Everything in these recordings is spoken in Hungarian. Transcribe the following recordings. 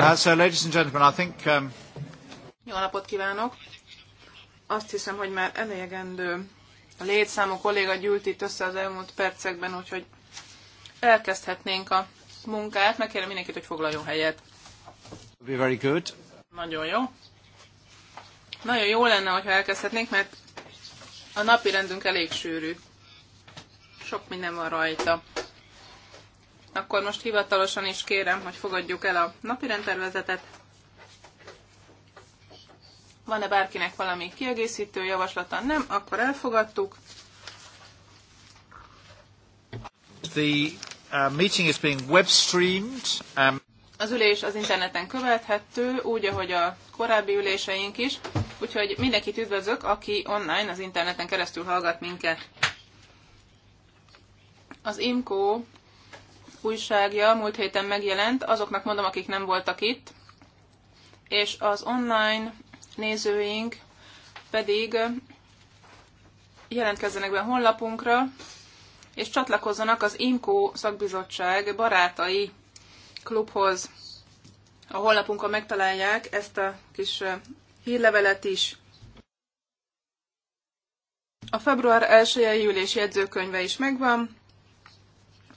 Uh, ladies and gentlemen, I think, um, Jó napot kívánok! Azt hiszem, hogy már elégendő a létszámú kolléga gyűlt itt össze az elmúlt percekben, úgyhogy elkezdhetnénk a munkát. Megkérem mindenkit, hogy foglaljon helyet. Be very good. Nagyon jó. Nagyon jó lenne, hogyha elkezdhetnénk, mert a napi rendünk elég sűrű. Sok minden van rajta. Akkor most hivatalosan is kérem, hogy fogadjuk el a napi rendtervezetet. Van-e bárkinek valami kiegészítő javaslata? Nem, akkor elfogadtuk. The uh, meeting is being web streamed. Um... Az ülés az interneten követhető, úgy, ahogy a korábbi üléseink is, úgyhogy mindenkit üdvözlök, aki online, az interneten keresztül hallgat minket. Az IMCO újságja múlt héten megjelent, azoknak mondom, akik nem voltak itt, és az online nézőink pedig jelentkezzenek be a honlapunkra, és csatlakozzanak az IMCO szakbizottság barátai klubhoz. A honlapunkon megtalálják ezt a kis hírlevelet is. A február 1-i ülés jegyzőkönyve is megvan.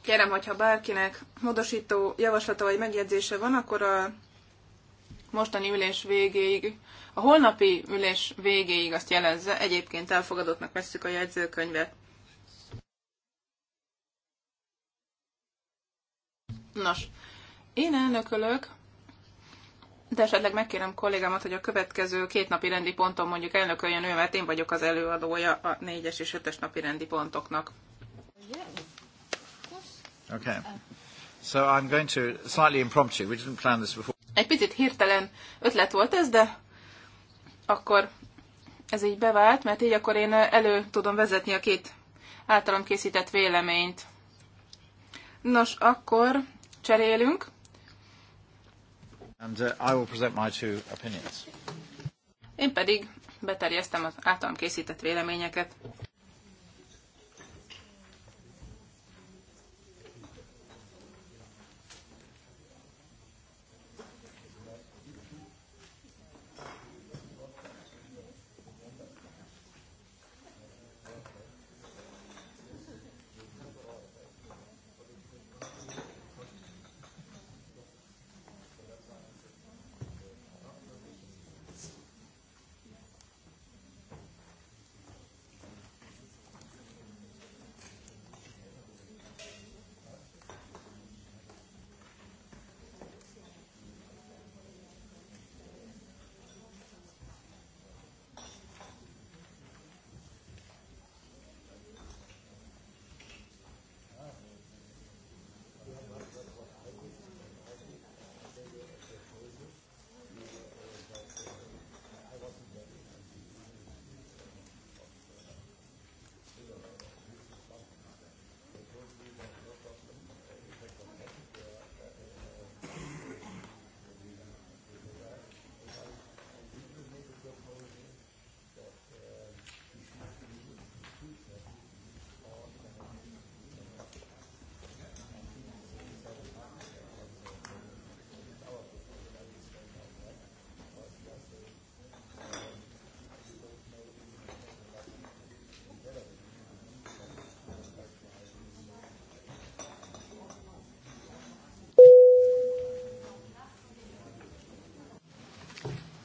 Kérem, hogyha bárkinek módosító javaslata vagy megjegyzése van, akkor a mostani ülés végéig, a holnapi ülés végéig azt jelezze, egyébként elfogadottnak vesszük a jegyzőkönyvet. Nos, én elnökölök, de esetleg megkérem kollégámat, hogy a következő két napi rendi ponton mondjuk elnököljön ő, mert én vagyok az előadója a négyes és ötös napi rendi pontoknak. Yeah. Okay. So I'm going to slightly impromptu. We didn't plan this before. Egy picit hirtelen ötlet volt ez, de akkor ez így bevált, mert így akkor én elő tudom vezetni a két általam készített véleményt. Nos, akkor cserélünk. And uh, I will present my two opinions. Én pedig beterjesztem az általam készített véleményeket.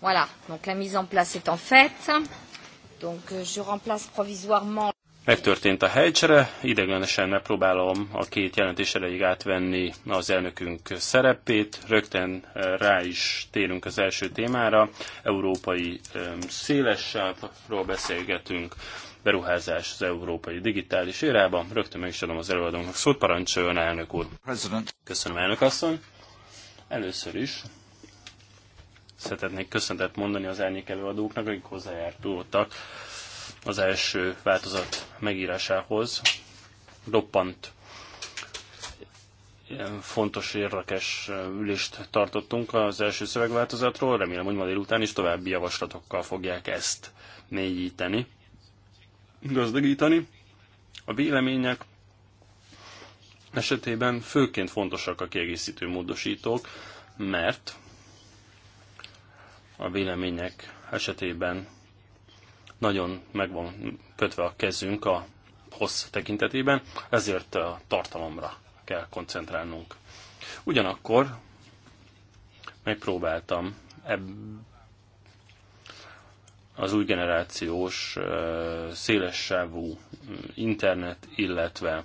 Voilà, donc la mise en place est en fait. Donc euh, je remplace provisoirement. Megtörtént a helycsere, ideglenesen megpróbálom a két jelentés elejéig átvenni az elnökünk szerepét. Rögtön eh, rá is térünk az első témára. Európai szélessávról beszélgetünk, beruházás az európai digitális érába. Rögtön meg is adom az előadónak szót, parancsoljon elnök úr. President. Köszönöm elnök asszony. Először is szeretnék köszöntet mondani az árnyék előadóknak, akik hozzájártultak az első változat megírásához. Roppant fontos, érdekes eh, ülést tartottunk az első szövegváltozatról. Remélem, hogy ma délután is további javaslatokkal fogják ezt mélyíteni, gazdagítani. A vélemények esetében főként fontosak a kiegészítő módosítók, mert a vélemények esetében nagyon meg van kötve a kezünk a hossz tekintetében, ezért a tartalomra kell koncentrálnunk. Ugyanakkor megpróbáltam ebb az új generációs szélessávú internet, illetve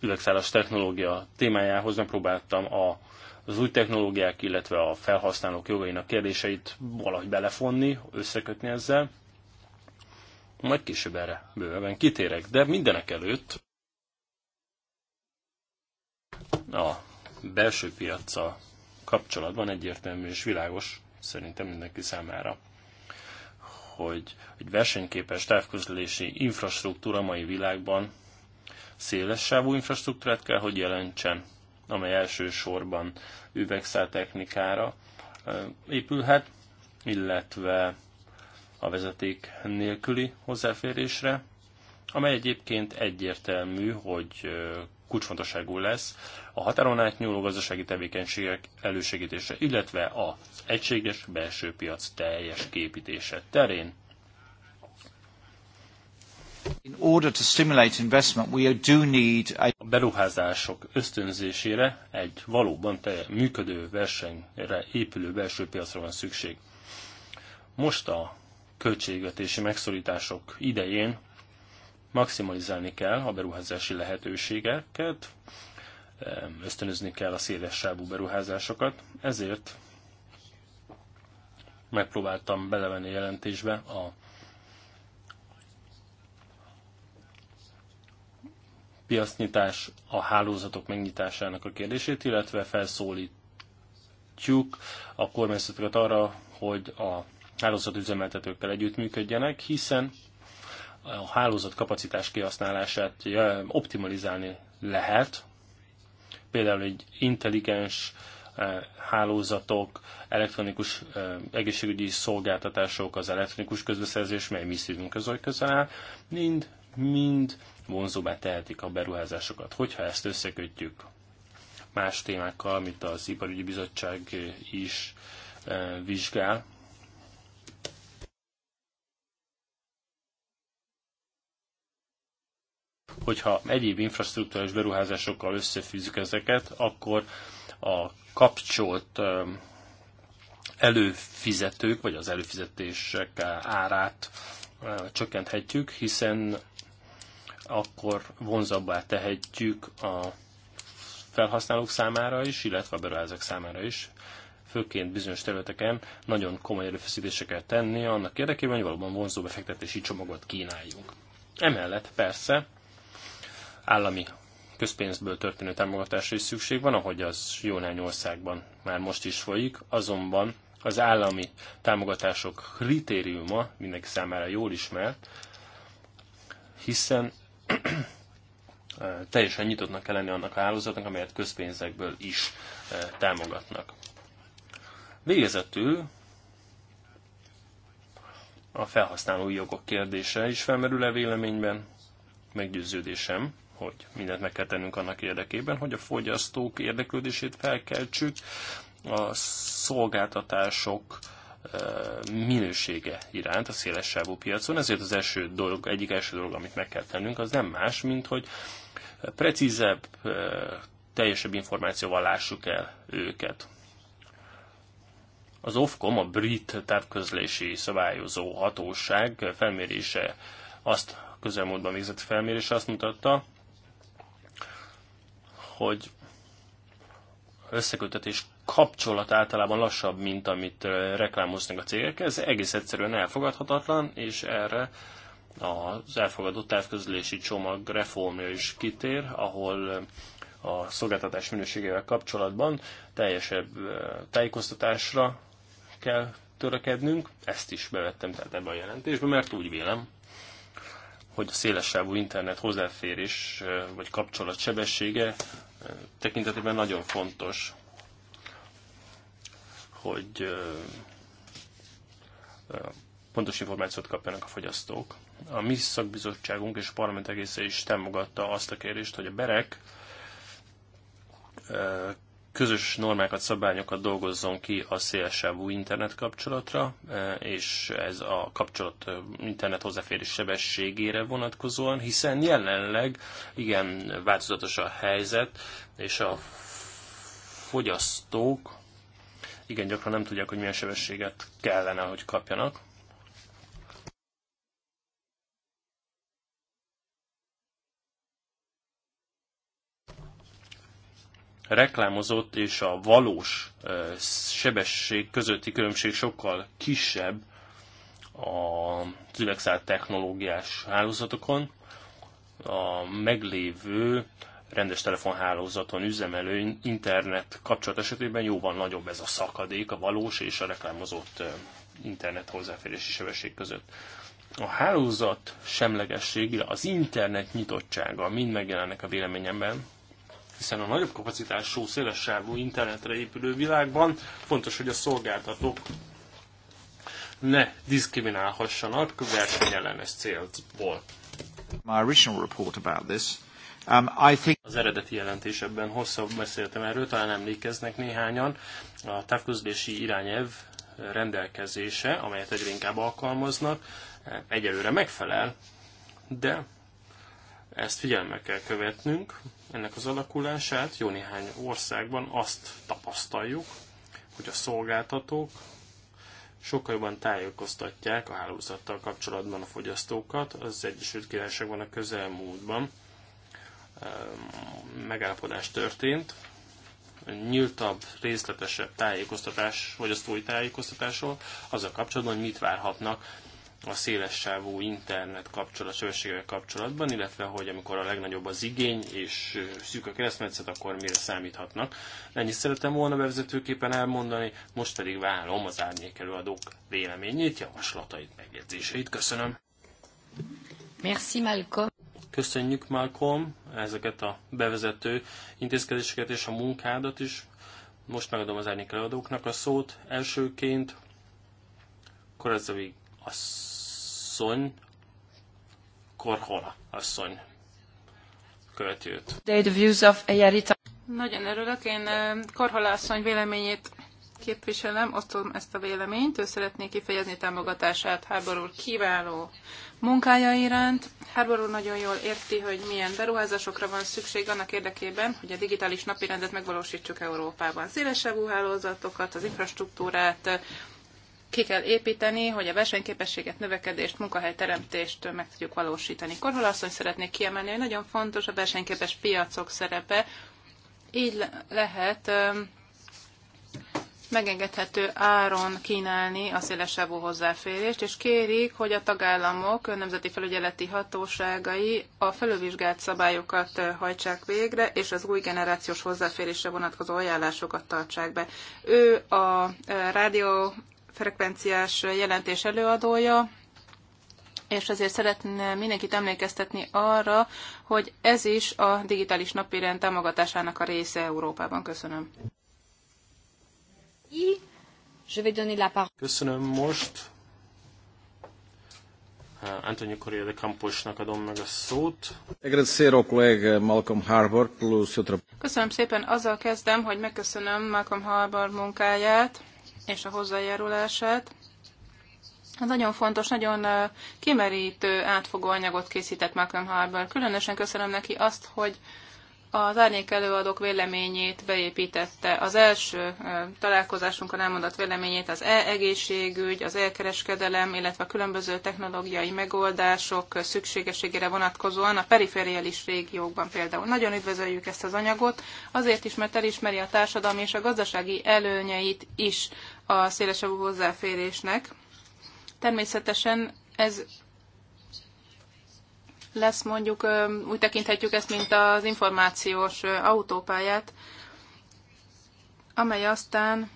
üvegszálas technológia témájához megpróbáltam a az új technológiák, illetve a felhasználók jogainak kérdéseit valahogy belefonni, összekötni ezzel. Majd később erre bőven kitérek, de mindenek előtt a belső piaccal kapcsolatban egyértelmű és világos szerintem mindenki számára, hogy egy versenyképes távközlési infrastruktúra mai világban széles sávú infrastruktúrát kell, hogy jelentsen, amely elsősorban üvegszál technikára épülhet, illetve a vezeték nélküli hozzáférésre, amely egyébként egyértelmű, hogy kulcsfontosságú lesz a határon átnyúló gazdasági tevékenységek elősegítése, illetve az egységes belső piac teljes képítése terén a... beruházások ösztönzésére egy valóban te működő versenyre épülő belső piacra van szükség. Most a költségvetési megszorítások idején maximalizálni kell a beruházási lehetőségeket, ösztönözni kell a széles sávú beruházásokat, ezért megpróbáltam belevenni jelentésbe a piacnyitás, a hálózatok megnyitásának a kérdését, illetve felszólítjuk a kormányzatokat arra, hogy a üzemeltetőkkel együttműködjenek, hiszen a hálózat kapacitás kihasználását optimalizálni lehet, például egy intelligens hálózatok, elektronikus egészségügyi szolgáltatások, az elektronikus közbeszerzés, mely mi szívünk közel áll, mind, mind vonzóbbá tehetik a beruházásokat. Hogyha ezt összekötjük más témákkal, amit az Iparügyi Bizottság is eh, vizsgál, hogyha egyéb infrastruktúrás beruházásokkal összefűzzük ezeket, akkor a kapcsolt eh, előfizetők, vagy az előfizetések árát eh, csökkenthetjük, hiszen akkor vonzabbá tehetjük a felhasználók számára is, illetve a beruházók számára is, főként bizonyos területeken nagyon komoly erőfeszítéseket tenni annak érdekében, hogy valóban vonzó befektetési csomagot kínáljunk. Emellett persze állami közpénzből történő támogatásra is szükség van, ahogy az jó néhány országban már most is folyik, azonban az állami támogatások kritériuma mindenki számára jól ismert, hiszen teljesen nyitottnak kell lenni annak a hálózatnak, amelyet közpénzekből is eh, támogatnak. Végezetül a felhasználói jogok kérdése is felmerül a e véleményben. Meggyőződésem, hogy mindent meg kell tennünk annak érdekében, hogy a fogyasztók érdeklődését felkeltsük, a szolgáltatások minősége iránt a széles sávú piacon, ezért az első dolog, egyik első dolog, amit meg kell tennünk, az nem más, mint hogy precízebb, teljesebb információval lássuk el őket. Az Ofcom, a brit távközlési szabályozó hatóság felmérése, azt közelmódban végzett felmérése azt mutatta, hogy összekötetés kapcsolat általában lassabb, mint amit reklámoznak a cégek. Ez egész egyszerűen elfogadhatatlan, és erre az elfogadott távközlési csomag reformja is kitér, ahol a szolgáltatás minőségével kapcsolatban teljesebb tájékoztatásra kell törekednünk. Ezt is bevettem tehát ebbe a jelentésbe, mert úgy vélem, hogy a szélesávú internet hozzáférés vagy kapcsolat sebessége tekintetében nagyon fontos, hogy pontos információt kapjanak a fogyasztók. A mi szakbizottságunk és a parlament egészen is támogatta azt a kérést, hogy a berek közös normákat, szabályokat dolgozzon ki a új internet kapcsolatra, e, és ez a kapcsolat e, internet hozzáférés sebességére vonatkozóan, hiszen jelenleg igen változatos a helyzet, és a fogyasztók igen gyakran nem tudják, hogy milyen sebességet kellene, hogy kapjanak. reklámozott és a valós sebesség közötti különbség sokkal kisebb a üvegszál technológiás hálózatokon. A meglévő rendes telefonhálózaton üzemelő internet kapcsolat esetében jóval nagyobb ez a szakadék a valós és a reklámozott internet hozzáférési sebesség között. A hálózat semlegessége, az internet nyitottsága mind megjelennek a véleményemben, hiszen a nagyobb kapacitású, szélessávú internetre épülő világban fontos, hogy a szolgáltatók ne diszkriminálhassanak versenyellenes célból. My original report about this. Um, I think... Az eredeti jelentésebben hosszabb beszéltem erről, talán emlékeznek néhányan. A távközlési irányelv rendelkezése, amelyet egyre inkább alkalmaznak, egyelőre megfelel, de ezt figyelme kell követnünk, ennek az alakulását. Jó néhány országban azt tapasztaljuk, hogy a szolgáltatók sokkal jobban tájékoztatják a hálózattal kapcsolatban a fogyasztókat. Az Egyesült Királyságban a közelmúltban um, megállapodás történt, nyíltabb, részletesebb tájékoztatás, vagy fogyasztói tájékoztatásról, azzal kapcsolatban, hogy mit várhatnak a széles sávú internet kapcsolat, sebességgel kapcsolatban, illetve hogy amikor a legnagyobb az igény és szűk a keresztmetszet, akkor mire számíthatnak. Ennyit szeretem volna bevezetőképpen elmondani, most pedig várom az árnyék előadók véleményét, javaslatait, megjegyzéseit. Köszönöm. Merci Malcolm. Köszönjük Malcolm ezeket a bevezető intézkedéseket és a munkádat is. Most megadom az árnyék előadóknak a szót. Elsőként Korazovi asszony, Korhola asszony követőt. The views of Nagyon örülök, én Korhola asszony véleményét képviselem, osztom ezt a véleményt, ő szeretné kifejezni támogatását Harbour úr kiváló munkája iránt. Harbour úr nagyon jól érti, hogy milyen beruházásokra van szükség annak érdekében, hogy a digitális napirendet megvalósítsuk Európában. Szélesebb hálózatokat, az infrastruktúrát, ki kell építeni, hogy a versenyképességet, növekedést, munkahelyteremtést meg tudjuk valósítani. Korhol asszony szeretnék kiemelni, hogy nagyon fontos a versenyképes piacok szerepe. Így lehet megengedhető áron kínálni a szélesávú hozzáférést, és kérik, hogy a tagállamok nemzeti felügyeleti hatóságai a felülvizsgált szabályokat hajtsák végre, és az új generációs hozzáférésre vonatkozó ajánlásokat tartsák be. Ő a rádió frekvenciás jelentés előadója, és azért szeretném mindenkit emlékeztetni arra, hogy ez is a digitális napirend támogatásának a része Európában. Köszönöm. Köszönöm most. Antonio Correa de Camposnak adom meg a szót. Köszönöm szépen, azzal kezdem, hogy megköszönöm Malcolm Harbour munkáját és a hozzájárulását. Ez Nagyon fontos, nagyon kimerítő, átfogó anyagot készített Malcolm Harbour. Különösen köszönöm neki azt, hogy az árnyék előadók véleményét beépítette. Az első találkozásunkon elmondott véleményét az e-egészségügy, az elkereskedelem, illetve a különböző technológiai megoldások szükségességére vonatkozóan a perifériális régiókban például. Nagyon üdvözöljük ezt az anyagot, azért is, mert elismeri a társadalmi és a gazdasági előnyeit is a szélesebb hozzáférésnek. Természetesen ez lesz mondjuk, úgy tekinthetjük ezt, mint az információs autópályát, amely aztán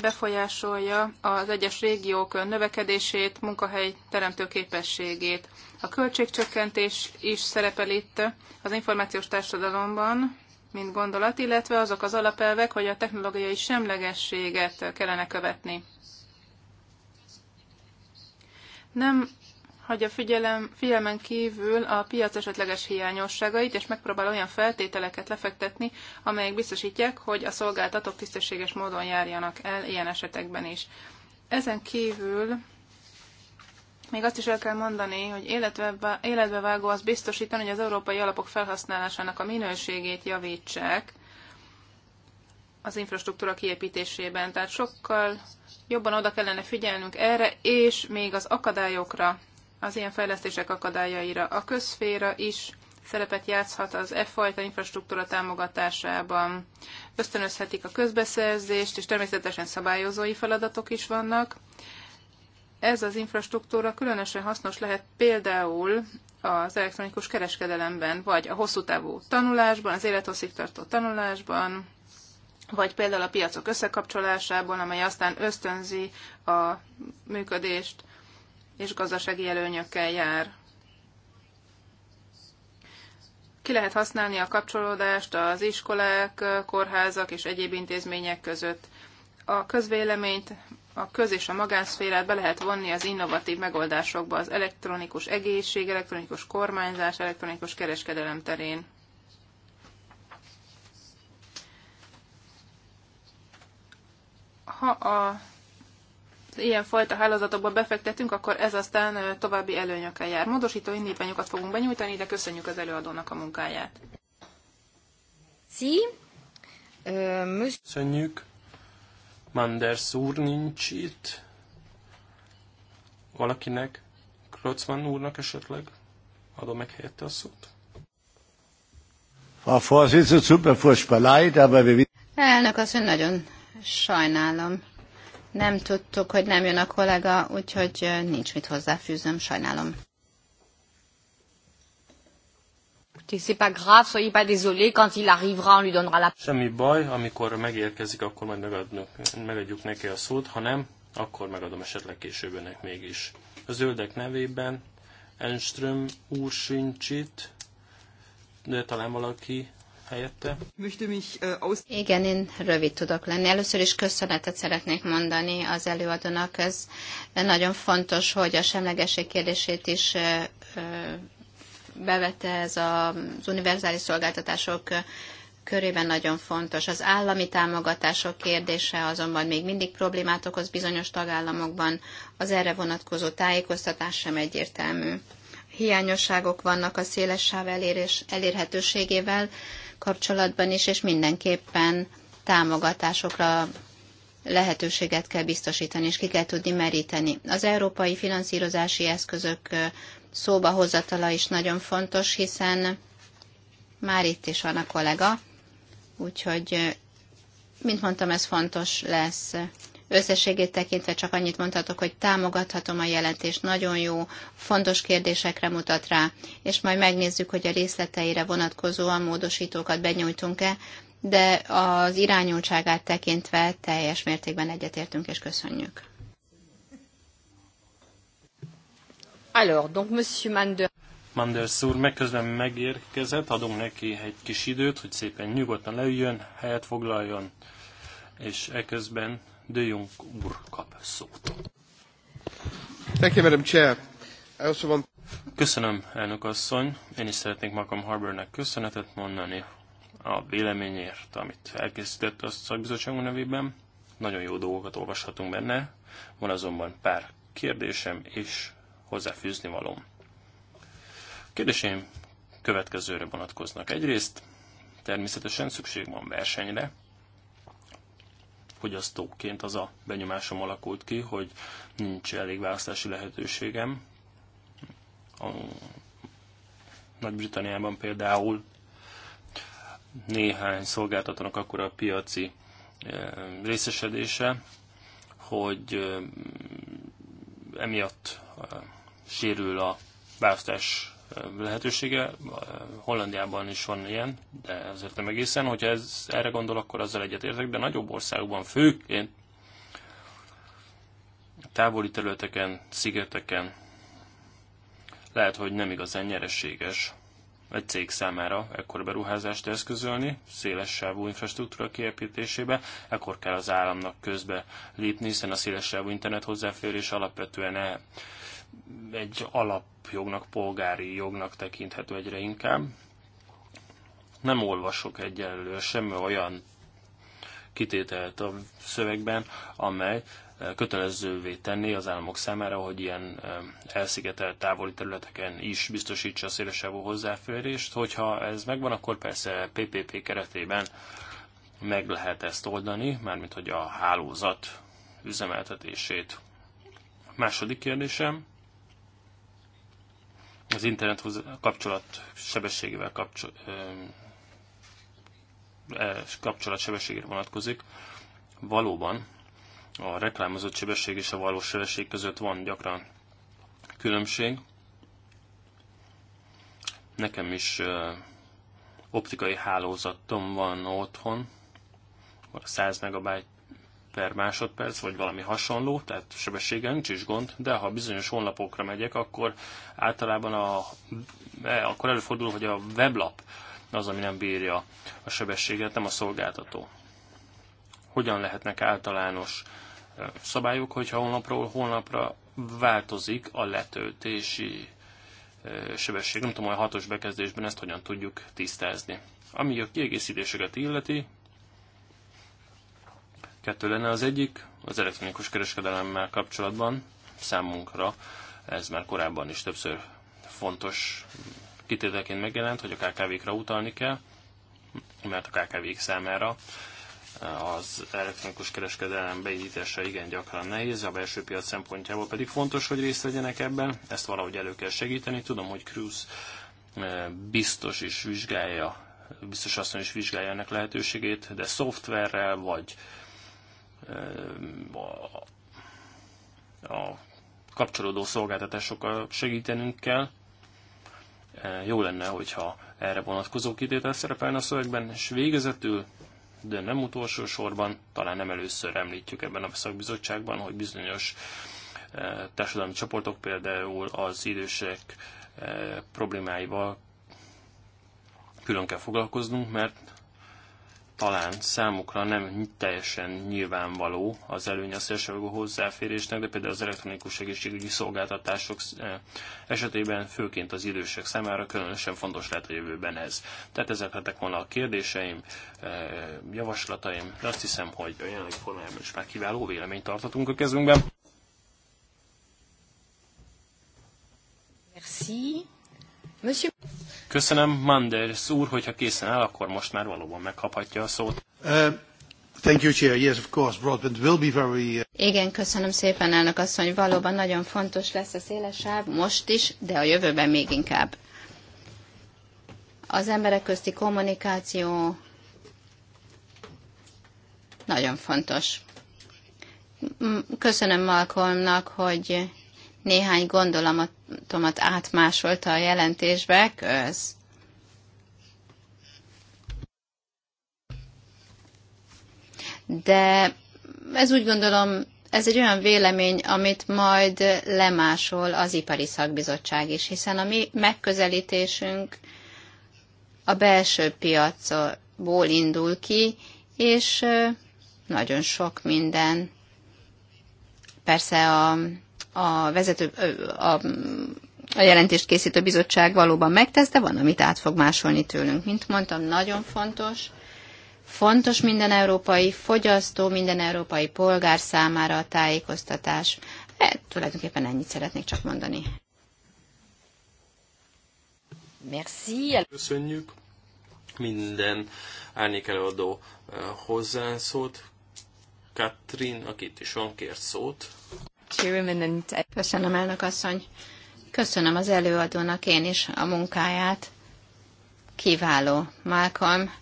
befolyásolja az egyes régiók növekedését, munkahely teremtő képességét. A költségcsökkentés is szerepel itt az információs társadalomban, mint gondolat, illetve azok az alapelvek, hogy a technológiai semlegességet kellene követni. Nem hagyja figyelem, figyelmen kívül a piac esetleges hiányosságait, és megpróbál olyan feltételeket lefektetni, amelyek biztosítják, hogy a szolgáltatók tisztességes módon járjanak el ilyen esetekben is. Ezen kívül még azt is el kell mondani, hogy életbe, életbe vágó az biztosítani, hogy az európai alapok felhasználásának a minőségét javítsák az infrastruktúra kiépítésében. Tehát sokkal jobban oda kellene figyelnünk erre, és még az akadályokra, az ilyen fejlesztések akadályaira. A közféra is szerepet játszhat az e fajta infrastruktúra támogatásában. Ösztönözhetik a közbeszerzést, és természetesen szabályozói feladatok is vannak ez az infrastruktúra különösen hasznos lehet például az elektronikus kereskedelemben, vagy a hosszú távú tanulásban, az tartó tanulásban, vagy például a piacok összekapcsolásában, amely aztán ösztönzi a működést, és gazdasági előnyökkel jár. Ki lehet használni a kapcsolódást az iskolák, kórházak és egyéb intézmények között. A közvéleményt a köz- és a magánszférát be lehet vonni az innovatív megoldásokba az elektronikus egészség, elektronikus kormányzás, elektronikus kereskedelem terén. Ha a ilyen fajta hálózatokba befektetünk, akkor ez aztán további előnyökkel jár. Módosító indítványokat fogunk benyújtani, de köszönjük az előadónak a munkáját. Köszönjük. Manders úr nincs itt. Valakinek, Krocman úrnak esetleg adom meg helyette a szót. A Vorsitzende super furchtbar leid, aber wir... Elnök asszony, nagyon sajnálom. Nem tudtuk, hogy nem jön a kollega, úgyhogy nincs mit hozzáfűzöm, sajnálom. c'est pas grave, soyez pas désolé, quand il arrivera, on lui donnera la... Semmi baj, amikor megérkezik, akkor majd megadjuk, megadjuk neki a szót, ha nem, akkor megadom esetleg később önnek mégis. A zöldek nevében Enström úr sincs itt, de talán valaki helyette. Igen, én rövid tudok lenni. Először is köszönetet szeretnék mondani az előadónak. Ez nagyon fontos, hogy a semlegesség kérdését is bevette ez az univerzális szolgáltatások körében nagyon fontos. Az állami támogatások kérdése azonban még mindig problémát okoz bizonyos tagállamokban, az erre vonatkozó tájékoztatás sem egyértelmű. Hiányosságok vannak a széles sáv elérés, elérhetőségével kapcsolatban is, és mindenképpen támogatásokra lehetőséget kell biztosítani, és ki kell tudni meríteni. Az európai finanszírozási eszközök szóba hozatala is nagyon fontos, hiszen már itt is van a kollega, úgyhogy, mint mondtam, ez fontos lesz. Összességét tekintve csak annyit mondhatok, hogy támogathatom a jelentést, nagyon jó, fontos kérdésekre mutat rá, és majd megnézzük, hogy a részleteire vonatkozóan módosítókat benyújtunk-e, de az irányultságát tekintve teljes mértékben egyetértünk és köszönjük. Alors, donc Monsieur Mander... Manders úr megközben megérkezett, adunk neki egy kis időt, hogy szépen nyugodtan leüljön, helyet foglaljon, és eközben De Jong úr kap szót. Köszönöm, elnök asszony. Én is szeretnék Malcolm Harbournek köszönetet mondani a véleményért, amit elkészített a szakbizottságunk nevében. Nagyon jó dolgokat olvashatunk benne. Van azonban pár kérdésem és hozzáfűzni valom. Kérdéseim következőre vonatkoznak. Egyrészt természetesen szükség van versenyre. Fogyasztóként az a benyomásom alakult ki, hogy nincs elég választási lehetőségem. A Nagy-Britanniában például néhány szolgáltatónak akkor a piaci eh, részesedése, hogy eh, emiatt eh, sérül a választás lehetősége. Hollandiában is van ilyen, de azért nem egészen. Hogyha ez, erre gondol, akkor azzal egyetértek, de nagyobb országokban főként távoli területeken, szigeteken lehet, hogy nem igazán nyereséges egy cég számára ekkor beruházást eszközölni, széles sávú infrastruktúra kiepítésébe, ekkor kell az államnak közbe lépni, hiszen a széles sávú internet hozzáférés alapvetően e egy alapjognak, polgári jognak tekinthető egyre inkább. Nem olvasok egyelőre semmi olyan kitételt a szövegben, amely eh, kötelezővé tenni az államok számára, hogy ilyen eh, elszigetelt távoli területeken is biztosítsa a szélesebb hozzáférést. Hogyha ez megvan, akkor persze PPP keretében meg lehet ezt oldani, mármint hogy a hálózat üzemeltetését. Második kérdésem, az internet kapcsolat sebességével kapcsolat, e, kapcsolat sebességére vonatkozik. Valóban a reklámozott sebesség és a valós sebesség között van gyakran különbség. Nekem is optikai hálózatom van otthon, 100 megabájt per másodperc, vagy valami hasonló, tehát sebességgel nincs is gond, de ha bizonyos honlapokra megyek, akkor általában a, akkor előfordul, hogy a weblap az, ami nem bírja a sebességet, nem a szolgáltató. Hogyan lehetnek általános szabályok, hogyha honlapról honlapra változik a letöltési sebesség. Nem tudom, hogy a hatos bekezdésben ezt hogyan tudjuk tisztázni. Ami a kiegészítéseket illeti, Kettő lenne az egyik, az elektronikus kereskedelemmel kapcsolatban számunkra ez már korábban is többször fontos kitételként megjelent, hogy a KKV-kra utalni kell, mert a KKV-k számára az elektronikus kereskedelem beindítása igen gyakran nehéz, a belső piac szempontjából pedig fontos, hogy részt vegyenek ebben, ezt valahogy elő kell segíteni. Tudom, hogy Cruz eh, biztos is vizsgálja, biztos azt is vizsgálja ennek lehetőségét, de szoftverrel vagy a kapcsolódó szolgáltatásokkal segítenünk kell. Jó lenne, hogyha erre vonatkozó kitétel szerepelne a szövegben, és végezetül, de nem utolsó sorban, talán nem először említjük ebben a szakbizottságban, hogy bizonyos társadalmi csoportok, például az idősek problémáival külön kell foglalkoznunk, mert talán számukra nem teljesen nyilvánvaló az előny a szélsőjogú hozzáférésnek, de például az elektronikus egészségügyi szolgáltatások eh, esetében, főként az idősek számára különösen fontos lehet a jövőben ez. Tehát ezek lettek volna a kérdéseim, eh, javaslataim, de azt hiszem, hogy a jelenlegi formájában is már kiváló véleményt tartatunk a kezünkben. Merci. Monsieur... Köszönöm, Manders úr, hogyha készen áll, akkor most már valóban megkaphatja a szót. Uh, thank you, Chair. Yes, of course, broadband will be very... Uh, Igen, köszönöm szépen, elnök asszony. Valóban nagyon fontos lesz a szélesáv most is, de a jövőben még inkább. Az emberek közti kommunikáció nagyon fontos. Köszönöm Malcolmnak, hogy néhány gondolamat tomat átmásolta a jelentésbe. köz, De ez úgy gondolom, ez egy olyan vélemény, amit majd lemásol az Ipari Szakbizottság is, hiszen a mi megközelítésünk a belső piacból indul ki, és nagyon sok minden. Persze a a vezető, a, a jelentést készítő bizottság valóban megtesz, de van, amit át fog másolni tőlünk. Mint mondtam, nagyon fontos. Fontos minden európai fogyasztó, minden európai polgár számára a tájékoztatás. E, tulajdonképpen ennyit szeretnék csak mondani. Merci. Köszönjük minden árnyék előadó eh, hozzászólt. Katrin, akit is van, kért szót. Köszönöm, elnök asszony. Köszönöm az előadónak én is a munkáját. Kiváló, Malcolm.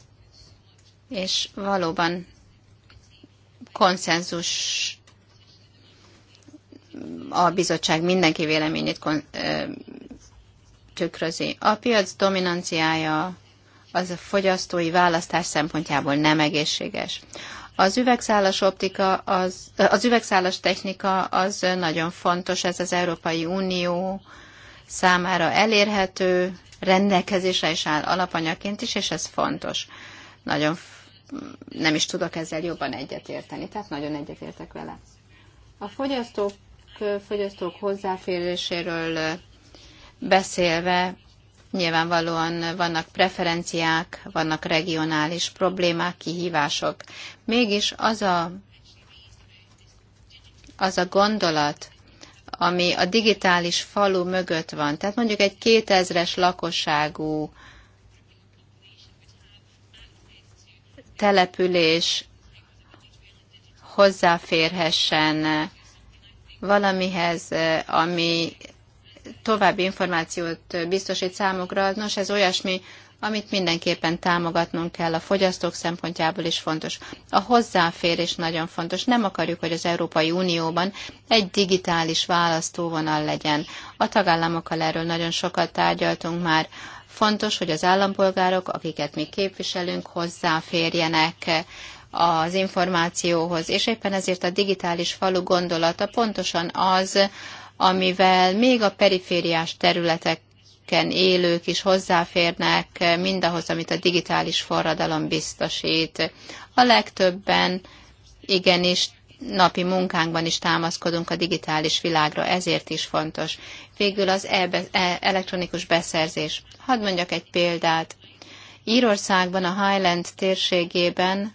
És valóban konszenzus a bizottság mindenki véleményét tükrözi. A piac dominanciája az a fogyasztói választás szempontjából nem egészséges. Az üvegszálas optika, az, az üvegszálas technika az nagyon fontos, ez az Európai Unió számára elérhető, rendelkezésre is áll alapanyagként is, és ez fontos. Nagyon nem is tudok ezzel jobban egyetérteni, tehát nagyon egyetértek vele. A fogyasztók, fogyasztók hozzáféréséről beszélve Nyilvánvalóan vannak preferenciák, vannak regionális problémák, kihívások. Mégis az a, az a gondolat, ami a digitális falu mögött van, tehát mondjuk egy 2000-es lakosságú település hozzáférhessen valamihez, ami további információt biztosít számukra, nos ez olyasmi, amit mindenképpen támogatnunk kell, a fogyasztók szempontjából is fontos. A hozzáférés nagyon fontos. Nem akarjuk, hogy az Európai Unióban egy digitális választóvonal legyen. A tagállamokkal erről nagyon sokat tárgyaltunk már. Fontos, hogy az állampolgárok, akiket mi képviselünk, hozzáférjenek az információhoz, és éppen ezért a digitális falu gondolata pontosan az, amivel még a perifériás területeken élők is hozzáférnek mindahhoz, amit a digitális forradalom biztosít. A legtöbben igenis napi munkánkban is támaszkodunk a digitális világra, ezért is fontos. Végül az e -be e-, elektronikus beszerzés. Hadd mondjak egy példát. Írországban, a Highland térségében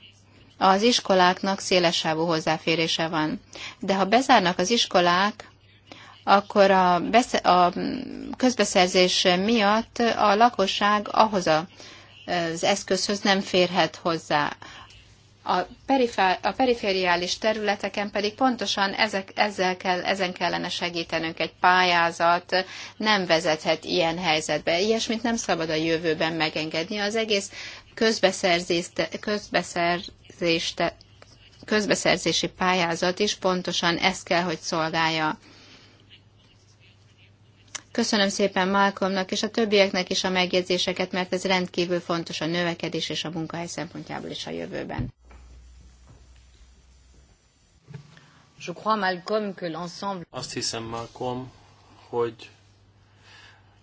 az iskoláknak szélesávú hozzáférése van. De ha bezárnak az iskolák, akkor a, besze- a közbeszerzés miatt a lakosság ahhoz a, az eszközhöz nem férhet hozzá. A, perifá- a perifériális területeken pedig pontosan ezek, ezzel kell, ezen kellene segítenünk. Egy pályázat nem vezethet ilyen helyzetbe. Ilyesmit nem szabad a jövőben megengedni. Az egész közbeszerzést, közbeszerzési pályázat is pontosan ezt kell, hogy szolgálja. Köszönöm szépen Malcolmnak és a többieknek is a megjegyzéseket, mert ez rendkívül fontos a növekedés és a munkahely szempontjából is a jövőben. Je crois, Malcolm, que l'ensemble... Azt hiszem, Malcolm, hogy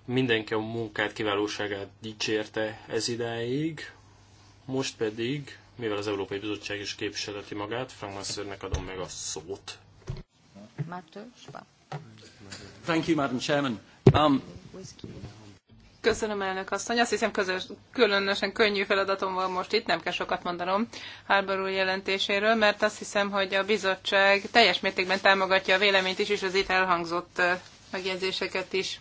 mindenki a munkát, kiválóságát dicsérte ez idáig, most pedig, mivel az Európai Bizottság is képviseleti magát, Frank Masszörnek adom meg a szót. Thank you, Madam Chairman. Um. Köszönöm, elnök asszony. Azt hiszem, közös, különösen könnyű feladatom van most itt, nem kell sokat mondanom Harbour úr jelentéséről, mert azt hiszem, hogy a bizottság teljes mértékben támogatja a véleményt is, és az itt elhangzott megjegyzéseket is.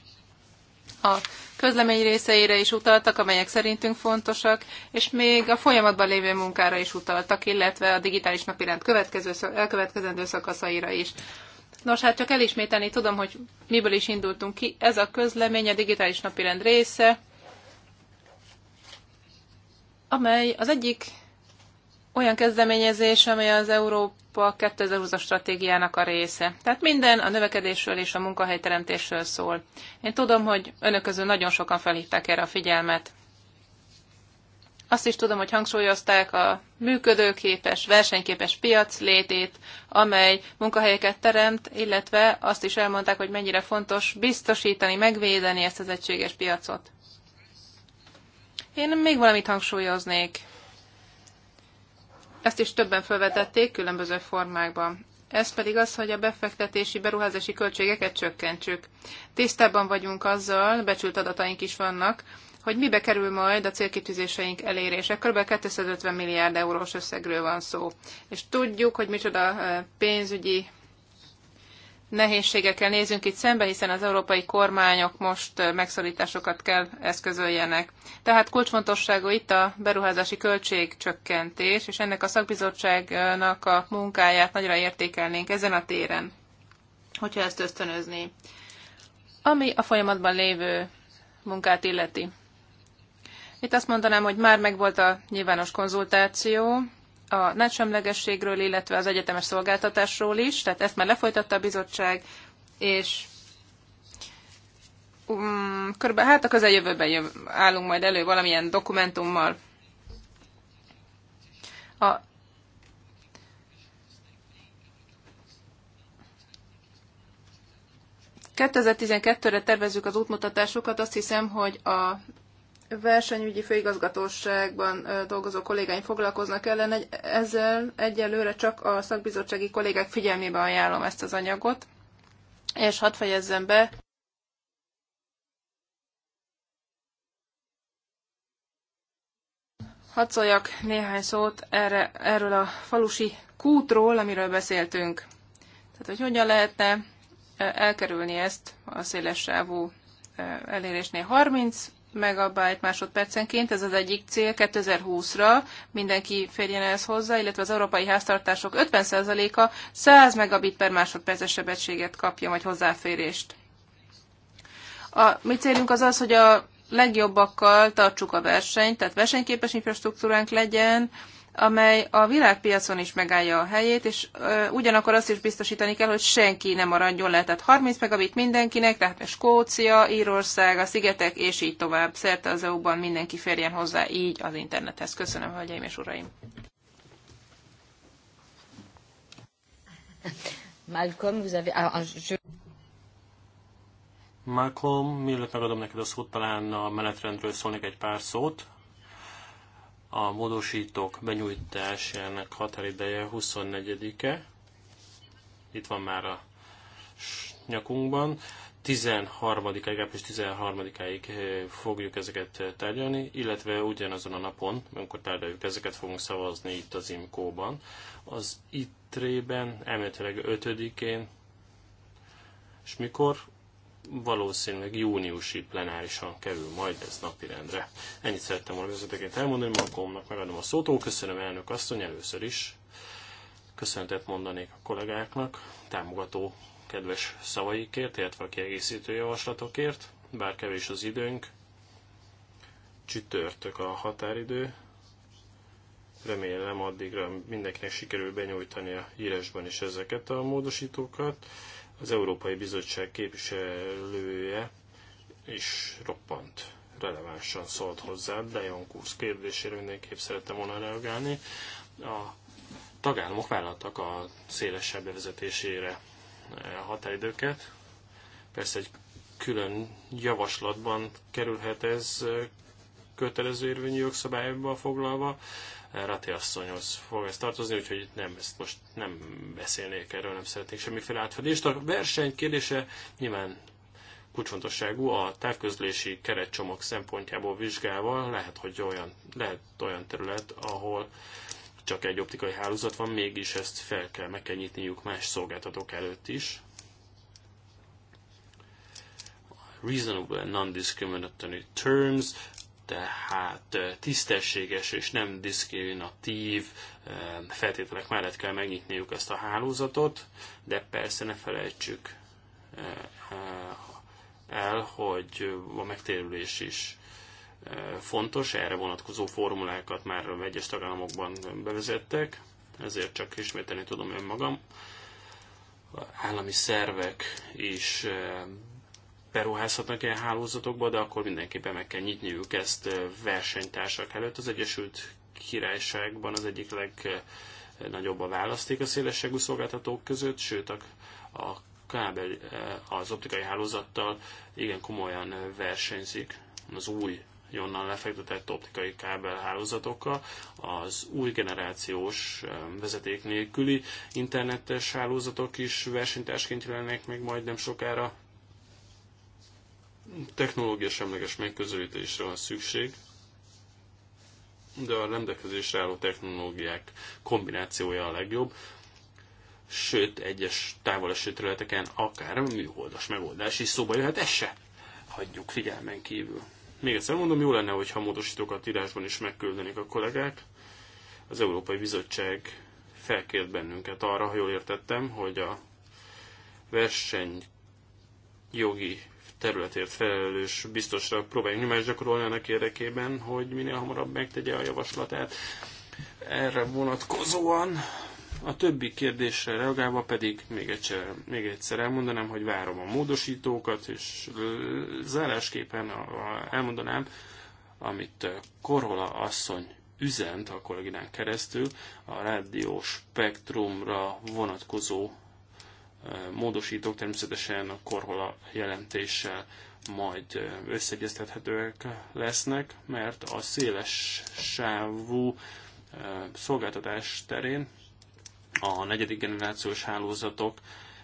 A közlemény részeire is utaltak, amelyek szerintünk fontosak, és még a folyamatban lévő munkára is utaltak, illetve a digitális napirend következő, elkövetkezendő szakaszaira is. Nos, hát csak elismételni tudom, hogy miből is indultunk ki. Ez a közlemény a digitális napirend része, amely az egyik olyan kezdeményezés, amely az Európa 2020-as stratégiának a része. Tehát minden a növekedésről és a munkahelyteremtésről szól. Én tudom, hogy önök közül nagyon sokan felhívták erre a figyelmet. Azt is tudom, hogy hangsúlyozták a működőképes, versenyképes piac létét, amely munkahelyeket teremt, illetve azt is elmondták, hogy mennyire fontos biztosítani, megvédeni ezt az egységes piacot. Én még valamit hangsúlyoznék. Ezt is többen felvetették különböző formákban. Ez pedig az, hogy a befektetési beruházási költségeket csökkentsük. Tisztában vagyunk azzal, becsült adataink is vannak, hogy mibe kerül majd a célkitűzéseink elérése. Kb. 250 milliárd eurós összegről van szó. És tudjuk, hogy micsoda pénzügyi nehézségekkel nézünk itt szembe, hiszen az európai kormányok most megszorításokat kell eszközöljenek. Tehát kulcsfontosságú itt a beruházási költségcsökkentés, és ennek a szakbizottságnak a munkáját nagyra értékelnénk ezen a téren, hogyha ezt ösztönözni. Ami a folyamatban lévő munkát illeti. Itt azt mondanám, hogy már megvolt a nyilvános konzultáció a nagysemlegességről, illetve az egyetemes szolgáltatásról is, tehát ezt már lefolytatta a bizottság, és um, mm, körülbelül hát a közeljövőben jöv, állunk majd elő valamilyen dokumentummal. A ...2012-re tervezzük az útmutatásokat, azt hiszem, hogy a versenyügyi főigazgatóságban dolgozó kollégáim foglalkoznak ellen, ezzel egyelőre csak a szakbizottsági kollégák figyelmébe ajánlom ezt az anyagot, és hadd fejezzem be. Hadd szóljak néhány szót erre, erről a falusi kútról, amiről beszéltünk. Tehát, hogy hogyan lehetne elkerülni ezt a széles sávú elérésnél. 30 megabyte másodpercenként, ez az egyik cél 2020-ra, mindenki férjen ehhez hozzá, illetve az európai háztartások 50%-a 100 megabit per másodperces sebességet kapja, vagy hozzáférést. A mi célunk az az, hogy a legjobbakkal tartsuk a versenyt, tehát versenyképes infrastruktúránk legyen, amely a világpiacon is megállja a helyét, és ö, ugyanakkor azt is biztosítani kell, hogy senki nem maradjon le. Tehát 30 megabit mindenkinek, tehát Skócia, Írország, a szigetek, és így tovább. Szerte az EU-ban mindenki férjen hozzá így az internethez. Köszönöm, hölgyeim és uraim! Malcolm, vous avez... Ah, ah je... Malcolm, mielőtt megadom neked a szót, talán a menetrendről szólnék egy pár szót. A módosítók benyújtásának határideje 24-e. Itt van már a nyakunkban. 13 legalábbis 13-áig fogjuk ezeket eh, tárgyalni, illetve ugyanazon a napon, amikor tárgyaljuk, ezeket fogunk szavazni itt az imco ban Az ITRE-ben elméletileg 5-én, és mikor? valószínűleg júniusi plenárisan kerül majd ez napirendre. Ennyit szerettem volna vezetőként elmondani, Malcolmnak megadom a szót, köszönöm elnök asszony először is. Köszöntet mondanék a kollégáknak, támogató kedves szavaikért, illetve a kiegészítő javaslatokért, bár kevés az időnk. Csütörtök a határidő, remélem addigra mindenkinek sikerül benyújtani a írásban is ezeket a módosítókat az Európai Bizottság képviselője is roppant relevánsan szólt hozzá, de Jan Kursz kérdésére mindenképp szerettem volna reagálni. A tagállamok vállaltak a szélesebb bevezetésére határidőket. Persze egy külön javaslatban kerülhet ez kötelező érvényű jogszabályba foglalva, Rati asszonyhoz fog ez tartozni, úgyhogy nem, ezt most nem beszélnék erről, nem szeretnék semmiféle átfedést. A verseny kérdése nyilván kulcsfontosságú, a távközlési keretcsomag szempontjából vizsgálva lehet, hogy olyan, lehet olyan terület, ahol csak egy optikai hálózat van, mégis ezt fel kell, meg kell nyitniuk más szolgáltatók előtt is. reasonable and non-discriminatory terms, tehát tisztességes és nem diszkriminatív feltételek mellett kell megnyitniuk ezt a hálózatot, de persze ne felejtsük el, hogy a megtérülés is fontos, erre vonatkozó formulákat már egyes tagállamokban bevezettek, ezért csak ismételni tudom önmagam. Állami szervek is beruházhatnak ilyen hálózatokba, de akkor mindenképpen meg kell nyitniuk ezt versenytársak előtt. Az Egyesült Királyságban az egyik legnagyobb a választék a szélességű szolgáltatók között, sőt a, a kábel az optikai hálózattal igen komolyan versenyzik az új onnan lefektetett optikai kábelhálózatokkal, az új generációs vezeték nélküli internetes hálózatok is versenytársként jelennek meg majdnem sokára technológia semleges megközelítésre van szükség, de a rendelkezésre álló technológiák kombinációja a legjobb, sőt, egyes távoleső területeken akár a műholdas megoldás is szóba jöhet, ezt se hagyjuk figyelmen kívül. Még egyszer mondom, jó lenne, hogyha módosítókat írásban is megküldenék a kollégák. Az Európai Bizottság felkért bennünket arra, ha jól értettem, hogy a verseny jogi területért felelős biztosra próbáljunk nyomást gyakorolni annak érdekében, hogy minél hamarabb megtegye a javaslatát. Erre vonatkozóan a többi kérdésre reagálva pedig még egyszer, még egyszer elmondanám, hogy várom a módosítókat, és zárásképpen elmondanám, amit Korola asszony üzent a kolléginán keresztül a rádió spektrumra vonatkozó módosítók természetesen a korhola jelentéssel majd összeegyeztethetőek lesznek, mert a széles sávú szolgáltatás terén a negyedik generációs hálózatok,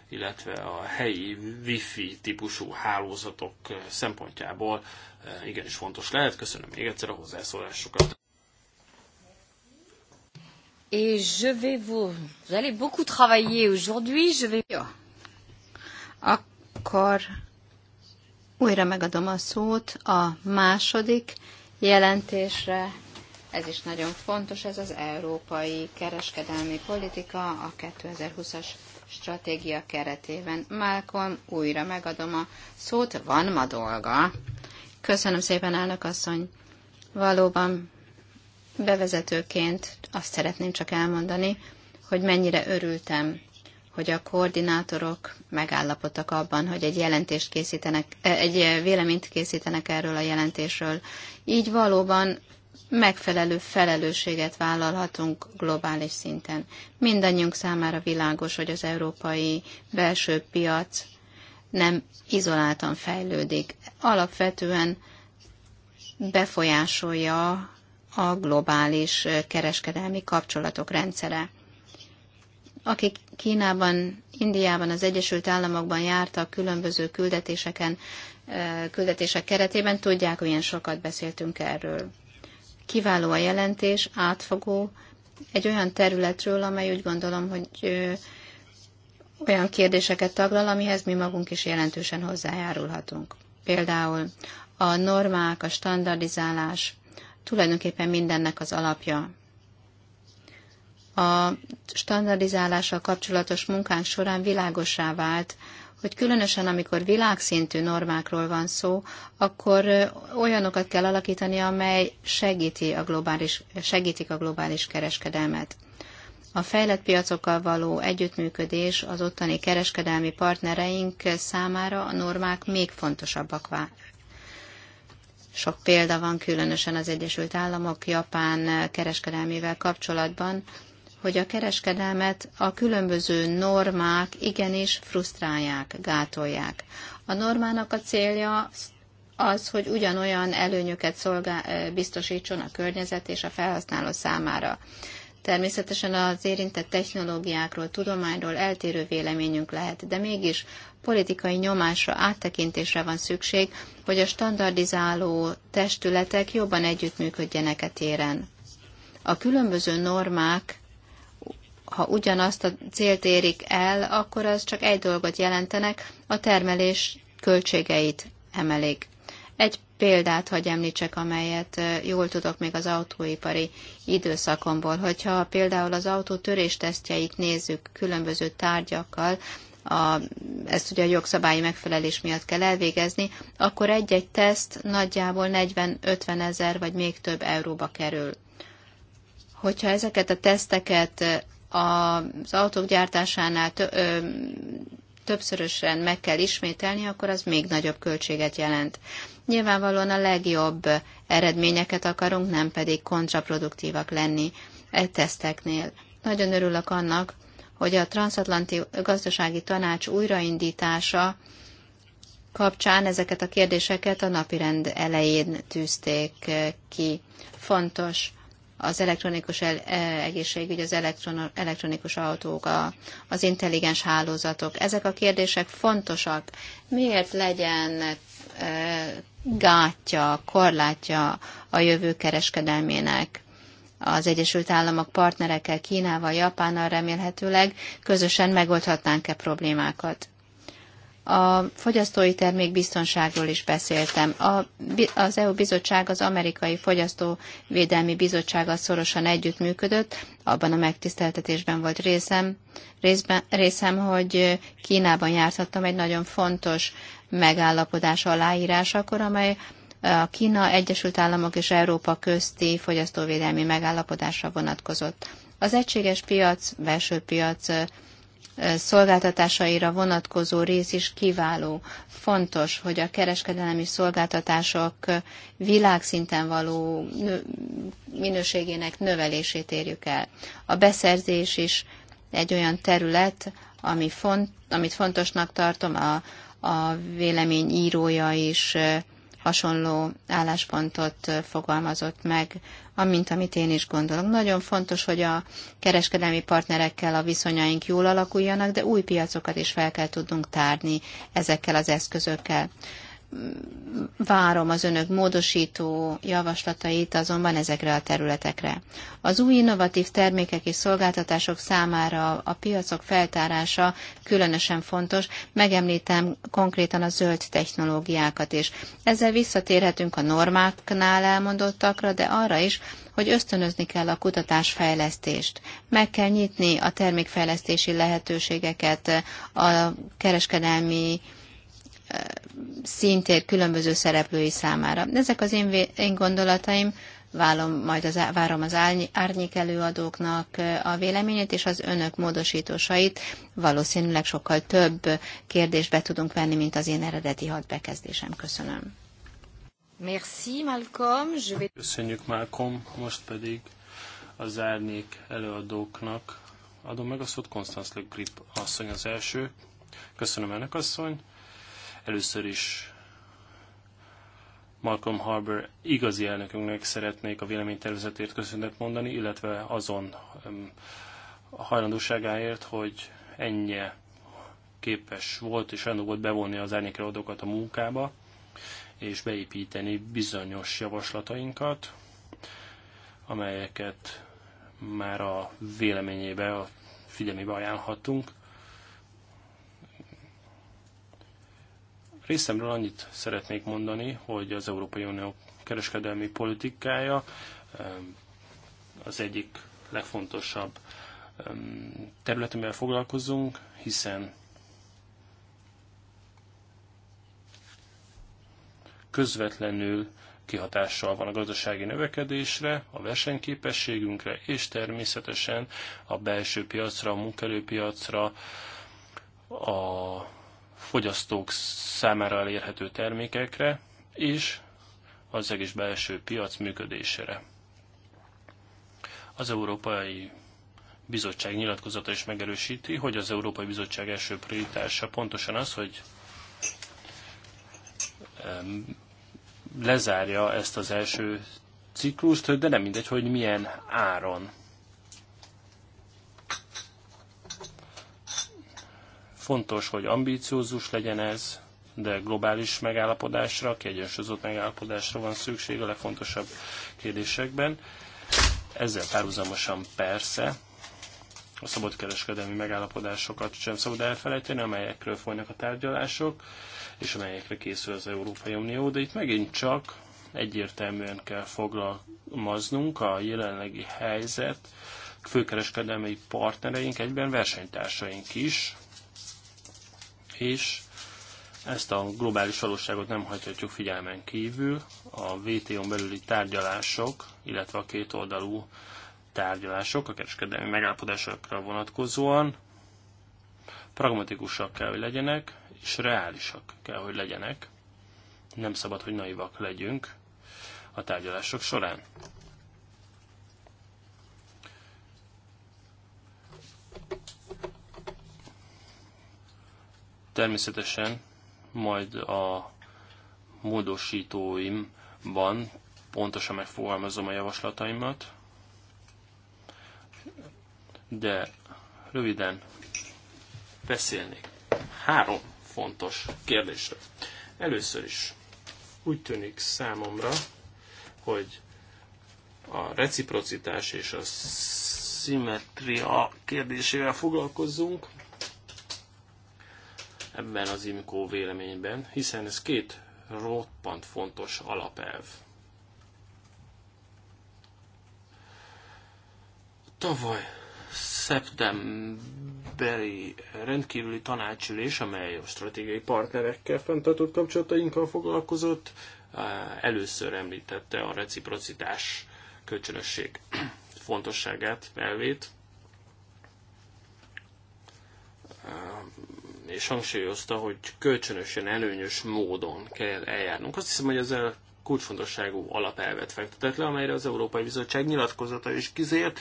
illetve a helyi wifi típusú hálózatok szempontjából igenis fontos lehet. Köszönöm még egyszer a hozzászólásokat. Et je vais vous... Vous allez beaucoup travailler aujourd'hui, je vais... Akkor újra megadom a szót a második jelentésre. Ez is nagyon fontos, ez az európai kereskedelmi politika a 2020-as stratégia keretében. Malcolm, újra megadom a szót, van ma dolga. Köszönöm szépen, elnök asszony. Valóban Bevezetőként azt szeretném csak elmondani, hogy mennyire örültem, hogy a koordinátorok megállapodtak abban, hogy egy jelentést készítenek, eh, egy véleményt készítenek erről a jelentésről. Így valóban megfelelő felelősséget vállalhatunk globális szinten. Mindannyiunk számára világos, hogy az európai belső piac nem izoláltan fejlődik. Alapvetően befolyásolja a globális kereskedelmi kapcsolatok rendszere. Akik Kínában, Indiában, az Egyesült Államokban jártak különböző küldetéseken, küldetések keretében, tudják, ilyen sokat beszéltünk erről. Kiváló a jelentés, átfogó, egy olyan területről, amely úgy gondolom, hogy olyan kérdéseket taglal, amihez mi magunk is jelentősen hozzájárulhatunk. Például a normák, a standardizálás, tulajdonképpen mindennek az alapja. A standardizálással kapcsolatos munkánk során világosá vált, hogy különösen amikor világszintű normákról van szó, akkor olyanokat kell alakítani, amely segíti a globális, segítik a globális kereskedelmet. A fejlett piacokkal való együttműködés az ottani kereskedelmi partnereink számára a normák még fontosabbak sok példa van, különösen az Egyesült Államok, Japán kereskedelmével kapcsolatban, hogy a kereskedelmet a különböző normák igenis frusztrálják, gátolják. A normának a célja az, hogy ugyanolyan előnyöket szolgál, eh, biztosítson a környezet és a felhasználó számára. Természetesen az érintett technológiákról, tudományról eltérő véleményünk lehet, de mégis politikai nyomásra, áttekintésre van szükség, hogy a standardizáló testületek jobban együttműködjenek e téren. A különböző normák, ha ugyanazt a célt érik el, akkor az csak egy dolgot jelentenek, a termelés költségeit emelik. Egy példát hagy említsek, amelyet jól tudok még az autóipari időszakomból. Hogyha például az autó töréstesztjeit nézzük különböző tárgyakkal, a, ezt ugye a jogszabályi megfelelés miatt kell elvégezni, akkor egy-egy teszt nagyjából 40-50 ezer vagy még több euróba kerül. Hogyha ezeket a teszteket az autók gyártásánál tö, ö, többszörösen meg kell ismételni, akkor az még nagyobb költséget jelent. Nyilvánvalóan a legjobb eredményeket akarunk, nem pedig kontraproduktívak lenni e teszteknél. Nagyon örülök annak, hogy a Transatlanti Gazdasági Tanács újraindítása kapcsán ezeket a kérdéseket a napirend elején tűzték e, ki. Fontos az elektronikus el, e, egészségügy, az elektron, elektronikus autók, a, az intelligens hálózatok. Ezek a kérdések fontosak. Miért legyen e, gátja, korlátja a jövő kereskedelmének. Az Egyesült Államok partnerekkel, Kínával, Japánnal remélhetőleg közösen megoldhatnánk-e problémákat. A fogyasztói termékbiztonságról is beszéltem. A, az EU bizottság, az amerikai fogyasztóvédelmi bizottsággal szorosan együttműködött, abban a megtiszteltetésben volt részem, részben, részem, hogy Kínában járhattam egy nagyon fontos megállapodás aláírásakor, amely a Kína, Egyesült Államok és Európa közti fogyasztóvédelmi megállapodásra vonatkozott. Az egységes piac, belső piac szolgáltatásaira vonatkozó rész is kiváló. Fontos, hogy a kereskedelmi szolgáltatások világszinten való minőségének növelését érjük el. A beszerzés is egy olyan terület, ami font, amit fontosnak tartom, a, a vélemény írója is hasonló álláspontot fogalmazott meg, amint amit én is gondolok. Nagyon fontos, hogy a kereskedelmi partnerekkel a viszonyaink jól alakuljanak, de új piacokat is fel kell tudnunk tárni ezekkel az eszközökkel várom az önök módosító javaslatait azonban ezekre a területekre. Az új innovatív termékek és szolgáltatások számára a piacok feltárása különösen fontos, megemlítem konkrétan a zöld technológiákat is. Ezzel visszatérhetünk a normáknál elmondottakra, de arra is, hogy ösztönözni kell a kutatásfejlesztést. Meg kell nyitni a termékfejlesztési lehetőségeket a kereskedelmi szintér különböző szereplői számára. Ezek az én, én gondolataim, várom majd az, várom az árnyék előadóknak a véleményét, és az önök módosítósait valószínűleg sokkal több kérdésbe tudunk venni, mint az én eredeti hat bekezdésem. Köszönöm. Merci, Malcolm. Je vais... Köszönjük, Malcolm. Most pedig az árnyék előadóknak adom meg a szót. Konstanz Le Grip asszony az első. Köszönöm, ennek asszony. Először is Malcolm Harbour igazi elnökünknek szeretnék a véleménytervezetért köszönet mondani, illetve azon a hajlandóságáért, hogy ennyi képes volt és olyan volt bevonni az árnyékelőadókat a munkába, és beépíteni bizonyos javaslatainkat, amelyeket már a véleményébe, a figyelmébe ajánlhatunk. Részemről annyit szeretnék mondani, hogy az Európai Unió kereskedelmi politikája az egyik legfontosabb terület, amivel foglalkozunk, hiszen közvetlenül kihatással van a gazdasági növekedésre, a versenyképességünkre, és természetesen a belső piacra, a munkerőpiacra, a fogyasztók számára elérhető termékekre és az egész belső piac működésére. Az Európai Bizottság nyilatkozata is megerősíti, hogy az Európai Bizottság első prioritása pontosan az, hogy lezárja ezt az első ciklust, de nem mindegy, hogy milyen áron. Fontos, hogy ambíciózus legyen ez, de globális megállapodásra, kiegyensúlyozott megállapodásra van szükség a legfontosabb kérdésekben. Ezzel párhuzamosan persze a szabadkereskedelmi megállapodásokat sem szabad elfelejteni, amelyekről folynak a tárgyalások, és amelyekre készül az Európai Unió, de itt megint csak egyértelműen kell foglalmaznunk a jelenlegi helyzet, főkereskedelmi partnereink, egyben versenytársaink is, és ezt a globális valóságot nem hagyhatjuk figyelmen kívül. A WTO-n belüli tárgyalások, illetve a két oldalú tárgyalások a kereskedelmi megállapodásokra vonatkozóan pragmatikusak kell, hogy legyenek, és reálisak kell, hogy legyenek. Nem szabad, hogy naivak legyünk a tárgyalások során. Természetesen majd a módosítóimban pontosan megfogalmazom a javaslataimat, de röviden beszélnék három fontos kérdésről. Először is úgy tűnik számomra, hogy a reciprocitás és a szimmetria kérdésével foglalkozzunk ebben az IMCO véleményben, hiszen ez két roppant fontos alapelv. Tavaly szeptemberi rendkívüli tanácsülés, amely a stratégiai partnerekkel fenntartott kapcsolatainkkal foglalkozott, eh, először említette a reciprocitás kölcsönösség fontosságát, elvét. Eh, és hangsúlyozta, hogy kölcsönösen előnyös módon kell eljárnunk. Azt hiszem, hogy ezzel kulcsfontosságú alapelvet fektetett le, amelyre az Európai Bizottság nyilatkozata is kizért,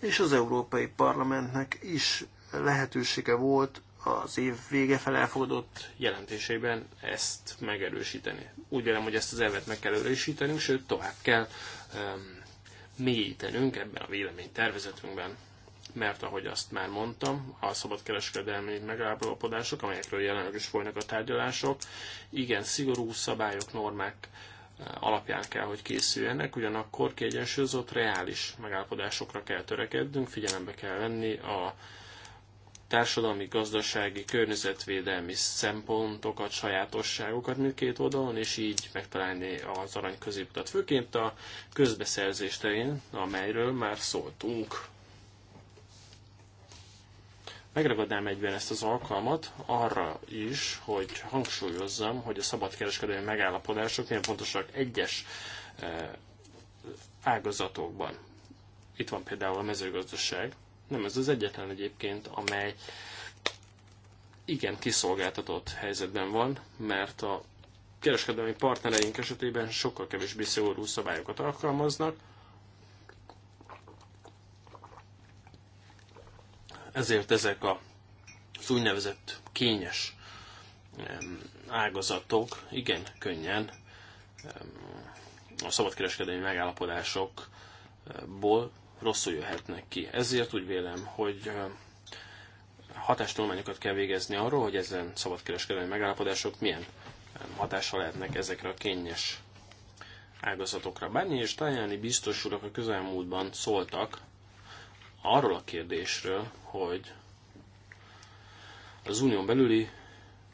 és az Európai Parlamentnek is lehetősége volt az év vége fel elfogadott jelentésében ezt megerősíteni. Úgy vélem, hogy ezt az elvet meg kell erősítenünk, sőt tovább kell um, mélyítenünk ebben a véleménytervezetünkben mert ahogy azt már mondtam, a szabadkereskedelmi megállapodások, amelyekről jelenleg is folynak a tárgyalások, igen, szigorú szabályok, normák eh, alapján kell, hogy készüljenek, ugyanakkor kiegyensúlyozott, reális megállapodásokra kell törekednünk, figyelembe kell venni a társadalmi, gazdasági, környezetvédelmi szempontokat, sajátosságokat mindkét oldalon, és így megtalálni az arany középutat, főként a közbeszerzés terén, amelyről már szóltunk. Megragadnám egyben ezt az alkalmat arra is, hogy hangsúlyozzam, hogy a szabadkereskedelmi megállapodások milyen fontosak egyes eh, ágazatokban. Itt van például a mezőgazdaság. Nem ez az egyetlen egyébként, amely igen kiszolgáltatott helyzetben van, mert a kereskedelmi partnereink esetében sokkal kevésbé szigorú szabályokat alkalmaznak, Ezért ezek a az úgynevezett kényes ágazatok igen könnyen a szabadkereskedelmi megállapodásokból rosszul jöhetnek ki. Ezért úgy vélem, hogy hatástolmányokat kell végezni arról, hogy ezen szabadkereskedelmi megállapodások milyen hatása lehetnek ezekre a kényes ágazatokra. Bárnyi és Tajani biztos urak a közelmúltban szóltak arról a kérdésről, hogy az unión belüli,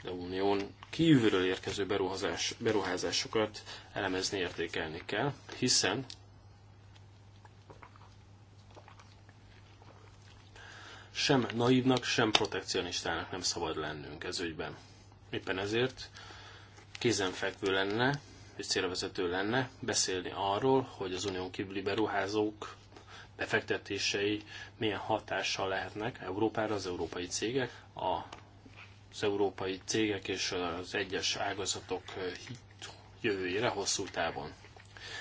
de unión kívülről érkező beruházás, beruházásokat elemezni, értékelni kell, hiszen sem naívnak, sem protekcionistának nem szabad lennünk ez ügyben. Éppen ezért kézenfekvő lenne, és célvezető lenne beszélni arról, hogy az unión kívüli beruházók befektetései milyen hatással lehetnek Európára az európai cégek, az európai cégek és az egyes ágazatok jövőjére hosszú távon.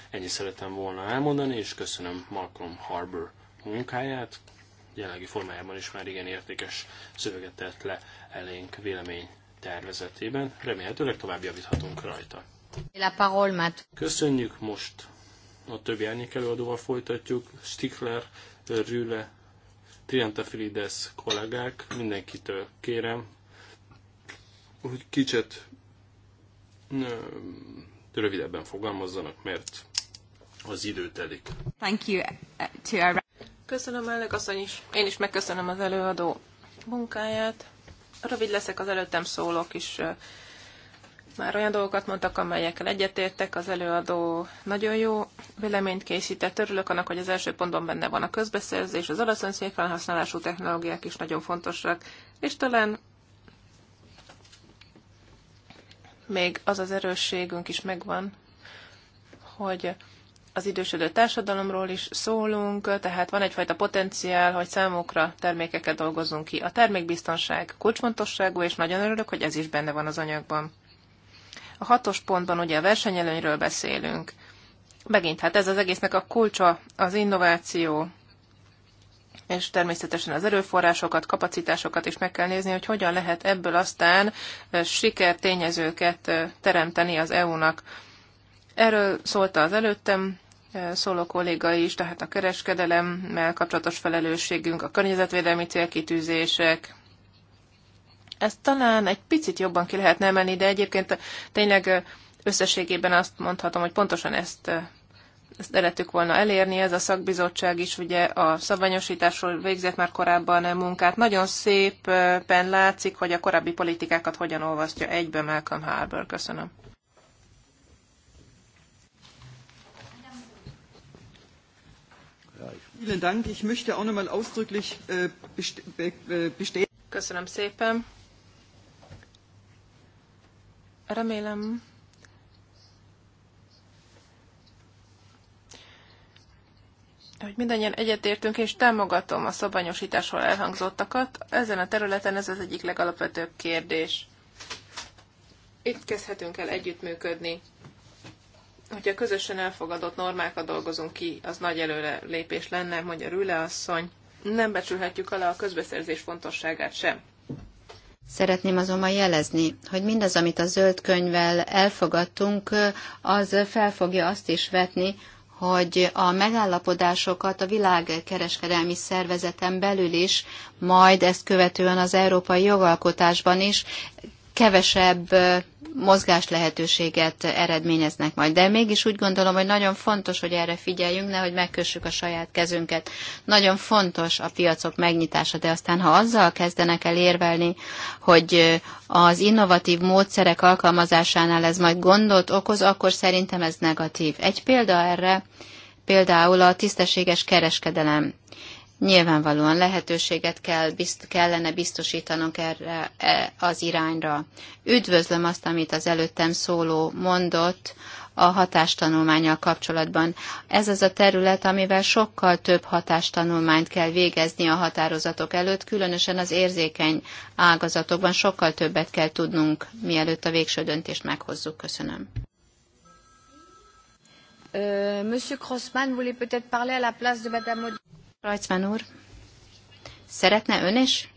Ennyi szeretem volna elmondani, és köszönöm Malcolm Harbour munkáját. Jelenlegi formájában is már igen értékes szöveget tett le elénk vélemény tervezetében. Remélhetőleg tovább javíthatunk rajta. Köszönjük most a többi árnyék előadóval folytatjuk. Stikler, Rüle, Triantafilides kollégák, mindenkitől kérem, hogy kicsit rövidebben fogalmazzanak, mert az idő telik. Thank you uh, to our... Köszönöm elnök asszony is. Én is megköszönöm az előadó munkáját. Rövid leszek, az előttem szólók is már olyan dolgokat mondtak, amelyekkel egyetértek, az előadó nagyon jó véleményt készített. Örülök annak, hogy az első pontban benne van a közbeszerzés, az alaszonszék felhasználású technológiák is nagyon fontosak, és talán még az az erősségünk is megvan, hogy az idősödő társadalomról is szólunk, tehát van egyfajta potenciál, hogy számukra termékeket dolgozunk ki. A termékbiztonság kulcsfontosságú, és nagyon örülök, hogy ez is benne van az anyagban. A hatos pontban ugye a versenyelőnyről beszélünk. Megint, hát ez az egésznek a kulcsa az innováció, és természetesen az erőforrásokat, kapacitásokat is meg kell nézni, hogy hogyan lehet ebből aztán sikertényezőket teremteni az EU-nak. Erről szólta az előttem szóló kolléga is, tehát a kereskedelemmel kapcsolatos felelősségünk, a környezetvédelmi célkitűzések, ezt talán egy picit jobban ki lehetne emelni, de egyébként tényleg összességében azt mondhatom, hogy pontosan ezt ezt szerettük volna elérni, ez a szakbizottság is ugye a szabványosításról végzett már korábban munkát. Nagyon szépen látszik, hogy a korábbi politikákat hogyan olvasztja egybe Malcolm Harbour. Köszönöm. Vielen Dank. Ich möchte auch nochmal ausdrücklich äh, bestätigen. Äh, Köszönöm szépen. Remélem, hogy mindannyian egyetértünk, és támogatom a szabványosításról elhangzottakat. Ezen a területen ez az egyik legalapvetőbb kérdés. Itt kezdhetünk el együttműködni. Hogyha közösen elfogadott normákat dolgozunk ki, az nagy előre lépés lenne, mondja Rüle asszony. Nem becsülhetjük alá a közbeszerzés fontosságát sem. Szeretném azonban jelezni, hogy mindaz, amit a zöld könyvvel elfogadtunk, az felfogja azt is vetni, hogy a megállapodásokat a világkereskedelmi szervezeten belül is, majd ezt követően az európai jogalkotásban is kevesebb mozgás lehetőséget eredményeznek majd. De mégis úgy gondolom, hogy nagyon fontos, hogy erre figyeljünk, ne hogy megkössük a saját kezünket. Nagyon fontos a piacok megnyitása, de aztán ha azzal kezdenek el érvelni, hogy az innovatív módszerek alkalmazásánál ez majd gondot okoz, akkor szerintem ez negatív. Egy példa erre például a tisztességes kereskedelem. Nyilvánvalóan lehetőséget kell, bizt, kellene biztosítanunk erre e, az irányra. Üdvözlöm azt, amit az előttem szóló mondott a hatástanulmányal kapcsolatban. Ez az a terület, amivel sokkal több hatástanulmányt kell végezni a határozatok előtt, különösen az érzékeny ágazatokban sokkal többet kell tudnunk, mielőtt a végső döntést meghozzuk. Köszönöm. Euh, Monsieur Crossman voulait peut-être parler à la place de Madame Rajcmán úr, szeretne ön is?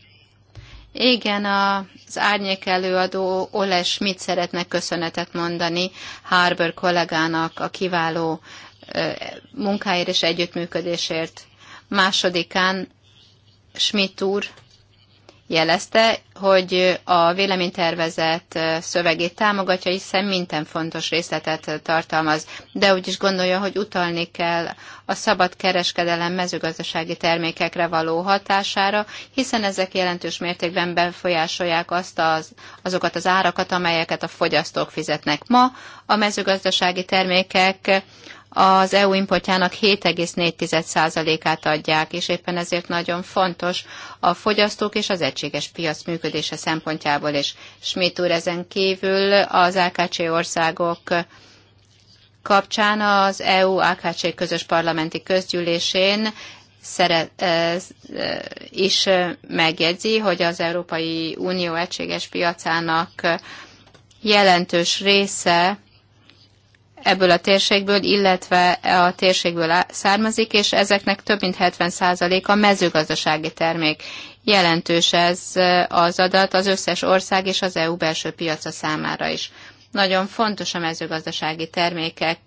Igen, az árnyék előadó Oles mit szeretne köszönetet mondani Harbour kollégának a kiváló munkáért és együttműködésért. Másodikán Schmidt úr jelezte, hogy a véleménytervezet szövegét támogatja, hiszen minden fontos részletet tartalmaz, de úgy is gondolja, hogy utalni kell a szabad kereskedelem mezőgazdasági termékekre való hatására, hiszen ezek jelentős mértékben befolyásolják azt az, azokat az árakat, amelyeket a fogyasztók fizetnek ma. A mezőgazdasági termékek az EU importjának 7,4%-át adják, és éppen ezért nagyon fontos a fogyasztók és az egységes piac működése szempontjából is. Schmidt úr ezen kívül az AKC országok kapcsán az EU-AKC közös parlamenti közgyűlésén szeret, e, e, is megjegyzi, hogy az Európai Unió egységes piacának jelentős része ebből a térségből, illetve a térségből származik, és ezeknek több mint 70% a mezőgazdasági termék. Jelentős ez az adat az összes ország és az EU belső piaca számára is. Nagyon fontos a mezőgazdasági termékek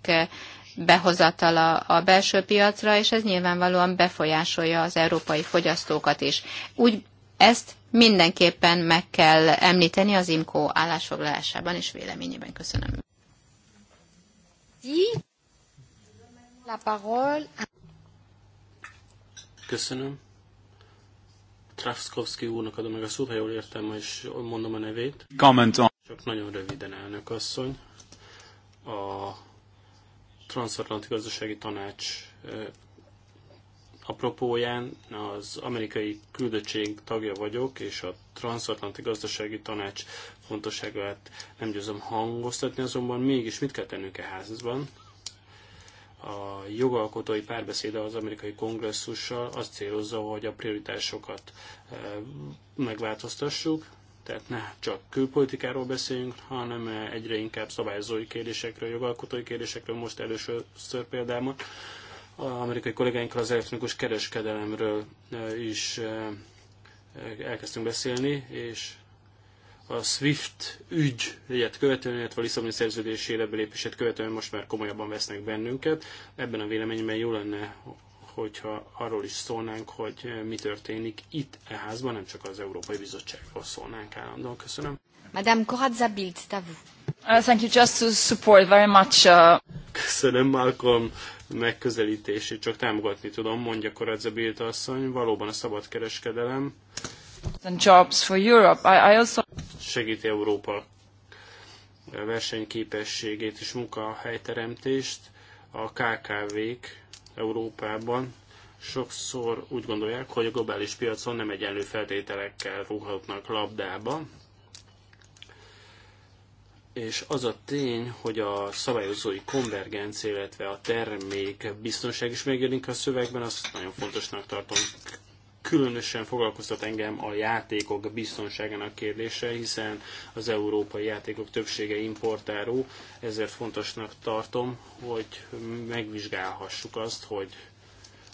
behozatala a belső piacra, és ez nyilvánvalóan befolyásolja az európai fogyasztókat is. Úgy ezt mindenképpen meg kell említeni az IMCO állásfoglalásában és véleményében. Köszönöm. Merci. La parole. Köszönöm. Trafskovski úrnak adom meg a szót, ha jól értem, és mondom a nevét. Comment on. Csak nagyon röviden, elnök asszony. A Transatlanti Gazdasági Tanács apropóján az amerikai küldöttség tagja vagyok, és a Transatlanti Gazdasági Tanács fontosságát nem győzöm hangoztatni, azonban mégis mit kell tennünk e házban? A jogalkotói párbeszéde az amerikai kongresszussal azt célozza, hogy a prioritásokat e, megváltoztassuk, tehát ne csak külpolitikáról beszéljünk, hanem e, egyre inkább szabályozói kérdésekről, jogalkotói kérdésekről, most először például az amerikai kollégáinkkal az elektronikus kereskedelemről e, is elkezdtünk beszélni, és a SWIFT egyet követően, illetve a Lisszaboni szerződés életbelépését követően most már komolyabban vesznek bennünket. Ebben a véleményben jó lenne, hogyha arról is szólnánk, hogy mi történik itt e házban, nem csak az Európai Bizottságról szólnánk állandóan. Köszönöm. Madame Corazza Bild, uh, Thank you, just to support very much. Uh... Köszönöm, Malcolm megközelítését, csak támogatni tudom, mondja Corazza Bild asszony. Valóban a kereskedelem. And jobs for Europe. I, I also... Európa versenyképességét és munkahelyteremtést. A KKV-k Európában sokszor úgy gondolják, hogy a globális piacon nem egyenlő feltételekkel rúghatnak labdába, és az a tény, hogy a szabályozói konvergencia, illetve a termék biztonság is megjelenik a szövegben, azt nagyon fontosnak tartom. Különösen foglalkoztat engem a játékok biztonságának kérdése, hiszen az európai játékok többsége importáró, ezért fontosnak tartom, hogy megvizsgálhassuk azt, hogy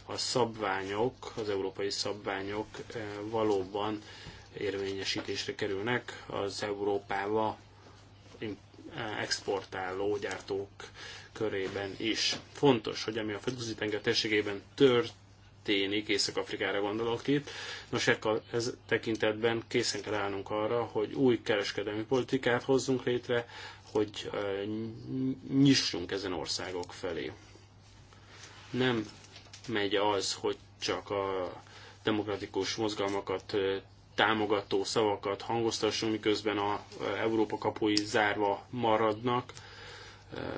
a szabványok, az európai szabványok eh, valóban érvényesítésre kerülnek az Európába eh, exportáló gyártók körében is. Fontos, hogy ami a földközi tenger térségében tört, történik, Észak-Afrikára gondolok itt. Nos, e ez tekintetben készen kell állnunk arra, hogy új kereskedelmi politikát hozzunk létre, hogy nyissunk ezen országok felé. Nem megy az, hogy csak a demokratikus mozgalmakat támogató szavakat hangoztassunk, miközben a Európa kapui zárva maradnak.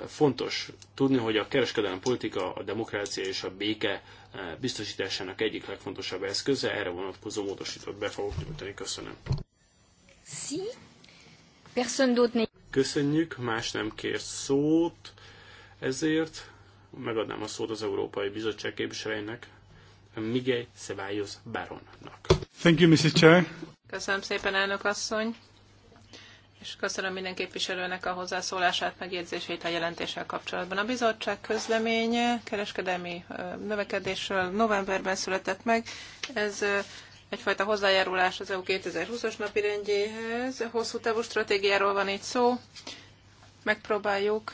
Fontos tudni, hogy a kereskedelmi politika, a demokrácia és a béke E, biztosításának egyik legfontosabb eszköze, erre vonatkozó módosítót be fogok nyújtani. Köszönöm. Si. Personne Köszönjük, más nem kér szót, ezért megadnám a szót az Európai Bizottság képviselőjének, Miguel Ceballos Baronnak. Thank you, Mrs. Chair. Köszönöm szépen, elnök asszony és köszönöm minden képviselőnek a hozzászólását, megjegyzését a jelentéssel kapcsolatban. A bizottság közleménye kereskedelmi növekedésről novemberben született meg. Ez egyfajta hozzájárulás az EU 2020-as napi rendjéhez. Hosszú távú stratégiáról van itt szó. Megpróbáljuk,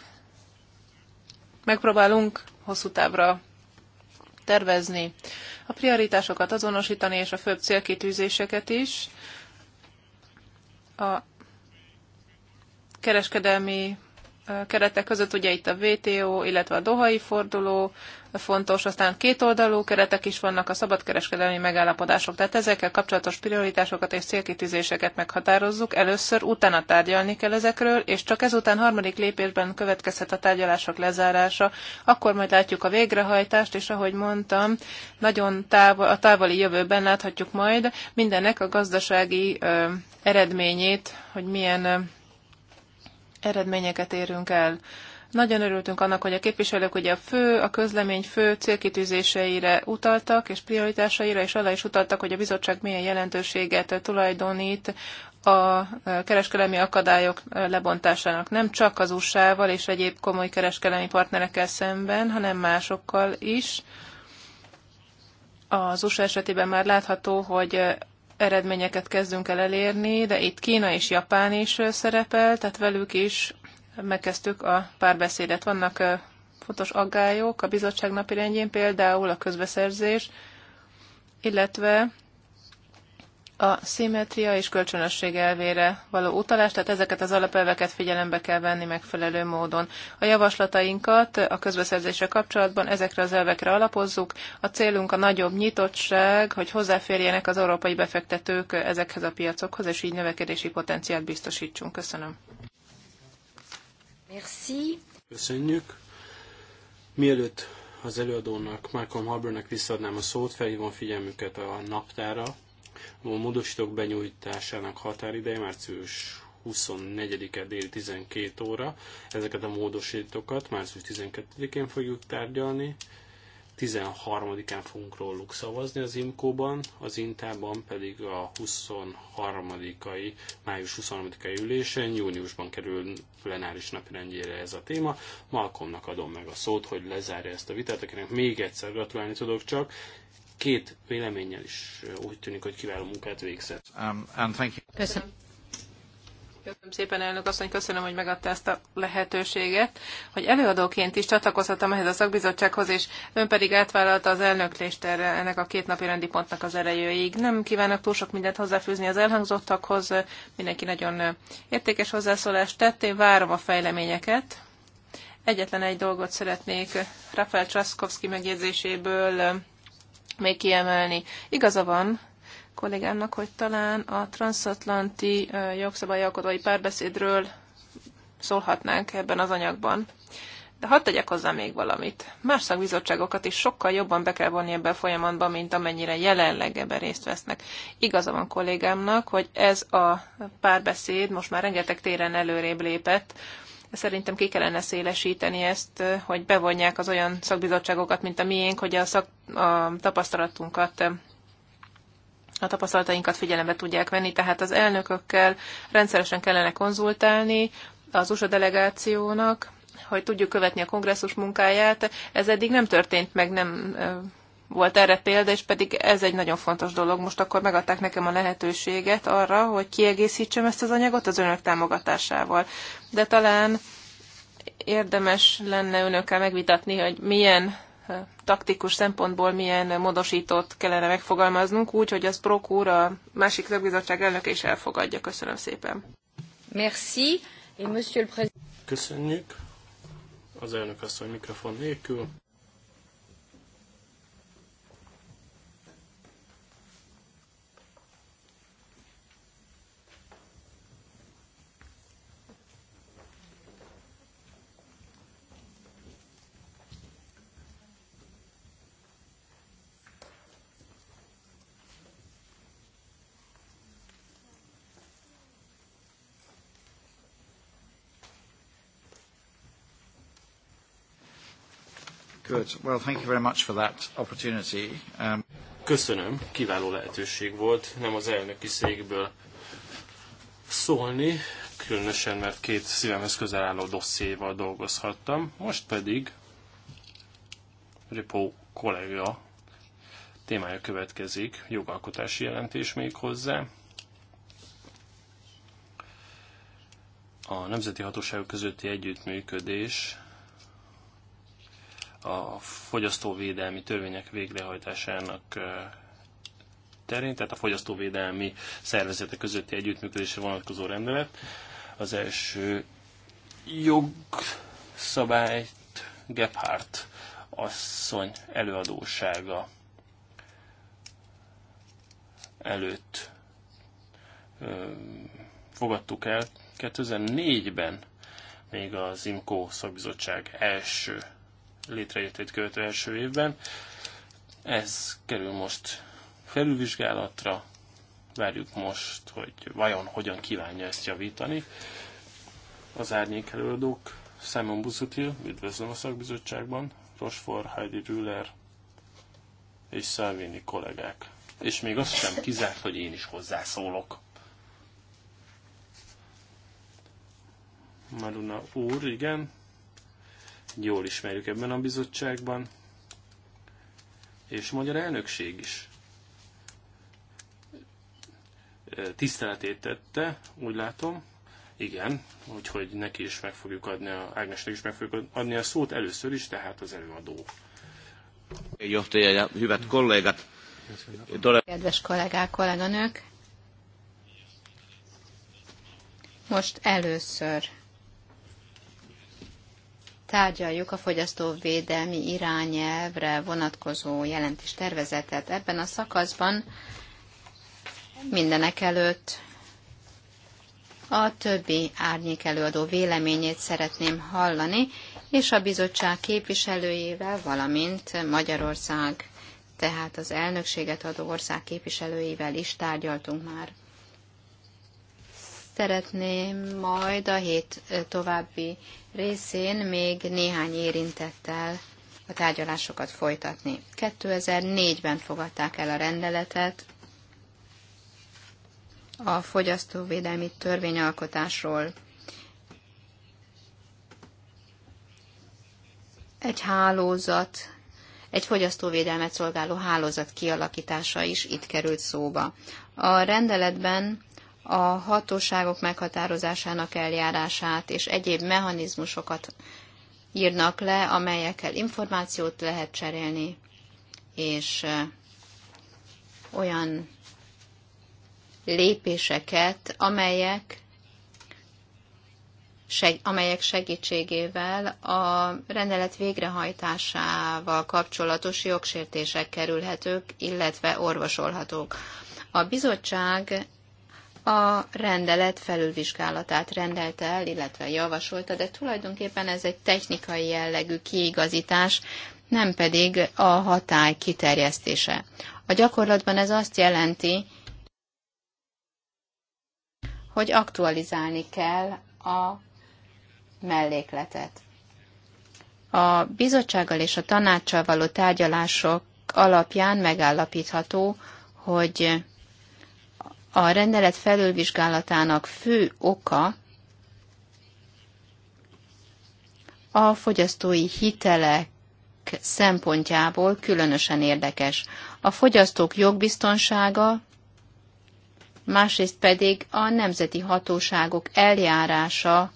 megpróbálunk hosszú távra tervezni. A prioritásokat azonosítani és a főbb célkitűzéseket is. A kereskedelmi keretek között ugye itt a WTO, illetve a Dohai forduló fontos, aztán kétoldalú keretek is vannak a szabadkereskedelmi megállapodások. Tehát ezekkel kapcsolatos prioritásokat és célkitűzéseket meghatározzuk. Először utána tárgyalni kell ezekről, és csak ezután harmadik lépésben következhet a tárgyalások lezárása. Akkor majd látjuk a végrehajtást, és ahogy mondtam, nagyon távol, a távoli jövőben láthatjuk majd mindennek a gazdasági ö, eredményét, hogy milyen ö, eredményeket érünk el. Nagyon örültünk annak, hogy a képviselők ugye a fő, a közlemény fő célkitűzéseire utaltak, és prioritásaira, és alá is utaltak, hogy a bizottság milyen jelentőséget tulajdonít a e, kereskedelmi akadályok e, lebontásának nem csak az USA-val és egyéb komoly kereskedelmi partnerekkel szemben, hanem másokkal is. Az USA esetében már látható, hogy eredményeket kezdünk el elérni, de itt Kína és Japán is szerepel, tehát velük is megkezdtük a párbeszédet. Vannak fontos aggályok a bizottság napirendjén, például a közbeszerzés, illetve a szimmetria és kölcsönösség elvére való utalás, tehát ezeket az alapelveket figyelembe kell venni megfelelő módon. A javaslatainkat a közbeszerzésre kapcsolatban ezekre az elvekre alapozzuk. A célunk a nagyobb nyitottság, hogy hozzáférjenek az európai befektetők ezekhez a piacokhoz, és így növekedési potenciált biztosítsunk. Köszönöm. Merci. Köszönjük. Mielőtt az előadónak, Malcolm Harbournek visszaadnám a szót, felhívom figyelmüket a naptára, a módosítók benyújtásának határideje március 24-e déli 12 óra. Ezeket a módosítókat március 12-én fogjuk tárgyalni. 13-án fogunk róluk szavazni az imco ban az Intában pedig a 23-ai, május 23-ai ülésen, júniusban kerül plenáris napirendjére ez a téma. Malcolmnak adom meg a szót, hogy lezárja ezt a vitát, akinek még egyszer gratulálni tudok csak, két véleménnyel is úgy tűnik, hogy kiváló munkát végzett. Um, and thank you. Köszönöm. Köszönöm szépen, elnök asszony, köszönöm, hogy megadta ezt a lehetőséget, hogy előadóként is csatlakozhatom ehhez a szakbizottsághoz, és ön pedig átvállalta az elnöklést erre, ennek a két napi rendi pontnak az erejőig. Nem kívánok túl sok mindent hozzáfűzni az elhangzottakhoz, mindenki nagyon értékes hozzászólást tett, én várom a fejleményeket. Egyetlen egy dolgot szeretnék Rafael Trzaskowski megjegyzéséből még kiemelni. Igaza van kollégámnak, hogy talán a transatlanti jogszabályalkotói párbeszédről szólhatnánk ebben az anyagban. De hadd tegyek hozzá még valamit. Más szakbizottságokat is sokkal jobban be kell vonni ebbe a folyamatba, mint amennyire jelenleg ebben részt vesznek. Igaza van kollégámnak, hogy ez a párbeszéd most már rengeteg téren előrébb lépett, Szerintem ki kellene szélesíteni ezt, hogy bevonják az olyan szakbizottságokat, mint a miénk, hogy a, szak, a tapasztalatunkat a tapasztalatainkat figyelembe tudják venni, tehát az elnökökkel rendszeresen kellene konzultálni az USA delegációnak, hogy tudjuk követni a kongresszus munkáját. Ez eddig nem történt meg, nem volt erre példa, és pedig ez egy nagyon fontos dolog. Most akkor megadták nekem a lehetőséget arra, hogy kiegészítsem ezt az anyagot az önök támogatásával. De talán érdemes lenne önökkel megvitatni, hogy milyen eh, taktikus szempontból milyen módosítót kellene megfogalmaznunk, úgy, hogy az prokúr a másik szakbizottság elnöke is elfogadja. Köszönöm szépen. Merci, et monsieur le président. Köszönjük. Az elnök asszony mikrofon nélkül. Good. Well, thank you very much for that opportunity. Um... Köszönöm, kiváló lehetőség volt nem az elnöki székből szólni, különösen mert két szívemhez közel álló dosszéval dolgozhattam. Most pedig Ripó kollega témája következik, jogalkotási jelentés még hozzá. A nemzeti hatóságok közötti együttműködés a fogyasztóvédelmi törvények végrehajtásának terén, tehát a fogyasztóvédelmi szervezetek közötti együttműködésre vonatkozó rendelet. Az első jogszabályt Gephardt asszony előadósága előtt fogadtuk el. 2004-ben még az IMCO szakbizottság első létrejöttét követő első évben. Ez kerül most felülvizsgálatra, várjuk most, hogy vajon hogyan kívánja ezt javítani. Az árnyék előadók Simon Buzutil, üdvözlöm a szakbizottságban, Rosfor, Heidi Rüller és Salvini kollégák. És még azt sem kizárt, hogy én is hozzászólok. Maruna úr, igen, jól ismerjük ebben a bizottságban, és a magyar elnökség is tiszteletét tette, úgy látom, igen, úgyhogy neki is meg fogjuk adni, a, Ágnesnek is meg fogjuk adni a szót először is, tehát az előadó. Jó ja hyvät kollégát. Kedves kollégák, kolléganők! Most először tárgyaljuk a fogyasztóvédelmi irányelvre vonatkozó jelentés tervezetet. Ebben a szakaszban mindenek előtt a többi árnyék előadó véleményét szeretném hallani, és a bizottság képviselőjével, valamint Magyarország, tehát az elnökséget adó ország képviselőivel is tárgyaltunk már. Szeretném majd a hét további részén még néhány érintettel a tárgyalásokat folytatni. 2004-ben fogadták el a rendeletet a fogyasztóvédelmi törvényalkotásról. Egy hálózat, egy fogyasztóvédelmet szolgáló hálózat kialakítása is itt került szóba. A rendeletben a hatóságok meghatározásának eljárását és egyéb mechanizmusokat írnak le, amelyekkel információt lehet cserélni, és olyan lépéseket, amelyek, seg, amelyek segítségével a rendelet végrehajtásával kapcsolatos jogsértések kerülhetők, illetve orvosolhatók. A bizottság a rendelet felülvizsgálatát rendelte el, illetve javasolta, de tulajdonképpen ez egy technikai jellegű kiigazítás, nem pedig a hatály kiterjesztése. A gyakorlatban ez azt jelenti, hogy aktualizálni kell a mellékletet. A bizottsággal és a tanácssal való tárgyalások alapján megállapítható, hogy a rendelet felülvizsgálatának fő oka a fogyasztói hitelek szempontjából különösen érdekes. A fogyasztók jogbiztonsága, másrészt pedig a nemzeti hatóságok eljárása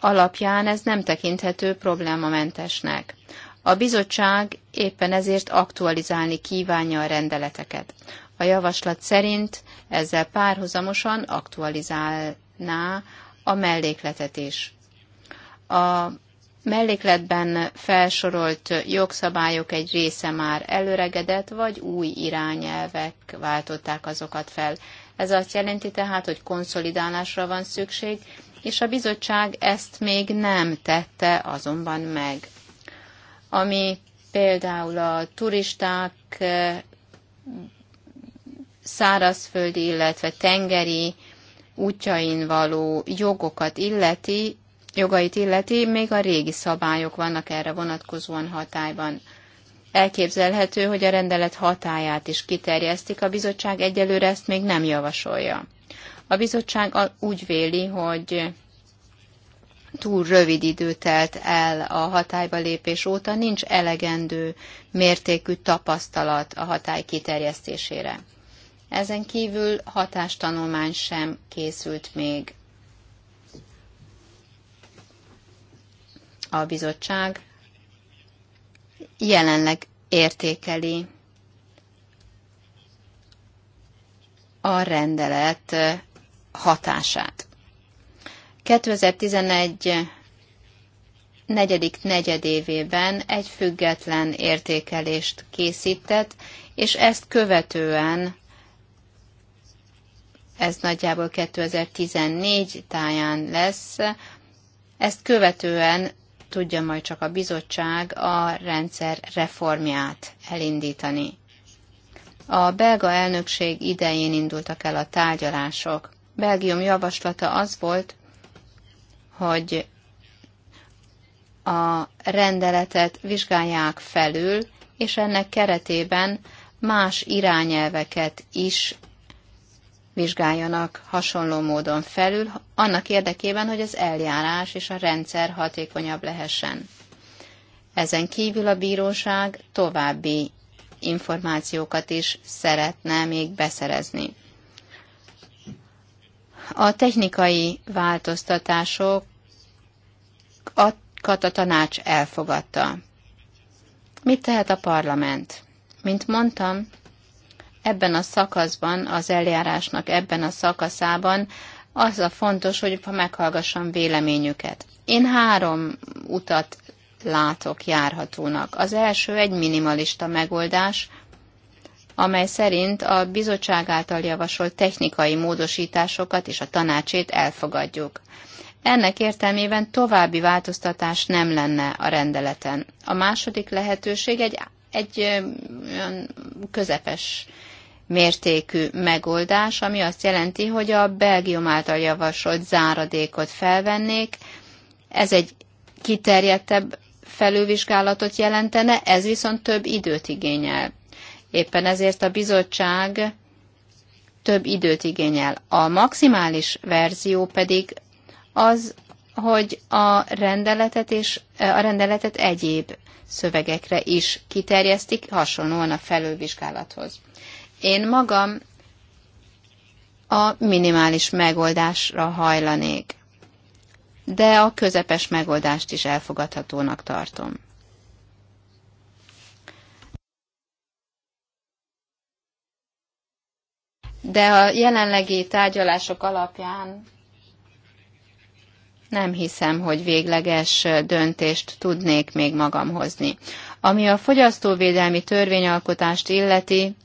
alapján ez nem tekinthető problémamentesnek. A bizottság éppen ezért aktualizálni kívánja a rendeleteket. A javaslat szerint ezzel párhuzamosan aktualizálná a mellékletet is. A mellékletben felsorolt jogszabályok egy része már előregedett, vagy új irányelvek váltották azokat fel. Ez azt jelenti tehát, hogy konszolidálásra van szükség, és a bizottság ezt még nem tette azonban meg. Ami például a turisták szárazföldi, illetve tengeri útjain való jogokat illeti, jogait illeti, még a régi szabályok vannak erre vonatkozóan hatályban. Elképzelhető, hogy a rendelet hatáját is kiterjesztik, a bizottság egyelőre ezt még nem javasolja. A bizottság úgy véli, hogy túl rövid idő telt el a hatályba lépés óta, nincs elegendő mértékű tapasztalat a hatály kiterjesztésére. Ezen kívül hatástanulmány sem készült még. A bizottság jelenleg értékeli a rendelet hatását. 2011 negyedik negyedévében egy független értékelést készített, és ezt követően ez nagyjából 2014 táján lesz. Ezt követően tudja majd csak a bizottság a rendszer reformját elindítani. A belga elnökség idején indultak el a tárgyalások. Belgium javaslata az volt, hogy a rendeletet vizsgálják felül, és ennek keretében más irányelveket is vizsgáljanak hasonló módon felül, annak érdekében, hogy az eljárás és a rendszer hatékonyabb lehessen. Ezen kívül a bíróság további információkat is szeretne még beszerezni. A technikai változtatások a tanács elfogadta. Mit tehet a parlament? Mint mondtam, ebben a szakaszban, az eljárásnak ebben a szakaszában az a fontos, hogy meghallgassam véleményüket. Én három utat látok járhatónak. Az első egy minimalista megoldás, amely szerint a bizottság által javasolt technikai módosításokat és a tanácsét elfogadjuk. Ennek értelmében további változtatás nem lenne a rendeleten. A második lehetőség egy egy olyan közepes mértékű megoldás, ami azt jelenti, hogy a Belgium által javasolt záradékot felvennék. Ez egy kiterjedtebb felülvizsgálatot jelentene, ez viszont több időt igényel. Éppen ezért a bizottság több időt igényel. A maximális verzió pedig az, hogy a rendeletet és a rendeletet egyéb szövegekre is kiterjesztik, hasonlóan a felülvizsgálathoz. Én magam a minimális megoldásra hajlanék, de a közepes megoldást is elfogadhatónak tartom. De a jelenlegi tárgyalások alapján nem hiszem, hogy végleges döntést tudnék még magam hozni. Ami a fogyasztóvédelmi törvényalkotást illeti,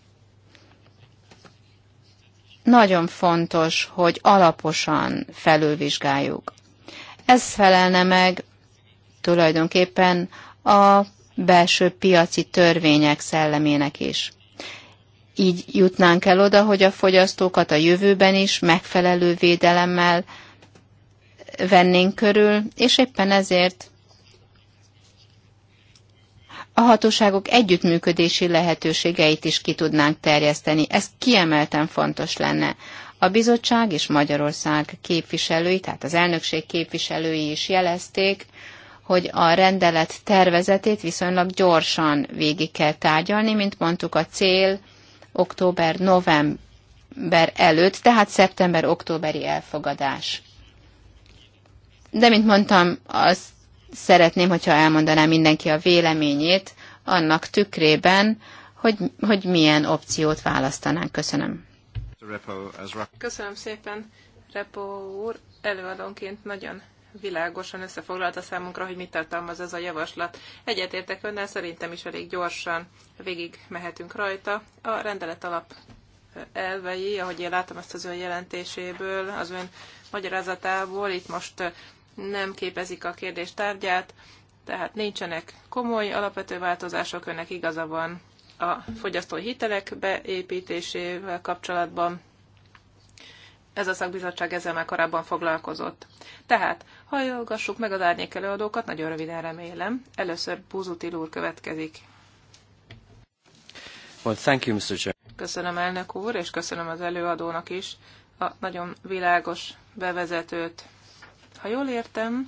nagyon fontos, hogy alaposan felülvizsgáljuk. Ez felelne meg tulajdonképpen a belső piaci törvények szellemének is. Így jutnánk el oda, hogy a fogyasztókat a jövőben is megfelelő védelemmel vennénk körül, és éppen ezért a hatóságok együttműködési lehetőségeit is ki tudnánk terjeszteni. Ez kiemelten fontos lenne. A bizottság és Magyarország képviselői, tehát az elnökség képviselői is jelezték, hogy a rendelet tervezetét viszonylag gyorsan végig kell tárgyalni, mint mondtuk a cél október-november előtt, tehát szeptember-októberi elfogadás. De, mint mondtam, azt szeretném, hogyha elmondaná mindenki a véleményét annak tükrében, hogy, hogy milyen opciót választanánk. Köszönöm. Köszönöm szépen, Repo úr. Előadónként nagyon világosan összefoglalta számunkra, hogy mit tartalmaz ez a javaslat. Egyetértek önnel, szerintem is elég gyorsan végig mehetünk rajta. A rendelet alap elvei, ahogy én látom ezt az ön jelentéséből, az ön magyarázatából, itt most nem képezik a kérdés tárgyát, tehát nincsenek komoly alapvető változások, önnek igaza van a fogyasztói hitelek beépítésével kapcsolatban. Ez a szakbizottság ezzel már korábban foglalkozott. Tehát hajolgassuk meg az árnyék előadókat, nagyon röviden remélem. Először Buzutil úr következik. Well, thank you, Mr. Chair. Köszönöm elnök úr, és köszönöm az előadónak is a nagyon világos bevezetőt. Ha jól értem,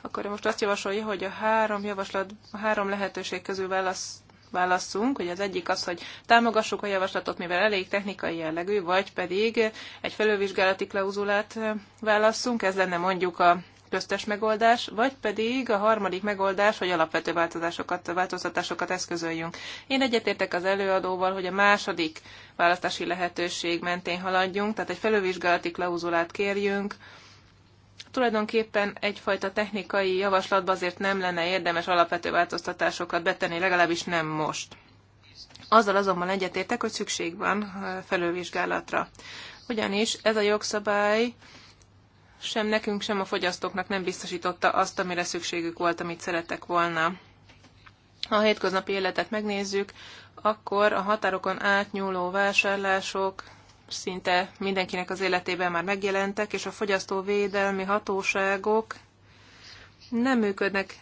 akkor most azt javasolja, hogy a három javaslat, a három lehetőség közül válasz, válaszunk, hogy az egyik az, hogy támogassuk a javaslatot, mivel elég technikai jellegű, vagy pedig egy felővizsgálati klauzulát eh, válaszunk, ez lenne mondjuk a köztes megoldás, vagy pedig a harmadik megoldás, hogy alapvető változásokat, változtatásokat eszközöljünk. Én egyetértek az előadóval, hogy a második választási lehetőség mentén haladjunk, tehát egy felővizsgálati klauzulát kérjünk, tulajdonképpen egyfajta technikai javaslatba azért nem lenne érdemes alapvető változtatásokat betenni, legalábbis nem most. Azzal azonban egyetértek, hogy szükség van felülvizsgálatra. Ugyanis ez a jogszabály sem nekünk, sem a fogyasztóknak nem biztosította azt, amire szükségük volt, amit szeretek volna. Ha a hétköznapi életet megnézzük, akkor a határokon átnyúló vásárlások, szinte mindenkinek az életében már megjelentek, és a fogyasztóvédelmi hatóságok nem működnek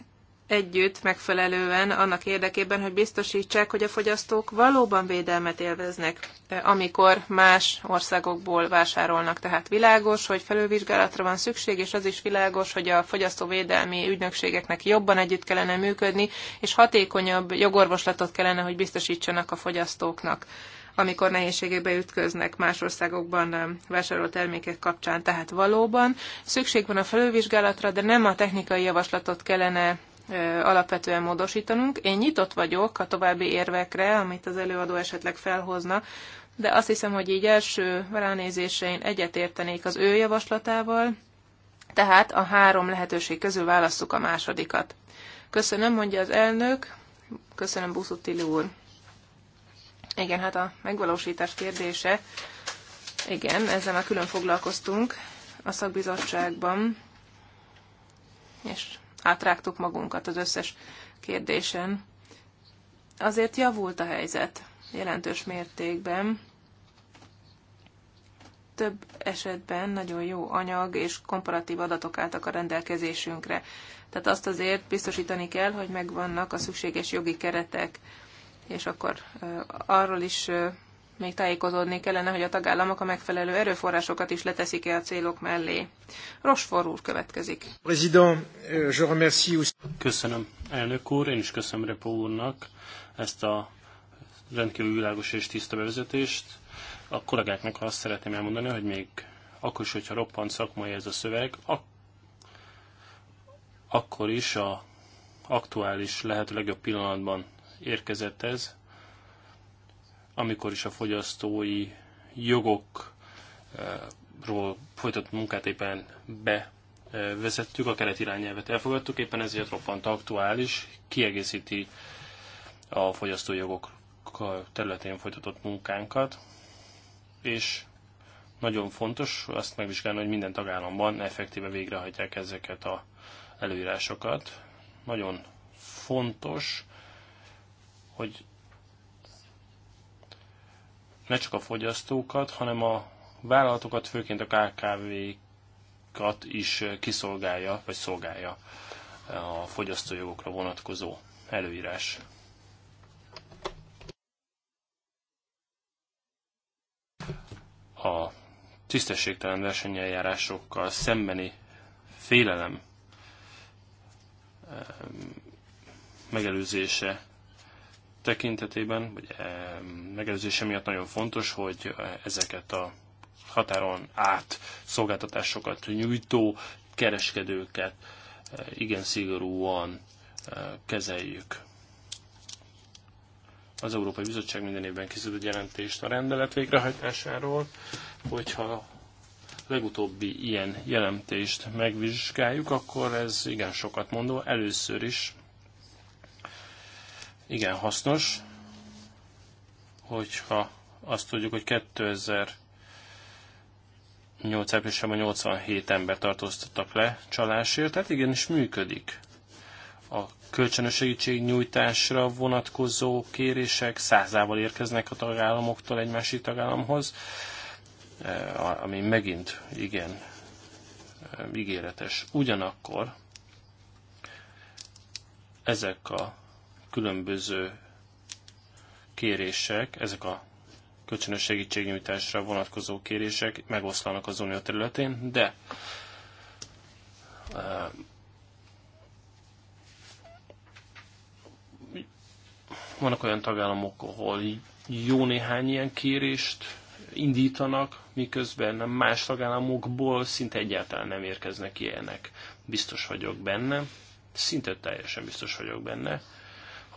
együtt megfelelően annak érdekében, hogy biztosítsák, hogy a fogyasztók valóban védelmet élveznek, eh, amikor más országokból vásárolnak. Tehát világos, hogy felülvizsgálatra van szükség, és az is világos, hogy a fogyasztóvédelmi ügynökségeknek jobban együtt kellene működni, és hatékonyabb jogorvoslatot kellene, hogy biztosítsanak a fogyasztóknak amikor nehézségekbe ütköznek más országokban vásárolt termékek kapcsán. Tehát valóban szükség van a felülvizsgálatra, de nem a technikai javaslatot kellene alapvetően módosítanunk. Én nyitott vagyok a további érvekre, amit az előadó esetleg felhozna, de azt hiszem, hogy így első ránézésre én egyetértenék az ő javaslatával, tehát a három lehetőség közül válasszuk a másodikat. Köszönöm, mondja az elnök, köszönöm Buszutili úr. Igen, hát a megvalósítás kérdése, igen, ezzel már külön foglalkoztunk a szakbizottságban, és átrágtuk magunkat az összes kérdésen. Azért javult a helyzet jelentős mértékben. Több esetben nagyon jó anyag és komparatív adatok álltak a rendelkezésünkre. Tehát azt azért biztosítani kell, hogy megvannak a szükséges jogi keretek és akkor arról is még tájékozódni kellene, hogy a tagállamok a megfelelő erőforrásokat is leteszik-e a célok mellé. Rosfor úr következik. Euh, köszönöm, elnök úr, én is köszönöm Repo úrnak ezt a rendkívül világos és tiszta bevezetést. A kollégáknak azt szeretném elmondani, hogy még akkor is, hogyha roppant szakmai ez a szöveg, ak- akkor is a aktuális, lehető legjobb pillanatban érkezett ez, amikor is a fogyasztói jogokról folytatott munkát éppen bevezettük, a irányelvet elfogadtuk, éppen ezért roppant aktuális, kiegészíti a fogyasztói jogok területén folytatott munkánkat, és nagyon fontos azt megvizsgálni, hogy minden tagállamban effektíve végrehajtják ezeket a előírásokat. Nagyon fontos hogy ne csak a fogyasztókat, hanem a vállalatokat, főként a KKV-kat is kiszolgálja, vagy szolgálja a fogyasztójogokra vonatkozó előírás. A tisztességtelen versenyeljárásokkal szembeni félelem megelőzése tekintetében, vagy eh, megelőzése miatt nagyon fontos, hogy eh, ezeket a határon át szolgáltatásokat nyújtó kereskedőket eh, igen szigorúan kezeljük. Az Európai Bizottság minden évben készít egy jelentést a rendelet végrehajtásáról, hogyha legutóbbi ilyen jelentést megvizsgáljuk, akkor ez igen sokat mondó. Először is igen hasznos, hogyha azt tudjuk, hogy 2000 8 áprilisában 87 ember tartóztattak le csalásért, tehát igenis működik. A kölcsönös nyújtásra vonatkozó kérések százával érkeznek a tagállamoktól egy másik tagállamhoz, e, ami megint igen e, ígéretes. Ugyanakkor ezek a különböző kérések, ezek a kölcsönös segítségnyújtásra vonatkozó kérések megoszlanak az unió területén, de uh, vannak olyan tagállamok, ahol jó néhány ilyen kérést indítanak, miközben más tagállamokból szinte egyáltalán nem érkeznek ilyenek. Biztos vagyok benne, szinte teljesen biztos vagyok benne,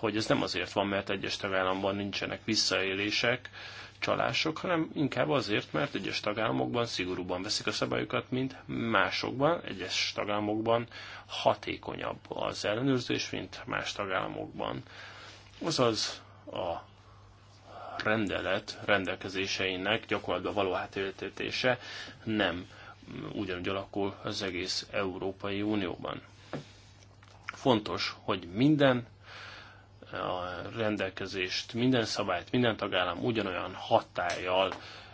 hogy ez nem azért van, mert egyes tagállamban nincsenek visszaélések, csalások, hanem inkább azért, mert egyes tagállamokban szigorúban veszik a szabályokat, mint másokban, egyes tagállamokban hatékonyabb az ellenőrzés, mint más tagállamokban. Azaz a rendelet rendelkezéseinek gyakorlatban való átéltetése nem ugyanúgy alakul az egész Európai Unióban. Fontos, hogy minden a rendelkezést, minden szabályt, minden tagállam ugyanolyan hatállyal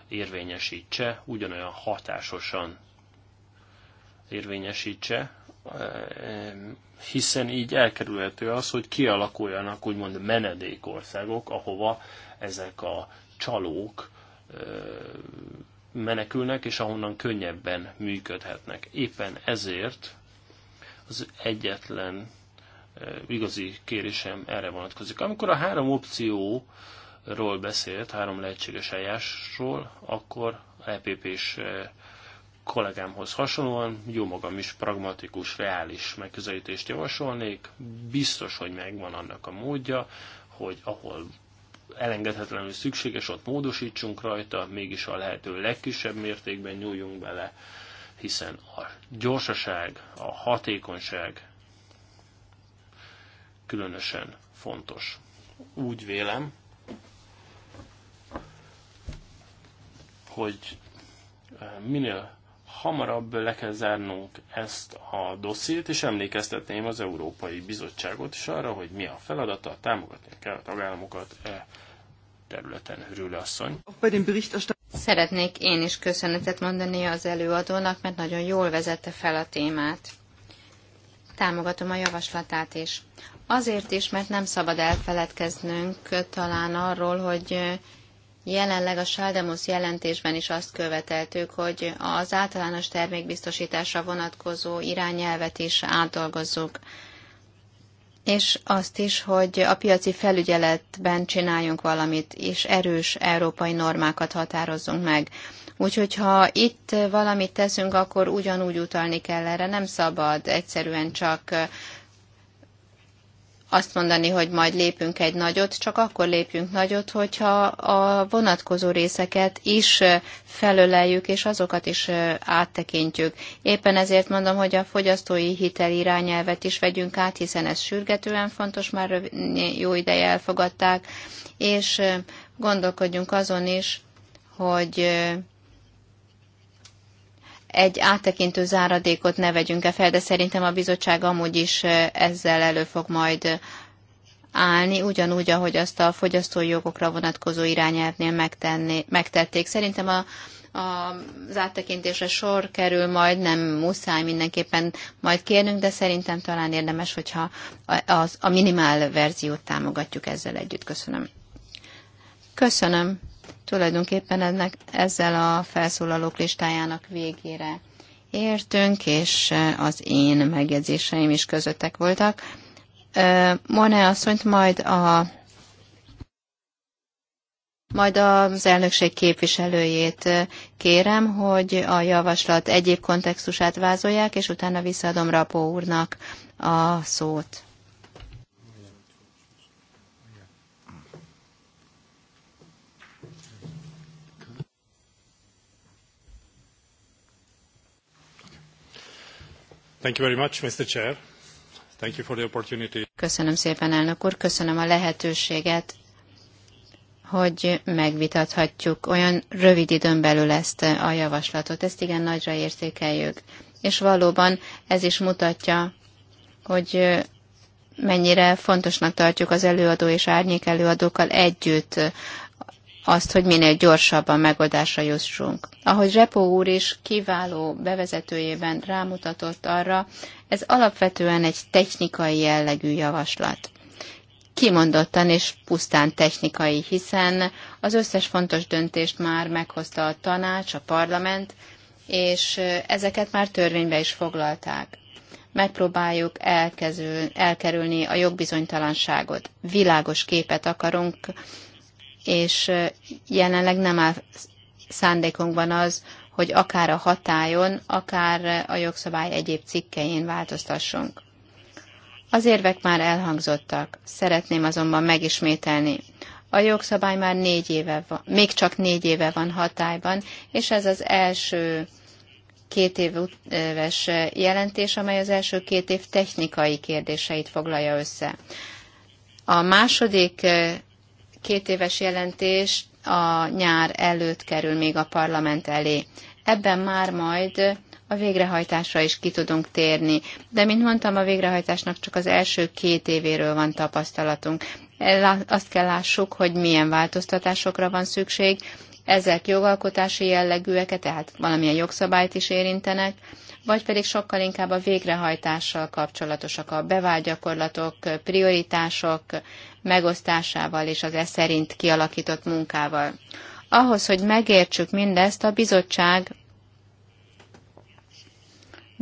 érvényesítse, ugyanolyan hatásosan érvényesítse, hiszen így elkerülhető az, hogy kialakuljanak úgymond menedékországok, ahova ezek a csalók menekülnek, és ahonnan könnyebben működhetnek. Éppen ezért az egyetlen Eh, igazi kérésem erre vonatkozik. Amikor a három opcióról beszélt, három lehetséges eljárásról, akkor EPP-s eh, kollégámhoz hasonlóan jó magam is pragmatikus, reális megközelítést javasolnék. Biztos, hogy megvan annak a módja, hogy ahol elengedhetetlenül szükséges, ott módosítsunk rajta, mégis a lehető legkisebb mértékben nyúljunk bele, hiszen a gyorsaság, a hatékonyság különösen fontos. Úgy vélem, hogy eh, minél hamarabb le kell zárnunk ezt a dossziét, és emlékeztetném az Európai Bizottságot is arra, hogy mi a feladata, támogatni kell a tagállamokat e területen, Rüle asszony. Szeretnék én is köszönetet mondani az előadónak, mert nagyon jól vezette fel a témát. Támogatom a javaslatát is. Azért is, mert nem szabad elfeledkeznünk talán arról, hogy jelenleg a Saldemus jelentésben is azt követeltük, hogy az általános termékbiztosításra vonatkozó irányelvet is átdolgozzuk, és azt is, hogy a piaci felügyeletben csináljunk valamit, és erős európai normákat határozzunk meg. Úgyhogy ha itt valamit teszünk, akkor ugyanúgy utalni kell erre. Nem szabad egyszerűen csak azt mondani, hogy majd lépünk egy nagyot, csak akkor lépjünk nagyot, hogyha a vonatkozó részeket is felöleljük, és azokat is áttekintjük. Éppen ezért mondom, hogy a fogyasztói hitel irányelvet is vegyünk át, hiszen ez sürgetően fontos, már jó ideje elfogadták, és gondolkodjunk azon is, hogy egy áttekintő záradékot ne vegyünk-e fel, de szerintem a bizottság amúgy is ezzel elő fog majd állni, ugyanúgy, ahogy azt a fogyasztói jogokra vonatkozó irányelvnél megtették. Szerintem a, a, az áttekintésre sor kerül majd, nem muszáj mindenképpen majd kérnünk, de szerintem talán érdemes, hogyha a, az, a minimál verziót támogatjuk ezzel együtt. Köszönöm. Köszönöm. Tulajdonképpen ennek, ezzel a felszólalók listájának végére értünk, és az én megjegyzéseim is közöttek voltak. Mone asszonyt majd a majd az elnökség képviselőjét kérem, hogy a javaslat egyéb kontextusát vázolják, és utána visszaadom Rapó úrnak a szót. Thank you very much, Mr. Chair. Thank you for the opportunity. Köszönöm szépen, elnök úr. Köszönöm a lehetőséget, hogy megvitathatjuk olyan rövid időn belül ezt eh, a javaslatot. Ezt igen nagyra értékeljük. És valóban ez is mutatja, hogy eh, mennyire fontosnak tartjuk az előadó és árnyék előadókkal együtt eh, azt, hogy minél gyorsabban megoldásra jussunk. Ahogy Repó úr is kiváló bevezetőjében rámutatott arra, ez alapvetően egy technikai jellegű javaslat. Kimondottan és pusztán technikai, hiszen az összes fontos döntést már meghozta a tanács, a parlament, és ezeket már törvénybe is foglalták. Megpróbáljuk elkezül, elkerülni a jogbizonytalanságot. Világos képet akarunk és jelenleg nem áll szándékunkban az, hogy akár a hatájon, akár a jogszabály egyéb cikkein változtassunk. Az érvek már elhangzottak, szeretném azonban megismételni. A jogszabály már négy éve van, még csak négy éve van hatályban, és ez az első két éves jelentés, amely az első két év technikai kérdéseit foglalja össze. A második két éves jelentés a nyár előtt kerül még a parlament elé. Ebben már majd a végrehajtásra is ki tudunk térni. De, mint mondtam, a végrehajtásnak csak az első két évéről van tapasztalatunk. Azt kell lássuk, hogy milyen változtatásokra van szükség. Ezek jogalkotási jellegűeket, tehát valamilyen jogszabályt is érintenek, vagy pedig sokkal inkább a végrehajtással kapcsolatosak, a bevált gyakorlatok, prioritások megosztásával és az e szerint kialakított munkával. Ahhoz, hogy megértsük mindezt, a bizottság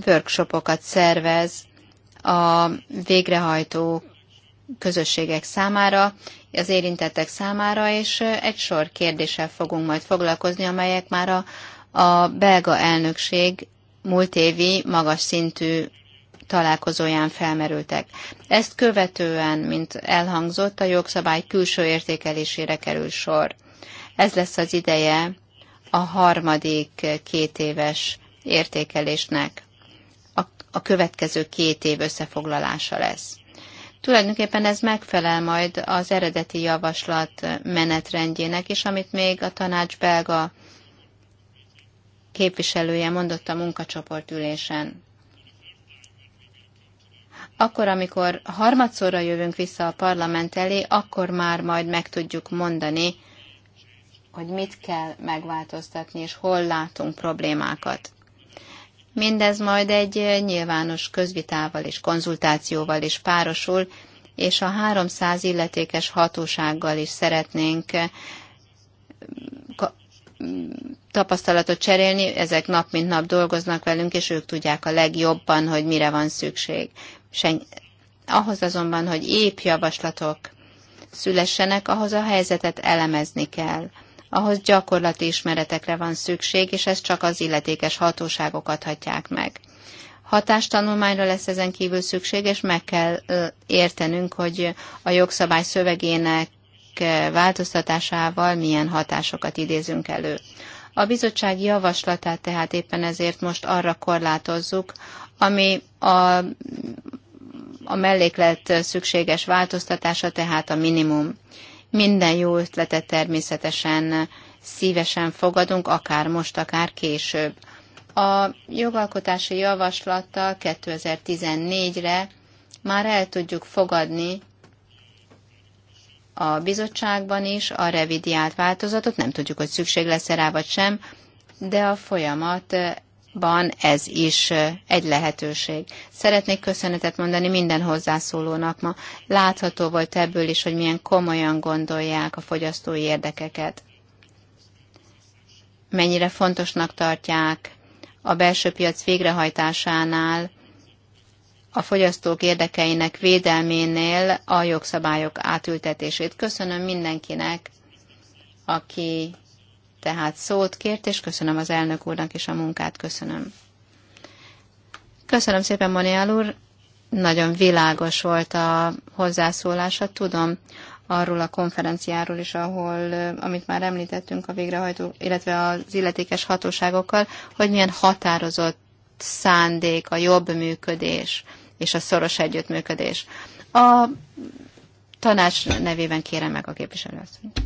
workshopokat szervez a végrehajtó közösségek számára, az érintettek számára, és egy sor kérdéssel fogunk majd foglalkozni, amelyek már a, a belga elnökség múlt évi magas szintű találkozóján felmerültek. Ezt követően, mint elhangzott, a jogszabály külső értékelésére kerül sor. Ez lesz az ideje a harmadik két éves értékelésnek. A, a következő két év összefoglalása lesz. Tulajdonképpen ez megfelel majd az eredeti javaslat menetrendjének is, amit még a tanács belga képviselője mondott a munkacsoport ülésen. Akkor, amikor harmadszorra jövünk vissza a parlament elé, akkor már majd meg tudjuk mondani, hogy mit kell megváltoztatni, és hol látunk problémákat. Mindez majd egy nyilvános közvitával és konzultációval is párosul, és a 300 illetékes hatósággal is szeretnénk tapasztalatot cserélni, ezek nap mint nap dolgoznak velünk, és ők tudják a legjobban, hogy mire van szükség. Sen, ahhoz azonban, hogy épp javaslatok szülessenek, ahhoz a helyzetet elemezni kell. Ahhoz gyakorlati ismeretekre van szükség, és ez csak az illetékes hatóságok adhatják meg. Hatástanulmányra lesz ezen kívül szükség, és meg kell értenünk, hogy a jogszabály szövegének Eh, változtatásával milyen hatásokat idézünk elő. A bizottság javaslatát tehát éppen ezért most arra korlátozzuk, ami a, a melléklet szükséges változtatása, tehát a minimum. Minden jó ötletet természetesen szívesen fogadunk, akár most, akár később. A jogalkotási javaslattal 2014-re már el tudjuk fogadni a bizottságban is a revidiált változatot, nem tudjuk, hogy szükség lesz-e rá vagy sem, de a folyamatban ez is egy lehetőség. Szeretnék köszönetet mondani minden hozzászólónak ma. Látható volt ebből is, hogy milyen komolyan gondolják a fogyasztói érdekeket. Mennyire fontosnak tartják a belső piac végrehajtásánál a fogyasztók érdekeinek védelménél a jogszabályok átültetését. Köszönöm mindenkinek, aki tehát szót kért, és köszönöm az elnök úrnak is a munkát, köszönöm. Köszönöm szépen, Moniál úr, nagyon világos volt a hozzászólása, tudom, arról a konferenciáról is, ahol, amit már említettünk a végrehajtó, illetve az illetékes hatóságokkal, hogy milyen határozott szándék, a jobb működés és a szoros együttműködés. A tanács nevében kérem meg a képviselőasszonyt.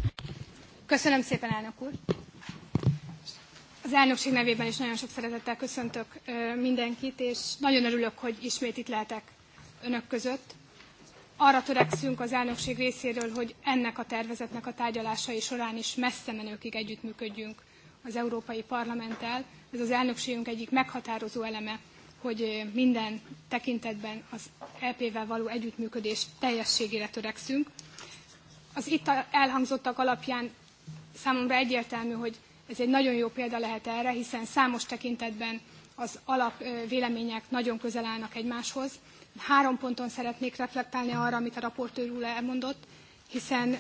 Köszönöm szépen, elnök úr! Az elnökség nevében is nagyon sok szeretettel köszöntök mindenkit, és nagyon örülök, hogy ismét itt lehetek önök között. Arra törekszünk az elnökség részéről, hogy ennek a tervezetnek a tárgyalásai során is messze menőkig együttműködjünk az Európai Parlamenttel. Ez az elnökségünk egyik meghatározó eleme hogy minden tekintetben az EP-vel való együttműködés teljességére törekszünk. Az itt elhangzottak alapján számomra egyértelmű, hogy ez egy nagyon jó példa lehet erre, hiszen számos tekintetben az alapvélemények nagyon közel állnak egymáshoz. Három ponton szeretnék reflektálni arra, amit a raportőr úr elmondott, hiszen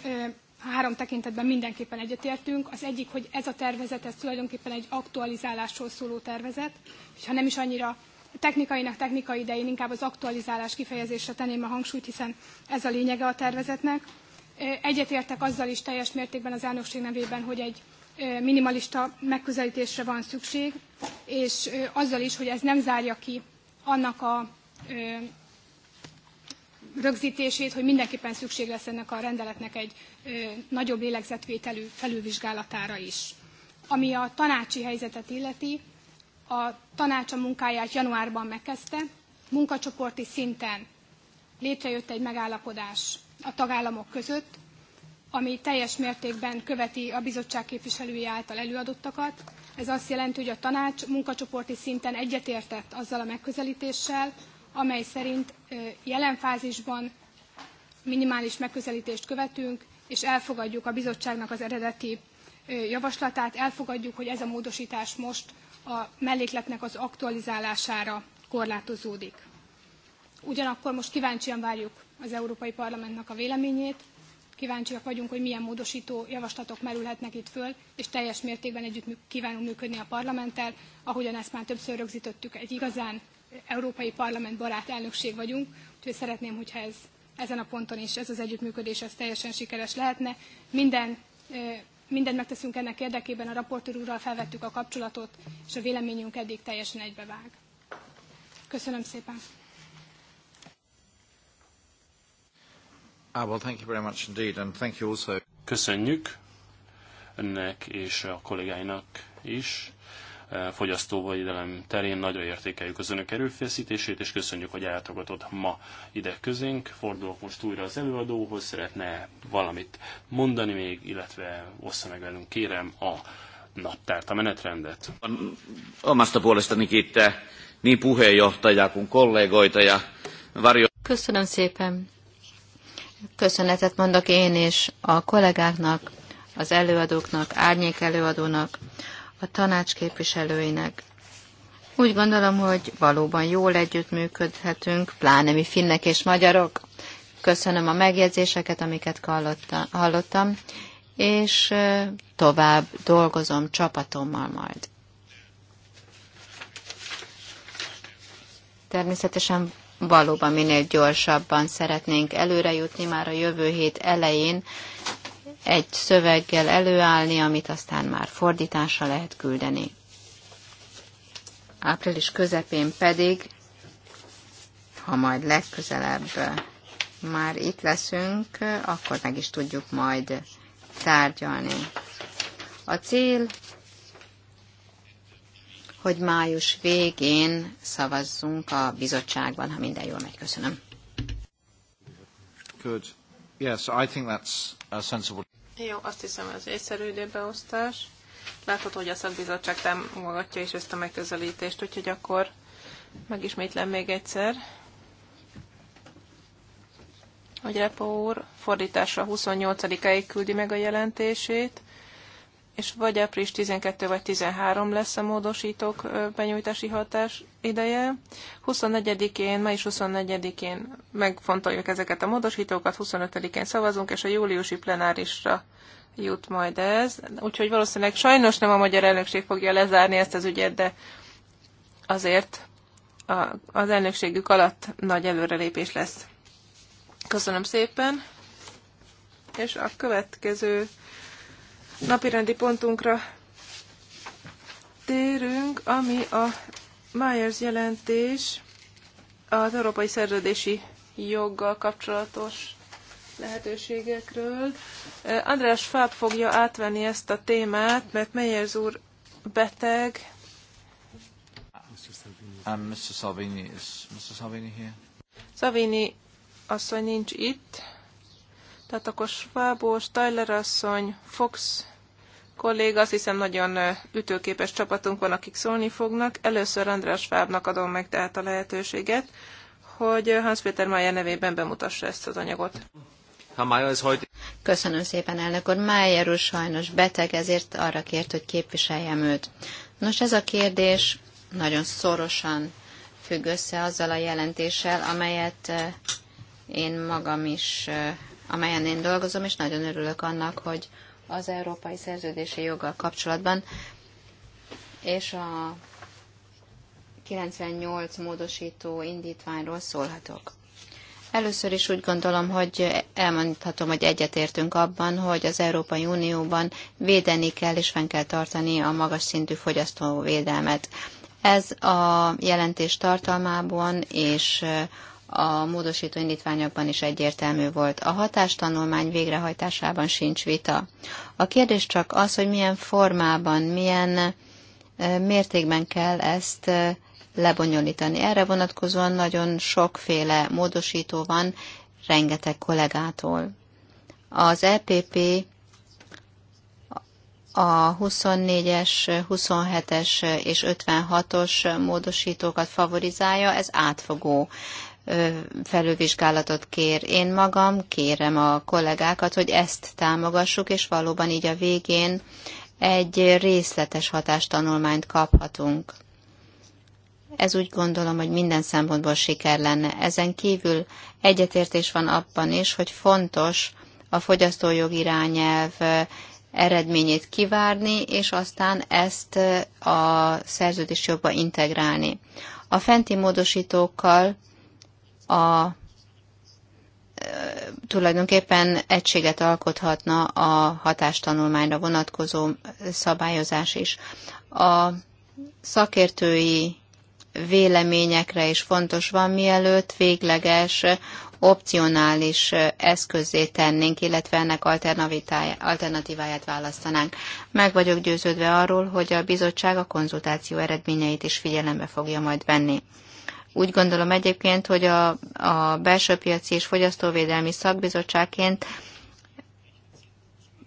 három tekintetben mindenképpen egyetértünk. Az egyik, hogy ez a tervezet, ez tulajdonképpen egy aktualizálásról szóló tervezet, és ha nem is annyira technikainak technikai, de én inkább az aktualizálás kifejezésre tenném a hangsúlyt, hiszen ez a lényege a tervezetnek. Egyetértek azzal is teljes mértékben az elnökség nevében, hogy egy minimalista megközelítésre van szükség, és azzal is, hogy ez nem zárja ki annak a rögzítését, hogy mindenképpen szükség lesz ennek a rendeletnek egy nagyobb lélegzetvételű felülvizsgálatára is. Ami a tanácsi helyzetet illeti, a tanács a munkáját januárban megkezdte, munkacsoporti szinten létrejött egy megállapodás a tagállamok között, ami teljes mértékben követi a bizottság képviselői által előadottakat. Ez azt jelenti, hogy a tanács munkacsoporti szinten egyetértett azzal a megközelítéssel, amely szerint jelen fázisban minimális megközelítést követünk, és elfogadjuk a bizottságnak az eredeti javaslatát, elfogadjuk, hogy ez a módosítás most a mellékletnek az aktualizálására korlátozódik. Ugyanakkor most kíváncsian várjuk az Európai Parlamentnek a véleményét, kíváncsiak vagyunk, hogy milyen módosító javaslatok merülhetnek itt föl, és teljes mértékben együtt kívánunk működni a parlamenttel, ahogyan ezt már többször rögzítettük, egy igazán európai parlament barát elnökség vagyunk, úgyhogy szeretném, hogyha ez, ezen a ponton is ez az együttműködés ez teljesen sikeres lehetne. Minden mindent megteszünk ennek érdekében, a raportőr úrral felvettük a kapcsolatot, és a véleményünk eddig teljesen egybevág. Köszönöm szépen! Köszönjük önnek és a kollégáinak is fogyasztóvédelem terén nagyra értékeljük az önök erőfeszítését, és köszönjük, hogy eltogatott ma ide közénk. Fordulok most újra az előadóhoz, szeretne valamit mondani még, illetve ossza meg velünk, kérem, a naptárt, a menetrendet. Amasta puolestani kitte, niin puheenjohtaja kuin kollégoita ja varjo... Köszönöm szépen. Köszönetet mondok én is a kollégáknak, az előadóknak, árnyék előadónak, a tanács képviselőinek. Úgy gondolom, hogy valóban jól együttműködhetünk, pláne mi finnek és magyarok. Köszönöm a megjegyzéseket, amiket hallottam, és tovább dolgozom csapatommal majd. Természetesen valóban minél gyorsabban szeretnénk előrejutni már a jövő hét elején egy szöveggel előállni, amit aztán már fordításra lehet küldeni. Április közepén pedig, ha majd legközelebb már itt leszünk, akkor meg is tudjuk majd tárgyalni. A cél, hogy május végén szavazzunk a bizottságban, ha minden jól megy. Köszönöm. Good. Yes, I think that's a sensible... Jó, azt hiszem ez egyszerű időbeosztás. Látod, hogy a szakbizottság támogatja is ezt a megközelítést, úgyhogy akkor megismétlem még egyszer. Hogy Repo úr fordításra 28-áig küldi meg a jelentését, és vagy április 12 vagy 13 lesz a módosítók benyújtási hatás ideje. 24-én, május 24-én megfontoljuk ezeket a módosítókat, 25-én szavazunk, és a júliusi plenárisra jut majd ez. Úgyhogy valószínűleg sajnos nem a magyar elnökség fogja lezárni ezt az ügyet, de azért a, az elnökségük alatt nagy előrelépés lesz. Köszönöm szépen, és a következő napirendi pontunkra térünk, ami a Myers jelentés az európai szerződési joggal kapcsolatos lehetőségekről. András Fáb fogja átvenni ezt a témát, mert Meyers úr beteg. And um, Mr. Salvini is Mr. Salvini here? Salvini asszony nincs itt. Tehát akkor Schwabó, Steiler asszony, Fox kolléga, azt hiszem nagyon ütőképes csapatunk van, akik szólni fognak. Először András Schwabnak adom meg tehát a lehetőséget, hogy hans péter Mayer nevében bemutassa ezt az anyagot. Köszönöm szépen, elnök úr. Májer úr sajnos beteg, ezért arra kért, hogy képviseljem őt. Nos, ez a kérdés nagyon szorosan függ össze azzal a jelentéssel, amelyet én magam is amelyen én dolgozom, és nagyon örülök annak, hogy az európai szerződési joggal kapcsolatban és a 98 módosító indítványról szólhatok. Először is úgy gondolom, hogy elmondhatom, hogy egyetértünk abban, hogy az Európai Unióban védeni kell és fenn kell tartani a magas szintű fogyasztóvédelmet. Ez a jelentés tartalmában és a módosító indítványokban is egyértelmű volt. A hatástanulmány végrehajtásában sincs vita. A kérdés csak az, hogy milyen formában, milyen mértékben kell ezt lebonyolítani. Erre vonatkozóan nagyon sokféle módosító van, rengeteg kollégától. Az EPP a 24-es, 27-es és 56-os módosítókat favorizálja, ez átfogó felülvizsgálatot kér. Én magam kérem a kollégákat, hogy ezt támogassuk, és valóban így a végén egy részletes hatástanulmányt kaphatunk. Ez úgy gondolom, hogy minden szempontból siker lenne. Ezen kívül egyetértés van abban is, hogy fontos a fogyasztójog irányelv eredményét kivárni, és aztán ezt a szerződés jobban integrálni. A fenti módosítókkal a tulajdonképpen egységet alkothatna a hatástanulmányra vonatkozó szabályozás is. A szakértői véleményekre is fontos van, mielőtt végleges, opcionális eszközé tennénk, illetve ennek alternatíváját választanánk. Meg vagyok győződve arról, hogy a bizottság a konzultáció eredményeit is figyelembe fogja majd venni. Úgy gondolom egyébként, hogy a, a belső piaci és fogyasztóvédelmi szakbizottságként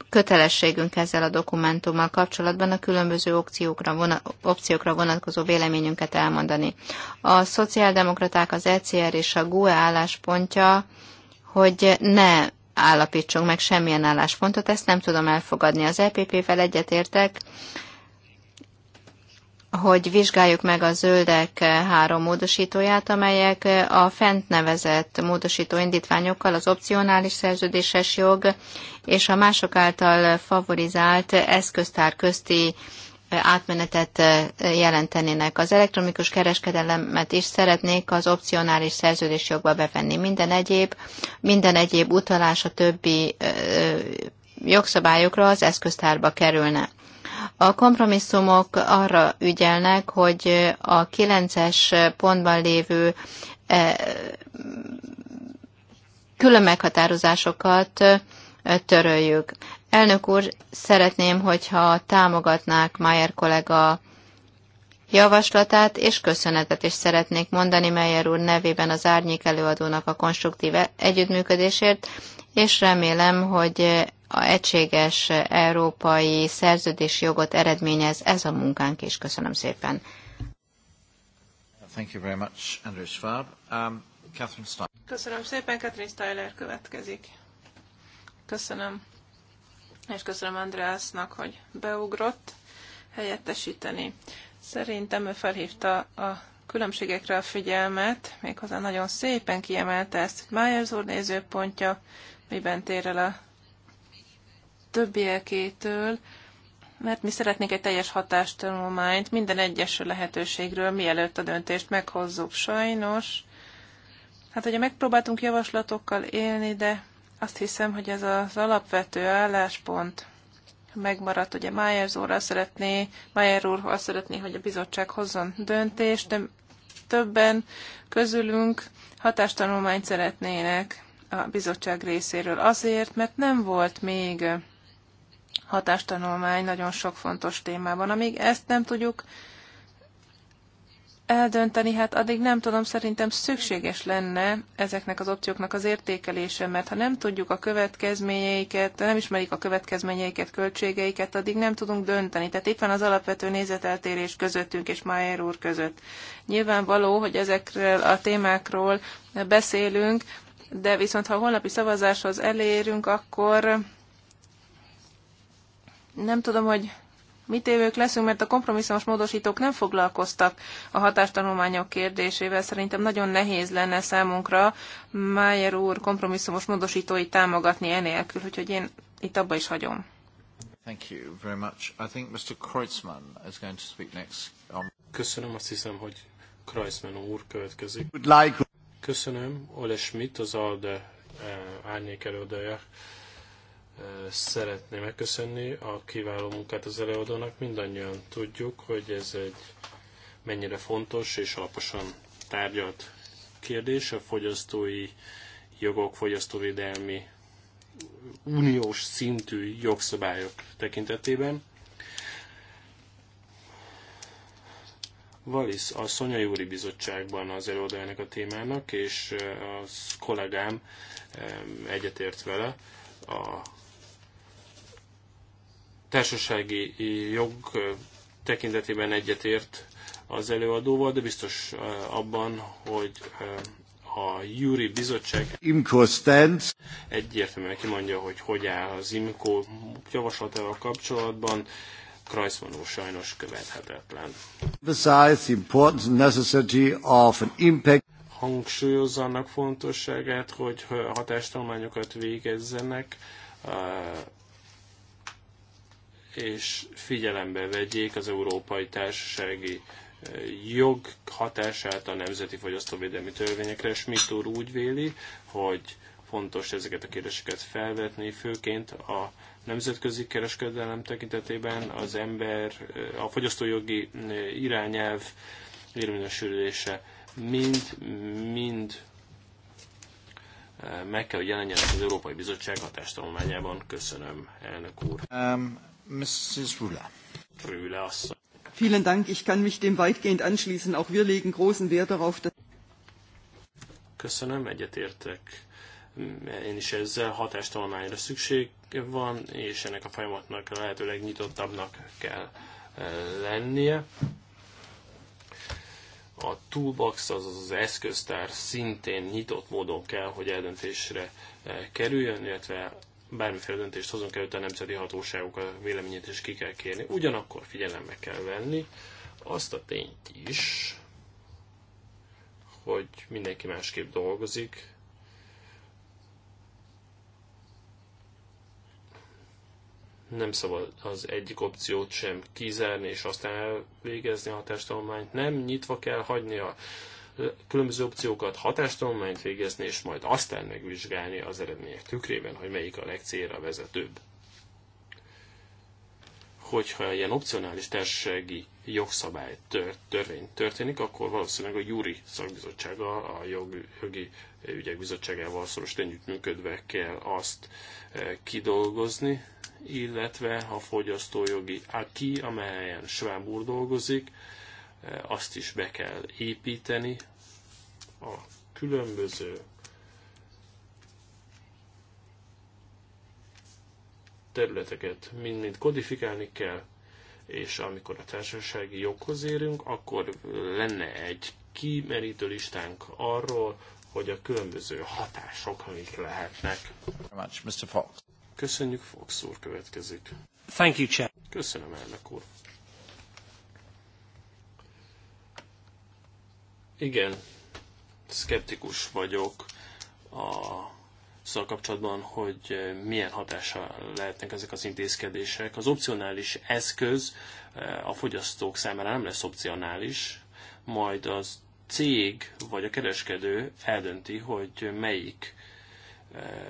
kötelességünk ezzel a dokumentummal kapcsolatban a különböző opciókra, vona, opciókra vonatkozó véleményünket elmondani. A szociáldemokraták, az ECR és a GUE álláspontja, hogy ne állapítsunk meg semmilyen álláspontot, ezt nem tudom elfogadni. Az EPP-vel egyetértek, hogy vizsgáljuk meg a zöldek három módosítóját, amelyek a fent nevezett módosító indítványokkal az opcionális szerződéses jog és a mások által favorizált eszköztár közti átmenetet jelentenének. Az elektronikus kereskedelemet is szeretnék az opcionális jogba bevenni. Minden egyéb, minden egyéb utalás a többi jogszabályokra az eszköztárba kerülne. A kompromisszumok arra ügyelnek, hogy a kilences pontban lévő e, külön meghatározásokat e, töröljük. Elnök úr, szeretném, hogyha támogatnák Mayer kollega javaslatát, és köszönetet is szeretnék mondani Meyer úr nevében az árnyék előadónak a konstruktív e-, együttműködésért, és remélem, hogy a egységes európai szerződési jogot eredményez ez a munkánk is. Köszönöm szépen. Thank you very much, Andrew Schwab. Um, Catherine Stein. Köszönöm szépen, Catherine Steyler következik. Köszönöm. És köszönöm Andreasnak, hogy beugrott helyettesíteni. Szerintem ő felhívta a különbségekre a figyelmet, méghozzá nagyon szépen kiemelte ezt, hogy Myers úr nézőpontja, miben tér el a többiekétől, mert mi szeretnénk egy teljes hatástanulmányt minden egyes lehetőségről, mielőtt a döntést meghozzuk. Sajnos, hát ugye megpróbáltunk javaslatokkal élni, de azt hiszem, hogy ez az alapvető álláspont megmaradt. Ugye Myers úrral szeretné, Mayer úrral szeretné, hogy a bizottság hozzon döntést, de többen közülünk hatástanulmányt szeretnének a bizottság részéről azért, mert nem volt még hatástanulmány nagyon sok fontos témában. Amíg ezt nem tudjuk eldönteni, hát addig nem tudom, szerintem szükséges lenne ezeknek az opcióknak az értékelése, mert ha nem tudjuk a következményeiket, nem ismerik a következményeiket, költségeiket, addig nem tudunk dönteni. Tehát itt van az alapvető nézeteltérés közöttünk és Mayer úr között. Nyilvánvaló, hogy ezekről a témákról beszélünk, de viszont ha a holnapi szavazáshoz elérünk, akkor nem tudom, hogy mit évők leszünk, mert a kompromisszumos módosítók nem foglalkoztak a hatástanulmányok kérdésével. Szerintem nagyon nehéz lenne számunkra Májer úr kompromisszumos módosítói támogatni enélkül, úgyhogy én itt abba is hagyom. Thank you very much. I think Mr. Kreutzmann is going to speak next. Um... Köszönöm, azt hiszem, hogy Kreutzmann úr következik. Like... Köszönöm, Ole Schmidt, az ALDE uh, eh, árnyék előadója szeretném megköszönni a kiváló munkát az előadónak. Mindannyian tudjuk, hogy ez egy mennyire fontos és alaposan tárgyalt kérdés. A fogyasztói jogok, fogyasztóvédelmi uniós szintű jogszabályok tekintetében. Valisz a Szonya Úri Bizottságban az előadójának a témának, és a kollégám egyetért vele a társasági jog tekintetében egyetért az előadóval, de biztos eh, abban, hogy eh, a Júri Bizottság IMCO stands. egyértelműen kimondja, hogy hogy áll az IMCO javaslatával kapcsolatban. Kreuzmann úr sajnos követhetetlen. Besides importance and necessity of an impact hangsúlyozza annak fontosságát, hogy eh, hatástalmányokat végezzenek és figyelembe vegyék az európai társasági eh, jog hatását a nemzeti fogyasztóvédelmi törvényekre. Schmidt úr úgy véli, hogy fontos ezeket a kérdéseket felvetni, főként a nemzetközi kereskedelem tekintetében az ember, eh, a fogyasztójogi eh, irányelv érvényesülése mind, mind meg kell, hogy jelenjenek az Európai Bizottság hatástanulmányában. Köszönöm, elnök úr. Um, Vielen Dank, ich kann mich dem weitgehend anschließen. Auch wir legen großen Wert darauf, dass Köszönöm, egyetértek. Én is ezzel hatástanulmányra szükség van, és ennek a folyamatnak lehetőleg nyitottabbnak kell eh, lennie. A toolbox, azaz az eszköztár szintén nyitott módon kell, hogy eldöntésre eh, kerüljön, illetve bármiféle döntést hozunk előtt a nemzeti hatóságok a véleményét is ki kell kérni. Ugyanakkor figyelembe kell venni azt a tényt is, hogy mindenki másképp dolgozik, nem szabad az egyik opciót sem kizárni és aztán elvégezni a hatástanulmányt, nem nyitva kell hagyni a különböző opciókat, hatástanulmányt végezni, és majd aztán megvizsgálni az eredmények tükrében, hogy melyik a legcélra vezetőbb. Hogyha ilyen opcionális társasági jogszabály tör, törvény történik, akkor valószínűleg a Júri szakbizottsága, a jogi ügyek bizottságával szoros együttműködve kell azt eh, kidolgozni, illetve a fogyasztójogi AKI, amelyen Schwab dolgozik, azt is be kell építeni a különböző területeket mind-mind kodifikálni kell, és amikor a társasági joghoz érünk, akkor lenne egy kimerítő listánk arról, hogy a különböző hatások amik lehetnek. Köszönjük, Fox úr következik. Thank you, Chair. Köszönöm, elnök úr. Igen, szkeptikus vagyok a szóval kapcsolatban, hogy eh, milyen hatása lehetnek ezek az intézkedések. Az opcionális eszköz eh, a fogyasztók számára nem lesz opcionális, majd az cég vagy a kereskedő eldönti, hogy melyik eh,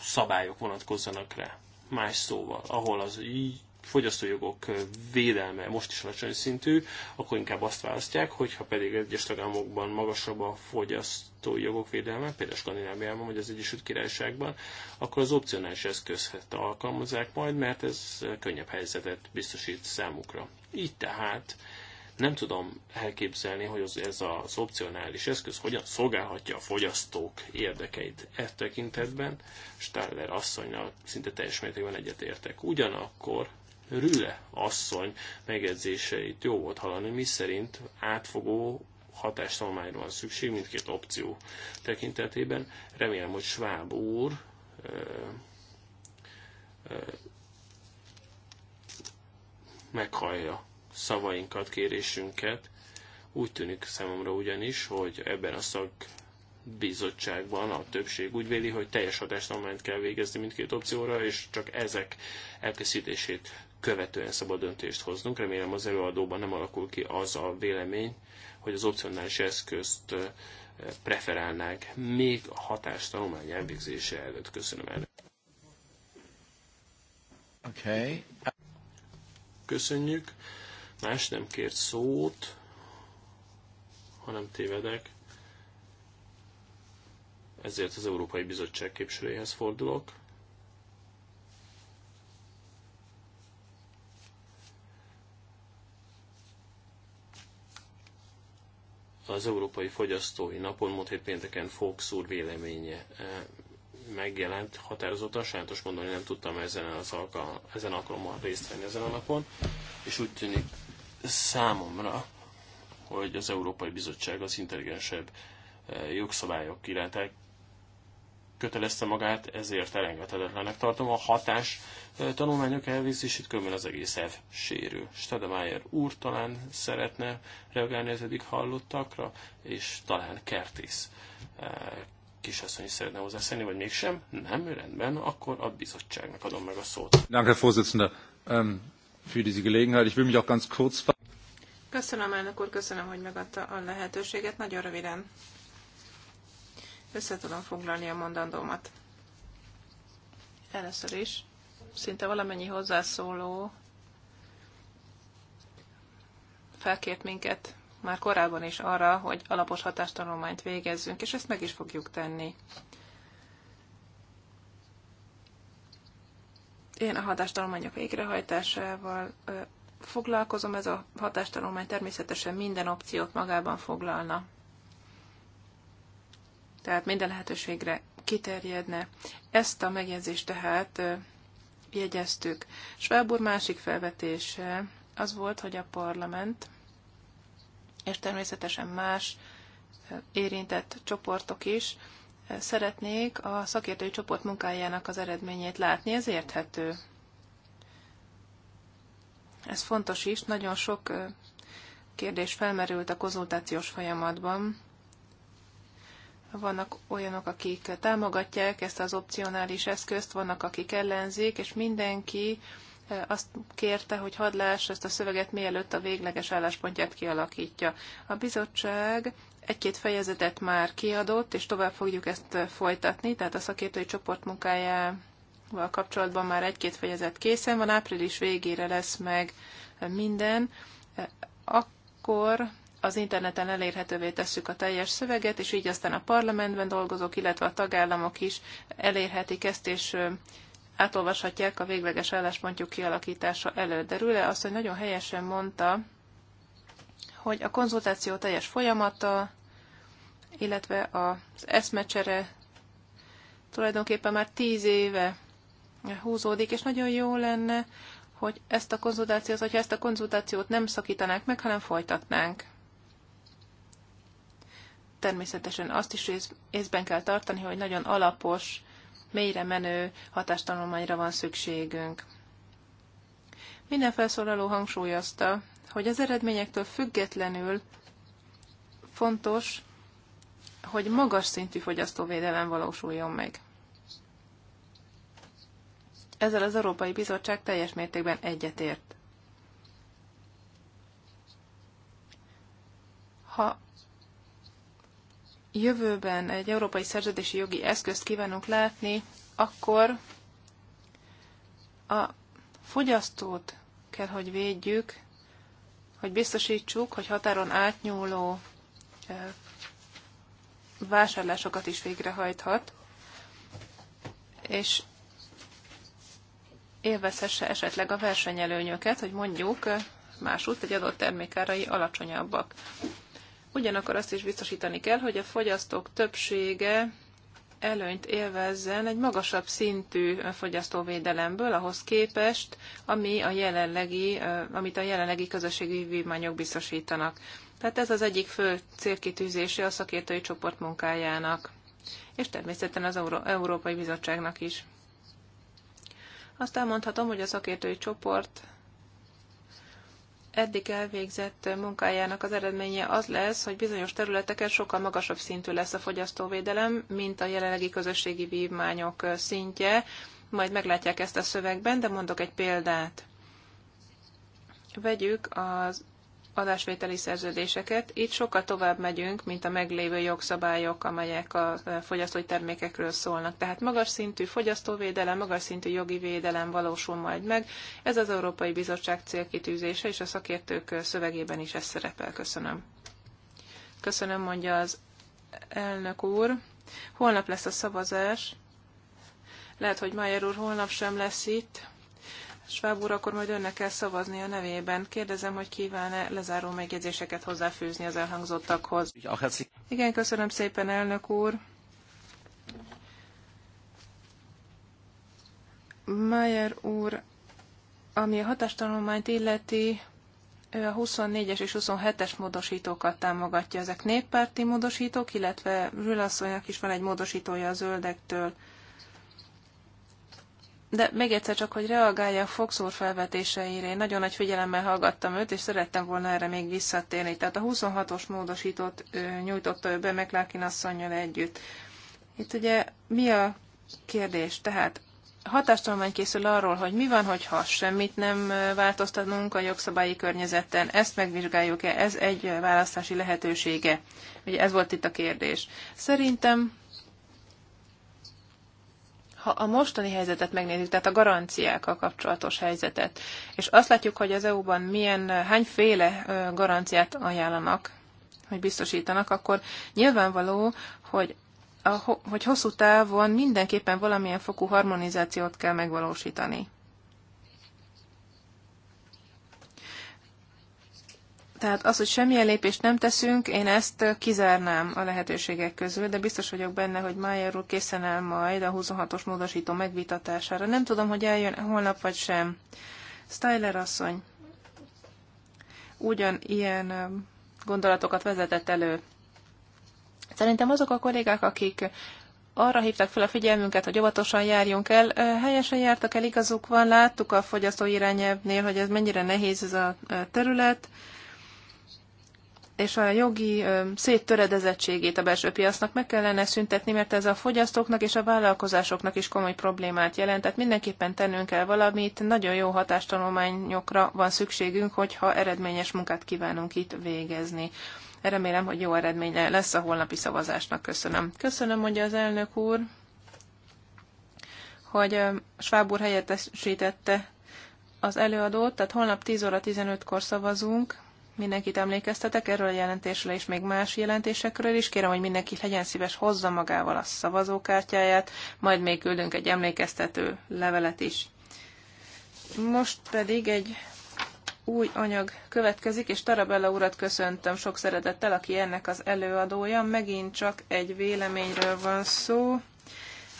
szabályok vonatkozzanak rá. Más szóval, ahol az így fogyasztójogok védelme most is alacsony szintű, akkor inkább azt választják, hogyha pedig egyes tagállamokban magasabb a fogyasztói jogok védelme, például Skandináviában vagy az Egyesült Királyságban, akkor az opcionális eszközhet alkalmazzák majd, mert ez könnyebb helyzetet biztosít számukra. Így tehát nem tudom elképzelni, hogy ez az opcionális eszköz hogyan szolgálhatja a fogyasztók érdekeit e tekintetben. Steller asszonynal szinte teljes mértékben egyetértek. Ugyanakkor Rüle asszony megjegyzéseit jó volt hallani, mi szerint átfogó hatástalmányra van szükség mindkét opció tekintetében. Remélem, hogy Schwab úr ö, ö, meghallja szavainkat, kérésünket. Úgy tűnik számomra ugyanis, hogy ebben a szak bizottságban a többség úgy véli, hogy teljes hatástalmányt kell végezni mindkét opcióra, és csak ezek elkészítését követően szabad döntést hoznunk. Remélem az előadóban nem alakul ki az a vélemény, hogy az opcionális eszközt preferálnák még a hatástanulmány elvégzése előtt. Köszönöm el. Okay. Köszönjük. Más nem kért szót, hanem tévedek. Ezért az Európai Bizottság képviselőjéhez fordulok. az Európai Fogyasztói Napon múlt hét pénteken Fox úr véleménye eh, megjelent határozottan, sajátos módon nem tudtam ezen, az alkal, ezen alkalommal részt venni ezen a napon, és úgy tűnik számomra, hogy az Európai Bizottság az intelligensebb eh, jogszabályok iránt kötelezte magát, ezért elengedhetetlenek tartom. A hatás tanulmányok elvégzését különben az egész elv sérül. Stademeyer úr talán szeretne reagálni az eddig hallottakra, és talán Kertész kisasszony is szeretne hozzászenni, vagy mégsem? Nem, rendben, akkor a bizottságnak adom meg a szót. Danke, Vorsitzender, ähm, für diese Gelegenheit. Ich will mich auch ganz kurz... Köszönöm, elnök úr, köszönöm, hogy megadta a lehetőséget. Nagyon röviden össze tudom foglalni a mondandómat. Először is szinte valamennyi hozzászóló felkért minket már korábban is arra, hogy alapos hatástanulmányt végezzünk, és ezt meg is fogjuk tenni. Én a hatástanulmányok végrehajtásával foglalkozom, ez a hatástanulmány természetesen minden opciót magában foglalna tehát minden lehetőségre kiterjedne. Ezt a megjegyzést tehát jegyeztük. Schwab másik felvetése az volt, hogy a parlament, és természetesen más érintett csoportok is, szeretnék a szakértői csoport munkájának az eredményét látni, ez érthető. Ez fontos is, nagyon sok kérdés felmerült a konzultációs folyamatban, vannak olyanok, akik támogatják ezt az opcionális eszközt, vannak, akik ellenzik, és mindenki eh, azt kérte, hogy hadlás ezt a szöveget, mielőtt a végleges álláspontját kialakítja. A bizottság egy-két fejezetet már kiadott, és tovább fogjuk ezt eh, folytatni, tehát a szakértői csoport munkájával kapcsolatban már egy-két fejezet készen van, április végére lesz meg eh, minden. Akkor az interneten elérhetővé tesszük a teljes szöveget, és így aztán a parlamentben dolgozók, illetve a tagállamok is elérhetik ezt, és átolvashatják a végleges álláspontjuk kialakítása előtt. De Rüle azt, hogy nagyon helyesen mondta, hogy a konzultáció teljes folyamata, illetve az eszmecsere tulajdonképpen már tíz éve húzódik, és nagyon jó lenne, hogy ezt a konzultációt, hogyha ezt a konzultációt nem szakítanák meg, hanem folytatnánk természetesen azt is észben kell tartani, hogy nagyon alapos, mélyre menő hatástanulmányra van szükségünk. Minden felszólaló hangsúlyozta, hogy az eredményektől függetlenül fontos, hogy magas szintű fogyasztóvédelem valósuljon meg. Ezzel az Európai Bizottság teljes mértékben egyetért. Ha jövőben egy európai szerződési jogi eszközt kívánunk látni, akkor a fogyasztót kell, hogy védjük, hogy biztosítsuk, hogy határon átnyúló vásárlásokat is végrehajthat, és élvezhesse esetleg a versenyelőnyöket, hogy mondjuk másút egy adott termékárai alacsonyabbak. Ugyanakkor azt is biztosítani kell, hogy a fogyasztók többsége előnyt élvezzen egy magasabb szintű fogyasztóvédelemből ahhoz képest, ami a jelenlegi, amit a jelenlegi közösségi vívmányok biztosítanak. Tehát ez az egyik fő célkitűzése a szakértői csoport munkájának, és természetesen az Európai Bizottságnak is. Azt elmondhatom, hogy a szakértői csoport eddig elvégzett munkájának az eredménye az lesz, hogy bizonyos területeken sokkal magasabb szintű lesz a fogyasztóvédelem, mint a jelenlegi közösségi vívmányok szintje. Majd meglátják ezt a szövegben, de mondok egy példát. Vegyük az adásvételi szerződéseket. Itt sokkal tovább megyünk, mint a meglévő jogszabályok, amelyek a e, fogyasztói termékekről szólnak. Tehát magas szintű fogyasztóvédelem, magas szintű jogi védelem valósul majd meg. Ez az Európai Bizottság célkitűzése, és a szakértők e, szövegében is ez szerepel. Köszönöm. Köszönöm, mondja az elnök úr. Holnap lesz a szavazás. Lehet, hogy Mayer úr holnap sem lesz itt. Schwab úr, akkor majd önnek kell szavazni a nevében. Kérdezem, hogy kíván-e lezáró megjegyzéseket hozzáfűzni az elhangzottakhoz. Ah, hát- Igen, köszönöm szépen, elnök úr. Mayer úr, ami a hatástanulmányt illeti, ő a 24-es és 27-es módosítókat támogatja. Ezek néppárti módosítók, illetve Rülasszonynak is van egy módosítója a zöldektől. De még egyszer csak, hogy a Fox úr felvetéseire. Én nagyon nagy figyelemmel hallgattam őt, és szerettem volna erre még visszatérni. Tehát a 26-os módosított ő, nyújtotta ő be McLarkin asszonyjal együtt. Itt ugye mi a kérdés? Tehát hatástanulmány készül arról, hogy mi van, hogyha semmit nem változtatunk a jogszabályi környezeten, ezt megvizsgáljuk-e, ez egy választási lehetősége. Ugye ez volt itt a kérdés. Szerintem ha a mostani helyzetet megnézzük, tehát a garanciákkal kapcsolatos helyzetet, és azt látjuk, hogy az EU-ban milyen, hányféle garanciát ajánlanak, hogy biztosítanak, akkor nyilvánvaló, hogy a, hogy hosszú távon mindenképpen valamilyen fokú harmonizációt kell megvalósítani. Tehát az, hogy semmilyen lépést nem teszünk, én ezt kizárnám a lehetőségek közül, de biztos vagyok benne, hogy Májer úr készen áll majd a 26-os módosító megvitatására. Nem tudom, hogy eljön holnap vagy sem. Styler asszony ugyan ilyen gondolatokat vezetett elő. Szerintem azok a kollégák, akik arra hívták fel a figyelmünket, hogy óvatosan járjunk el. Helyesen jártak el, igazuk van, láttuk a fogyasztó irányelvnél, hogy ez mennyire nehéz ez a terület, és a jogi széttöredezettségét a belső piacnak meg kellene szüntetni, mert ez a fogyasztóknak és a vállalkozásoknak is komoly problémát jelent. Tehát mindenképpen tennünk kell valamit, nagyon jó hatástanulmányokra van szükségünk, hogyha eredményes munkát kívánunk itt végezni. Remélem, hogy jó eredménye lesz a holnapi szavazásnak. Köszönöm. Köszönöm, mondja az elnök úr, hogy Schwab úr helyettesítette az előadót, tehát holnap 10 óra 15-kor szavazunk mindenkit emlékeztetek erről a jelentésről és még más jelentésekről is. Kérem, hogy mindenki legyen szíves, hozza magával a szavazókártyáját, majd még küldünk egy emlékeztető levelet is. Most pedig egy új anyag következik, és Tarabella urat köszöntöm sok szeretettel, aki ennek az előadója. Megint csak egy véleményről van szó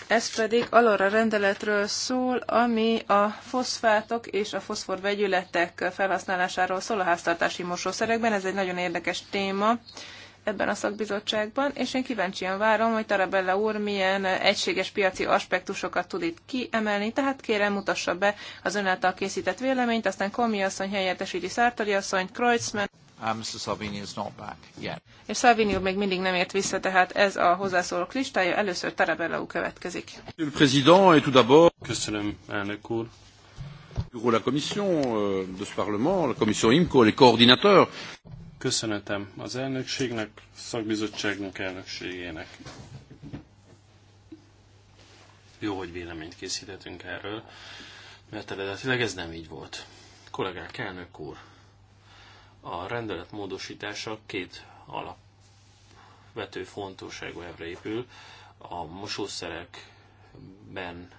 ez pedig alora a rendeletről szól, ami a foszfátok és a foszfor vegyületek felhasználásáról szól a háztartási mosószerekben. Ez egy nagyon érdekes téma ebben a szakbizottságban, és én kíváncsian várom, hogy Tarabella úr milyen egységes piaci aspektusokat tud itt kiemelni, tehát kérem mutassa be az ön által készített véleményt, aztán Komi asszony helyettesíti Szártori asszonyt, Kreuzmann Uh, Mr. Salvini is not back yet. És Salvini úr még mindig nem ért vissza, tehát ez a hozzászólók listája. Először Tarabella úr következik. Köszönöm, elnök úr. La commission euh, de ce parlement, la commission IMCO, les coordinateurs. Köszönetem az elnökségnek, szakbizottságnak elnökségének. Jó, hogy véleményt készítettünk erről, mert eredetileg ez nem így volt. Kollégák, elnök úr, a rendelet módosítása két alapvető fontosságú elvre épül. A mosószerekben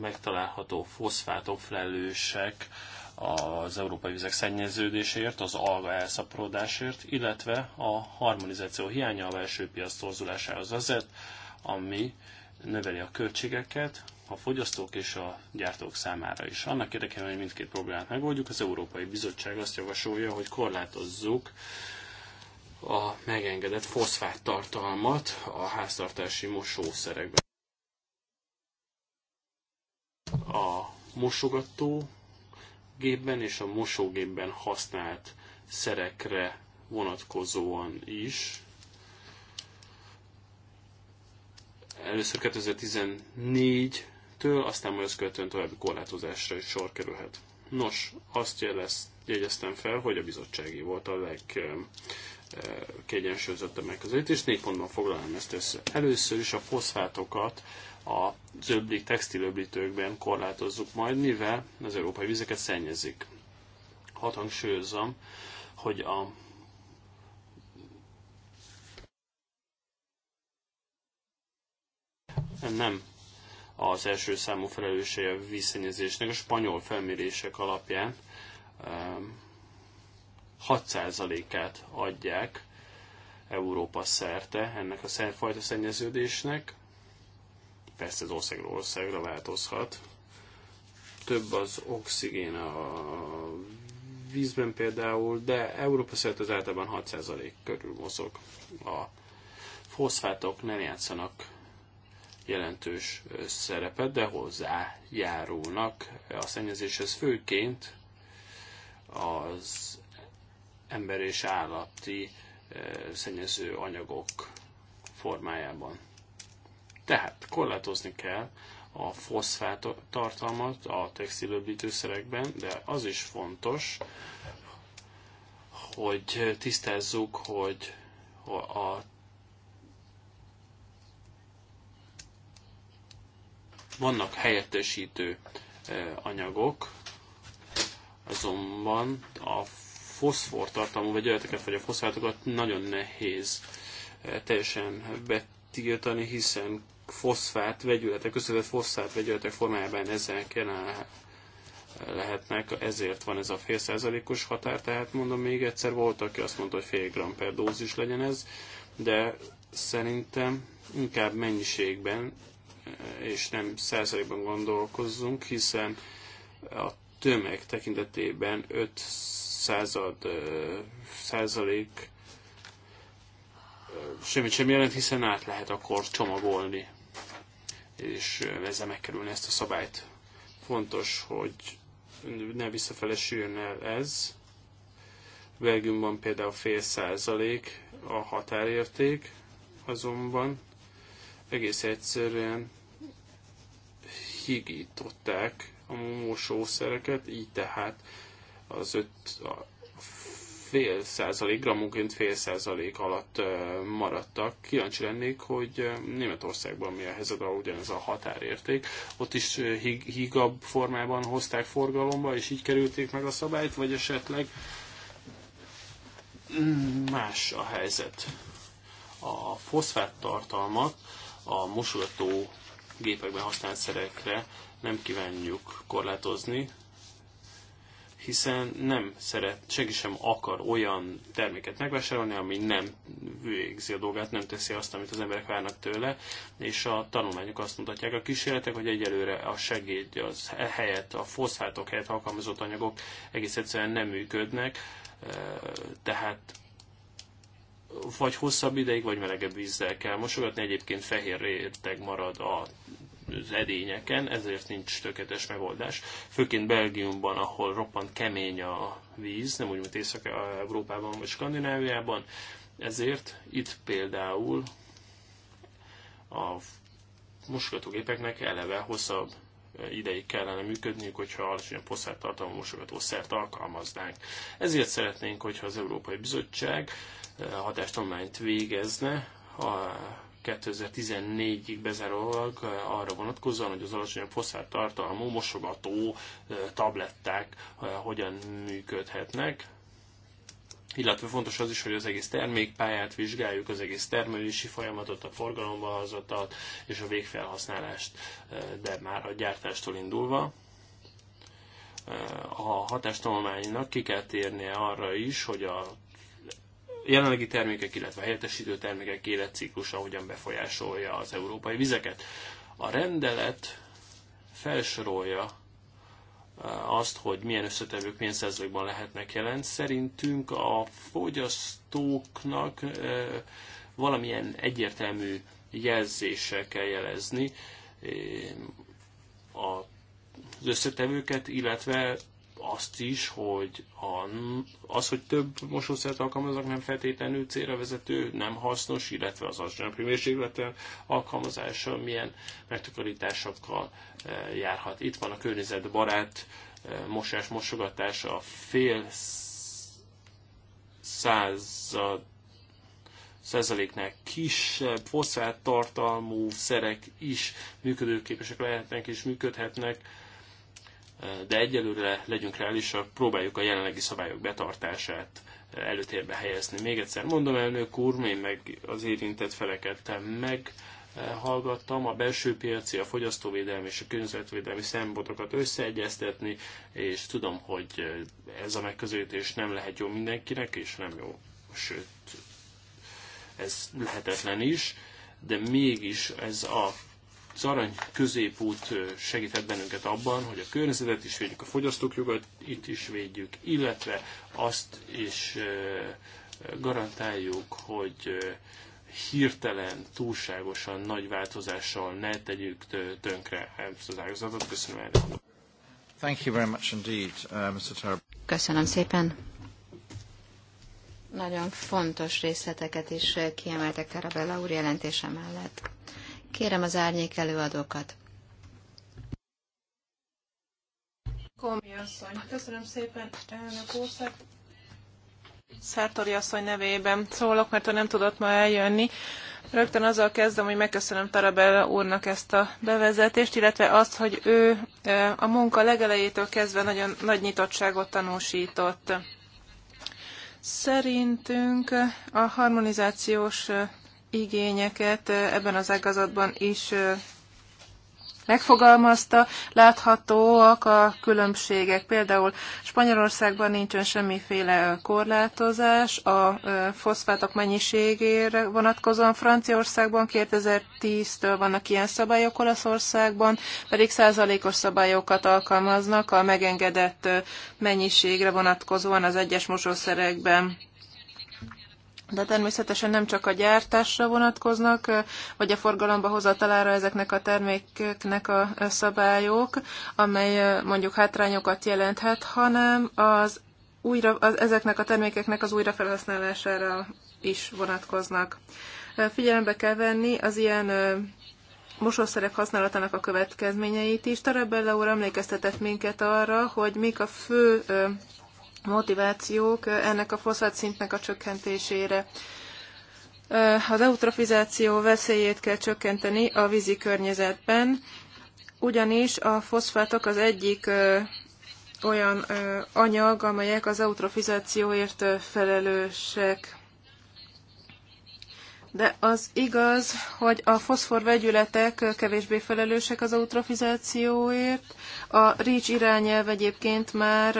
megtalálható foszfátok felelősek az európai vizek szennyeződésért, az alga elszaporodásért, illetve a harmonizáció hiánya a belső piac torzulásához vezet, ami növeli a költségeket, a fogyasztók és a gyártók számára is. Annak érdekében, hogy mindkét problémát megoldjuk, az Európai Bizottság azt javasolja, hogy korlátozzuk a megengedett foszfát tartalmat a háztartási mosószerekben. A mosogató gépben és a mosógépben használt szerekre vonatkozóan is. Először 2014 től, aztán majd ezt követően további korlátozásra is sor kerülhet. Nos, azt jelez, jegyeztem fel, hogy a bizottsági volt a a megközelítés. Négy pontban foglalom ezt össze. Először is a foszfátokat a zöblik, textilöblítőkben korlátozzuk majd, mivel az európai vizeket szennyezik. Hadd hangsúlyozzam, hogy a nem az első számú felelőssége a vízszennyezésnek a spanyol felmérések alapján 6%-át um, adják Európa szerte ennek a szerfajta szennyeződésnek. Persze az országról országra változhat. Több az oxigén a vízben például, de Európa szerte az általában 6% körül mozog. A foszfátok nem játszanak jelentős szerepet, de hozzájárulnak a szennyezéshez főként az ember és állati szennyező anyagok formájában. Tehát korlátozni kell a foszfát tartalmat a textilöblítőszerekben, de az is fontos, hogy tisztázzuk, hogy a Vannak helyettesítő eh, anyagok, azonban a foszfor tartalmú vegyületeket vagy a foszfátokat nagyon nehéz eh, teljesen betiltani, hiszen foszfát vegyületek, összetett foszfát vegyületek formájában ezek lehetnek, ezért van ez a fél százalékos határ, tehát mondom még egyszer, volt, aki azt mondta, hogy fél gram per dózis legyen ez, de szerintem inkább mennyiségben és nem százalékban gondolkozzunk, hiszen a tömeg tekintetében 5 század százalék semmit sem jelent, hiszen át lehet akkor csomagolni, és ezzel megkerülni ezt a szabályt. Fontos, hogy ne visszafelesüljön el ez. Belgiumban például fél százalék a határérték, azonban egész egyszerűen kiégították a mosószereket, így tehát az öt, a fél százalék, gramunként fél százalék alatt maradtak. Kíváncsi lennék, hogy Németországban mi a helyzet, ahol ugyanez a határérték. Ott is higabb formában hozták forgalomba, és így kerülték meg a szabályt, vagy esetleg más a helyzet. A foszfát tartalmat a mosogató gépekben használt szerekre nem kívánjuk korlátozni, hiszen nem szeret, senki sem akar olyan terméket megvásárolni, ami nem végzi a dolgát, nem teszi azt, amit az emberek várnak tőle, és a tanulmányok azt mutatják, a kísérletek, hogy egyelőre a segéd az helyett, a foszfátok helyett alkalmazott anyagok egész egyszerűen nem működnek, eh, tehát vagy hosszabb ideig, vagy melegebb vízzel kell mosogatni. Egyébként fehér réteg marad a az edényeken, ezért nincs tökéletes megoldás. Főként Belgiumban, ahol roppant kemény a víz, nem úgy, mint Észak-Európában vagy Skandináviában, ezért itt például a mosogatógépeknek eleve hosszabb ideig kellene működniük, hogyha alacsonyabb tartalmú mosogatószert alkalmaznánk. Ezért szeretnénk, hogyha az Európai Bizottság hatástanulmányt végezne, a 2014-ig bezárólag arra vonatkozóan, hogy az alacsonyabb foszfát tartalmú mosogató tabletták hogyan működhetnek. Illetve fontos az is, hogy az egész termékpályát vizsgáljuk, az egész termelési folyamatot, a forgalomba hozatat és a végfelhasználást, de már a gyártástól indulva a hatástanulmánynak ki kell térnie arra is, hogy a jelenlegi termékek, illetve helyettesítő termékek életciklusa hogyan befolyásolja az európai vizeket. A rendelet felsorolja eh, azt, hogy milyen összetevők milyen százalékban lehetnek jelen. Szerintünk a fogyasztóknak eh, valamilyen egyértelmű jelzéssel kell jelezni eh, az összetevőket, illetve azt is, hogy a, az, hogy több mosószert alkalmaznak, nem feltétlenül célra vezető, nem hasznos, illetve az alacsonyabb hőmérsékleten alkalmazása milyen megtakarításokkal eh, járhat. Itt van a környezetbarát eh, mosás, mosogatás, a fél század százaléknál kisebb foszfát tartalmú szerek is működőképesek lehetnek és működhetnek de egyelőre legyünk reálisak, próbáljuk a jelenlegi szabályok betartását előtérbe helyezni. Még egyszer mondom, elnök úr, én meg az érintett feleket meg eh, hallgattam, a belső piaci, a fogyasztóvédelmi és a környezetvédelmi szempontokat összeegyeztetni, és tudom, hogy ez a megközelítés nem lehet jó mindenkinek, és nem jó, sőt, ez lehetetlen is, de mégis ez a az arany középút segíthet bennünket abban, hogy a környezetet is védjük, a fogyasztók jogat itt is védjük, illetve azt is garantáljuk, hogy hirtelen, túlságosan nagy változással ne tegyük tönkre ezt az ágazatot. Köszönöm elnök Thank you very much indeed, uh, Mr. Tarab. Köszönöm szépen. Nagyon fontos részleteket is kiemeltek Tarabella úr jelentése mellett. Kérem az árnyék előadókat. Komi asszony, köszönöm szépen, elnök úr. Szártori asszony nevében szólok, mert ő nem tudott ma eljönni. Rögtön azzal kezdem, hogy megköszönöm Tarabella úrnak ezt a bevezetést, illetve azt, hogy ő e, a munka legelejétől kezdve nagyon nagy nyitottságot tanúsított. Szerintünk a harmonizációs e, igényeket eh, ebben az ágazatban is eh, megfogalmazta, láthatóak a különbségek. Például Spanyolországban nincsen semmiféle korlátozás a eh, foszfátok mennyiségére vonatkozóan. Franciaországban 2010-től vannak ilyen szabályok, Olaszországban pedig százalékos szabályokat alkalmaznak a megengedett mennyiségre vonatkozóan az egyes mosószerekben. De természetesen nem csak a gyártásra vonatkoznak, vagy a forgalomba hozatalára ezeknek a termékeknek a szabályok, amely mondjuk hátrányokat jelenthet, hanem az újra, az, ezeknek a termékeknek az újrafelhasználására is vonatkoznak. Figyelembe kell venni az ilyen mosószerek használatának a következményeit is. Tarabella úr emlékeztetett minket arra, hogy mik a fő motivációk ennek a foszfátszintnek a csökkentésére. Az eutrofizáció veszélyét kell csökkenteni a vízi környezetben, ugyanis a foszfátok az egyik olyan anyag, amelyek az eutrofizációért felelősek. De az igaz, hogy a foszfor vegyületek kevésbé felelősek az eutrofizációért. A REACH irányelv egyébként már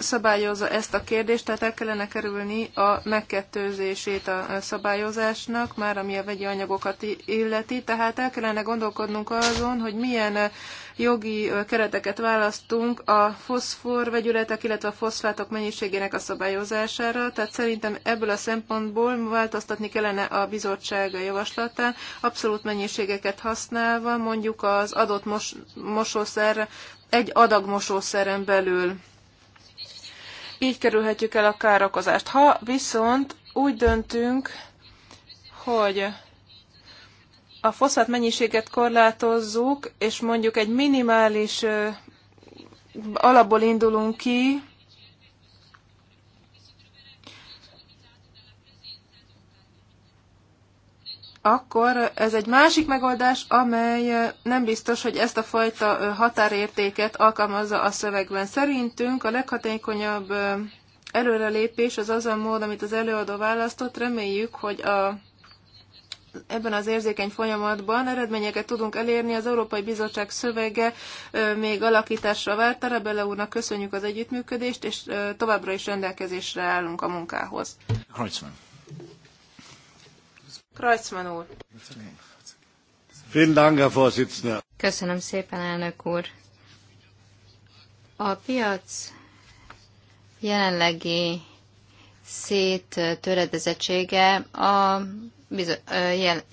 szabályozza ezt a kérdést, tehát el kellene kerülni a megkettőzését a szabályozásnak, már ami a vegyi anyagokat illeti, tehát el kellene gondolkodnunk azon, hogy milyen eh, jogi eh, kereteket választunk a foszfor vegyületek, illetve a foszfátok mennyiségének a szabályozására, tehát szerintem ebből a szempontból változtatni kellene a bizottság javaslatán, abszolút mennyiségeket használva, mondjuk az adott mos- mosószer egy adag mosószeren belül így kerülhetjük el a károkozást. Ha viszont úgy döntünk, hogy a foszfát mennyiséget korlátozzuk, és mondjuk egy minimális alapból indulunk ki, akkor ez egy másik megoldás, amely nem biztos, hogy ezt a fajta határértéket alkalmazza a szövegben. Szerintünk a leghatékonyabb előrelépés az az a mód, amit az előadó választott. Reméljük, hogy a, ebben az érzékeny folyamatban eredményeket tudunk elérni. Az Európai Bizottság szövege még alakításra várt. Tarabella úrnak köszönjük az együttműködést, és továbbra is rendelkezésre állunk a munkához. Kreuzmann úr. Köszönöm szépen, elnök úr. A piac jelenlegi töredezettsége a jel-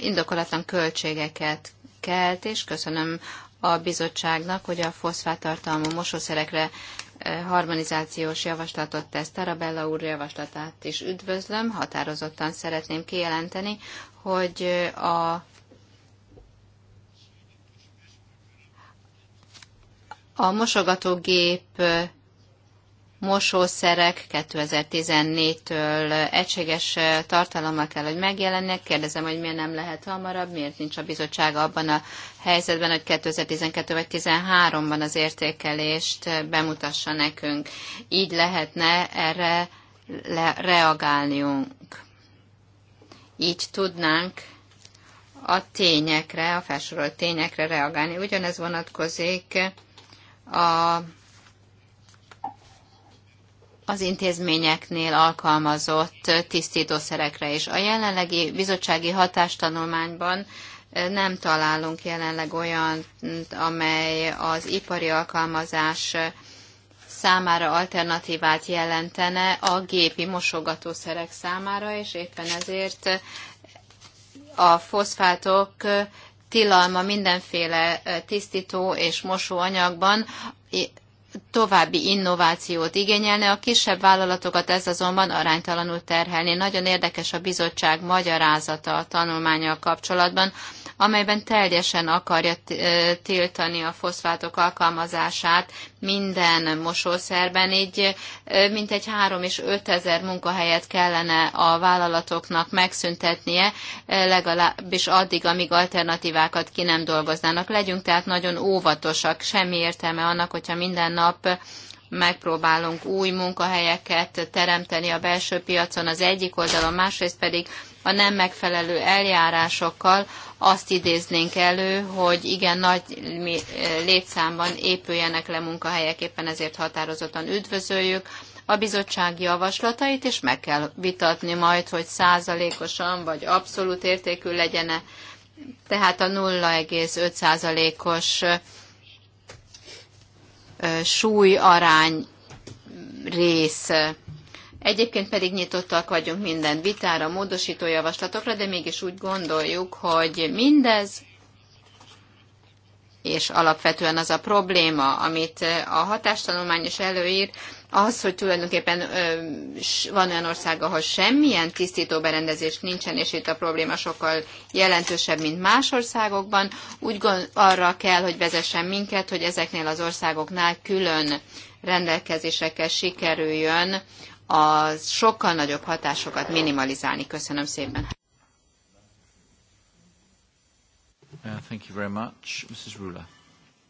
indokolatlan költségeket kelt, és köszönöm a bizottságnak, hogy a foszfátartalmú mosószerekre harmonizációs javaslatot tesz. Tarabella úr javaslatát is üdvözlöm, határozottan szeretném kijelenteni, hogy a a mosogatógép mosószerek 2014-től egységes tartalommal kell, hogy megjelennek. Kérdezem, hogy miért nem lehet hamarabb, miért nincs a bizottság abban a helyzetben, hogy 2012 vagy 2013 ban az értékelést bemutassa nekünk. Így lehetne erre le- reagálniunk. Így tudnánk a tényekre, a felsorolt tényekre reagálni. Ugyanez vonatkozik a, az intézményeknél alkalmazott tisztítószerekre is. A jelenlegi bizottsági hatástanulmányban nem találunk jelenleg olyan, amely az ipari alkalmazás számára alternatívát jelentene a gépi mosogatószerek számára, és éppen ezért a foszfátok tilalma mindenféle tisztító és mosóanyagban további innovációt igényelne, a kisebb vállalatokat ez azonban aránytalanul terhelni. Nagyon érdekes a bizottság magyarázata a tanulmányal kapcsolatban, amelyben teljesen akarja tiltani a foszfátok alkalmazását minden mosószerben, így mintegy 3 és 5 ezer munkahelyet kellene a vállalatoknak megszüntetnie, legalábbis addig, amíg alternatívákat ki nem dolgoznának. Legyünk tehát nagyon óvatosak, semmi értelme annak, hogyha minden nap megpróbálunk új munkahelyeket teremteni a belső piacon az egyik oldalon, másrészt pedig a nem megfelelő eljárásokkal azt idéznénk elő, hogy igen, nagy eh, létszámban épüljenek le munkahelyek, éppen ezért határozottan üdvözöljük a bizottság javaslatait, és meg kell vitatni majd, hogy százalékosan vagy abszolút értékű legyen-e. Tehát a 0,5 százalékos eh, súlyarány rész eh, Egyébként pedig nyitottak vagyunk minden vitára, módosító javaslatokra, de mégis úgy gondoljuk, hogy mindez, és alapvetően az a probléma, amit a hatástanulmány is előír, az, hogy tulajdonképpen van olyan ország, ahol semmilyen tisztító berendezés nincsen, és itt a probléma sokkal jelentősebb, mint más országokban, úgy gond, arra kell, hogy vezessen minket, hogy ezeknél az országoknál külön rendelkezésekkel sikerüljön a sokkal nagyobb hatásokat minimalizálni. Köszönöm szépen. Uh, thank you very much. Mrs. Ruler.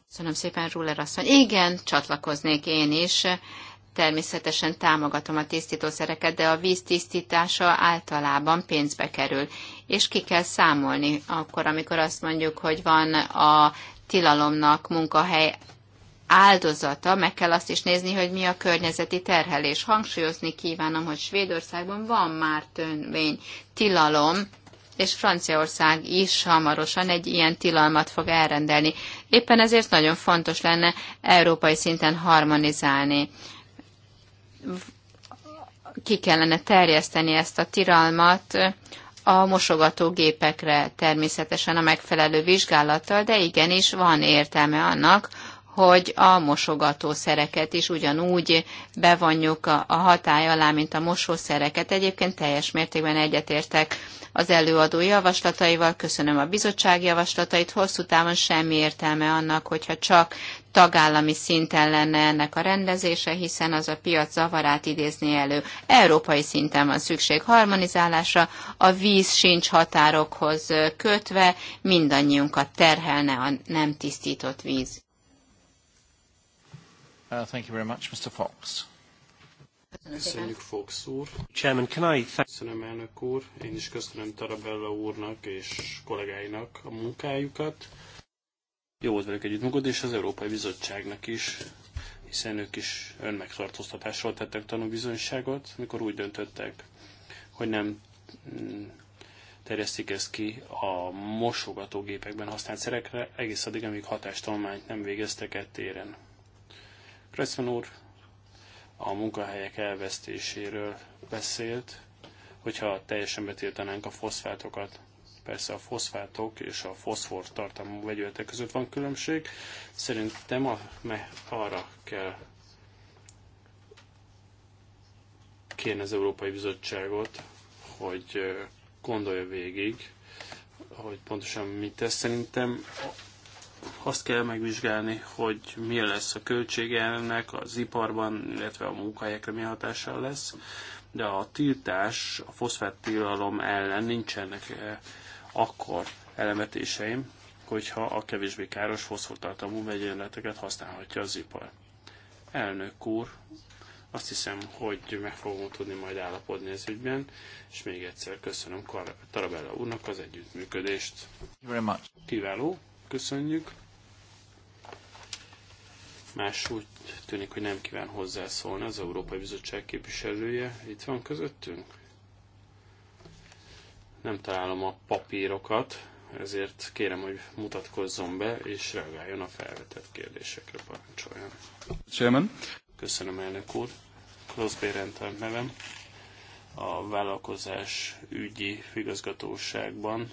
Köszönöm szépen, Ruler asszony. Igen, csatlakoznék én is. Természetesen támogatom a tisztítószereket, de a víz tisztítása általában pénzbe kerül. És ki kell számolni akkor, amikor azt mondjuk, hogy van a tilalomnak munkahely áldozata, meg kell azt is nézni, hogy mi a környezeti terhelés. Hangsúlyozni kívánom, hogy Svédországban van már törvény, tilalom, és Franciaország is hamarosan egy ilyen tilalmat fog elrendelni. Éppen ezért nagyon fontos lenne európai szinten harmonizálni. Ki kellene terjeszteni ezt a tilalmat a mosogatógépekre természetesen a megfelelő vizsgálattal, de igenis van értelme annak, hogy a mosogatószereket is ugyanúgy bevonjuk a, hatály alá, mint a mosószereket. Egyébként teljes mértékben egyetértek az előadó javaslataival, köszönöm a bizottság javaslatait, hosszú távon semmi értelme annak, hogyha csak tagállami szinten lenne ennek a rendezése, hiszen az a piac zavarát idézni elő. Európai szinten van szükség harmonizálásra, a víz sincs határokhoz kötve, mindannyiunkat terhelne a nem tisztított víz. Uh, thank you very much, Mr. Fox. Fox úr. Chairman, can I köszönöm elnök úr, én is köszönöm Tarabella úrnak és kollégáinak a munkájukat. Jó volt velük együttműködni, és az Európai Bizottságnak is, hiszen ők is önmegtartóztatásról tettek tanúbizonyságot, mikor úgy döntöttek, hogy nem mm, terjesztik ezt ki a mosogatógépekben használt szerekre, egész addig, amíg hatástalmányt nem végeztek ettéren. Presszon úr a munkahelyek elvesztéséről beszélt, hogyha teljesen betiltanánk a foszfátokat. Persze a foszfátok és a foszfor tartalmú vegyületek között van különbség. Szerintem a, me, arra kell kérni az Európai Bizottságot, hogy gondolja végig, hogy pontosan mit tesz. Szerintem azt kell megvizsgálni, hogy mi lesz a költsége ennek az iparban, illetve a munkahelyekre mi hatással lesz, de a tiltás, a foszfát tilalom ellen nincsenek eh, akkor elemetéseim, hogyha a kevésbé káros foszfortartalmú vegyenleteket használhatja az ipar. Elnök úr, azt hiszem, hogy meg fogom tudni majd állapodni ez ügyben, és még egyszer köszönöm Tarabella úrnak az együttműködést. Very much. Kiváló. Köszönjük. Más úgy tűnik, hogy nem kíván hozzászólni az Európai Bizottság képviselője. Itt van közöttünk? Nem találom a papírokat, ezért kérem, hogy mutatkozzon be és reagáljon a felvetett kérdésekre, parancsoljon. Chairman. Köszönöm, elnök úr. Klaus Rental nevem. A vállalkozás ügyi igazgatóságban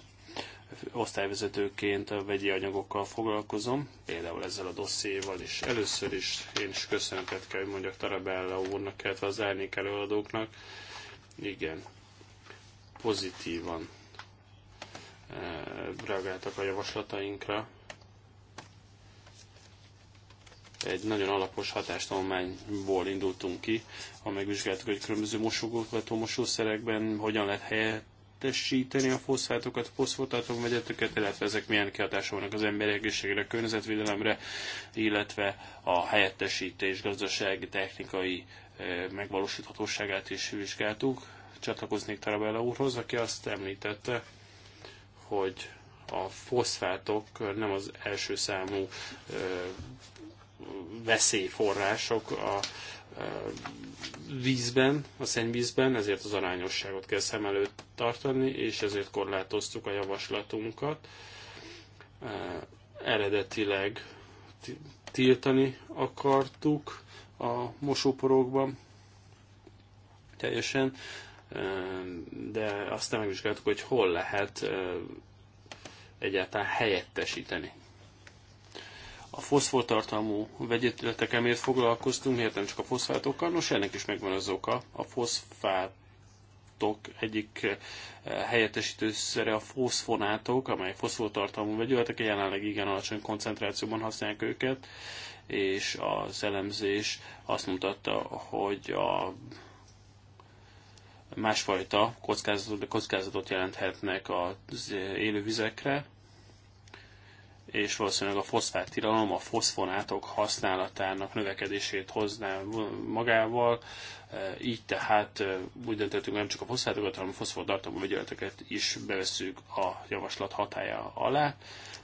osztályvezetőként a vegyi anyagokkal foglalkozom, például ezzel a dosszéval is. Először is én is köszönetet kell, hogy mondjak Tarabella úrnak, illetve az elnék előadóknak. Igen, pozitívan eh, reagáltak a javaslatainkra. Egy nagyon alapos hatástanulmányból indultunk ki, ha megvizsgáltuk, hogy különböző mosogató mosószerekben hogyan lehet helyet mentesíteni a foszfátokat, foszfotátok vegyeteket, illetve ezek milyen kihatása vannak az emberi egészségre, a környezetvédelemre, illetve a helyettesítés gazdasági, technikai eh, megvalósíthatóságát is vizsgáltuk. Csatlakoznék Tarabella úrhoz, aki azt említette, hogy a foszfátok nem az első számú eh, veszélyforrások a vízben, a szennyvízben, ezért az arányosságot kell szem előtt tartani, és ezért korlátoztuk a javaslatunkat. E, eredetileg tiltani akartuk a mosóporokban teljesen, e, de aztán megvizsgáltuk, hogy hol lehet e, egyáltalán helyettesíteni a foszfortartalmú vegyületekkel miért foglalkoztunk, miért nem csak a foszfátokkal? Nos, ennek is megvan az oka. A foszfátok egyik eh, helyettesítőszere a foszfonátok, amely foszfortartalmú vegyületek, jelenleg igen alacsony koncentrációban használják őket, és az elemzés azt mutatta, hogy a másfajta kockázatot, kockázatot jelenthetnek az élővizekre, és valószínűleg a foszfát a foszfonátok használatának növekedését hozná magával, e, így tehát e, úgy döntöttünk, nem csak a foszfátokat, hanem a foszfortartalmú vegyületeket is bevesszük a javaslat hatája alá.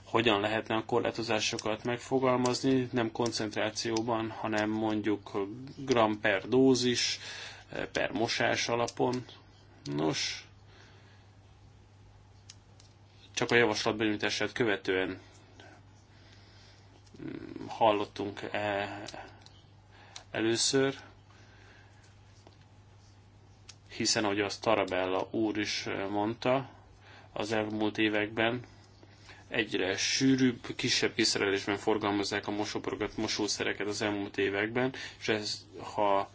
Hogyan lehetne a korlátozásokat megfogalmazni, nem koncentrációban, hanem mondjuk gram per dózis, e, per mosás alapon. Nos, csak a javaslat benyújtását követően hallottunk e először, hiszen ahogy azt Tarabella úr is mondta, az elmúlt években egyre sűrűbb, kisebb kiszerelésben forgalmazzák a mosóporokat, mosószereket az elmúlt években, és ez, ha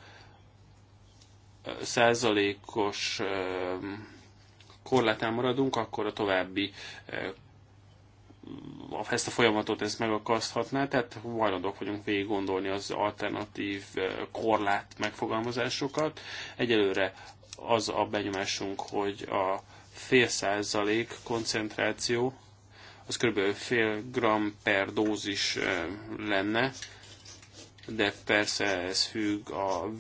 százalékos korlátán maradunk, akkor a további ezt a folyamatot ezt megakaszthatná, tehát hajlandók vagyunk végig gondolni az alternatív eh, korlát megfogalmazásokat. Egyelőre az a benyomásunk, hogy a fél százalék koncentráció, az kb. fél gram per dózis eh, lenne, de persze ez függ a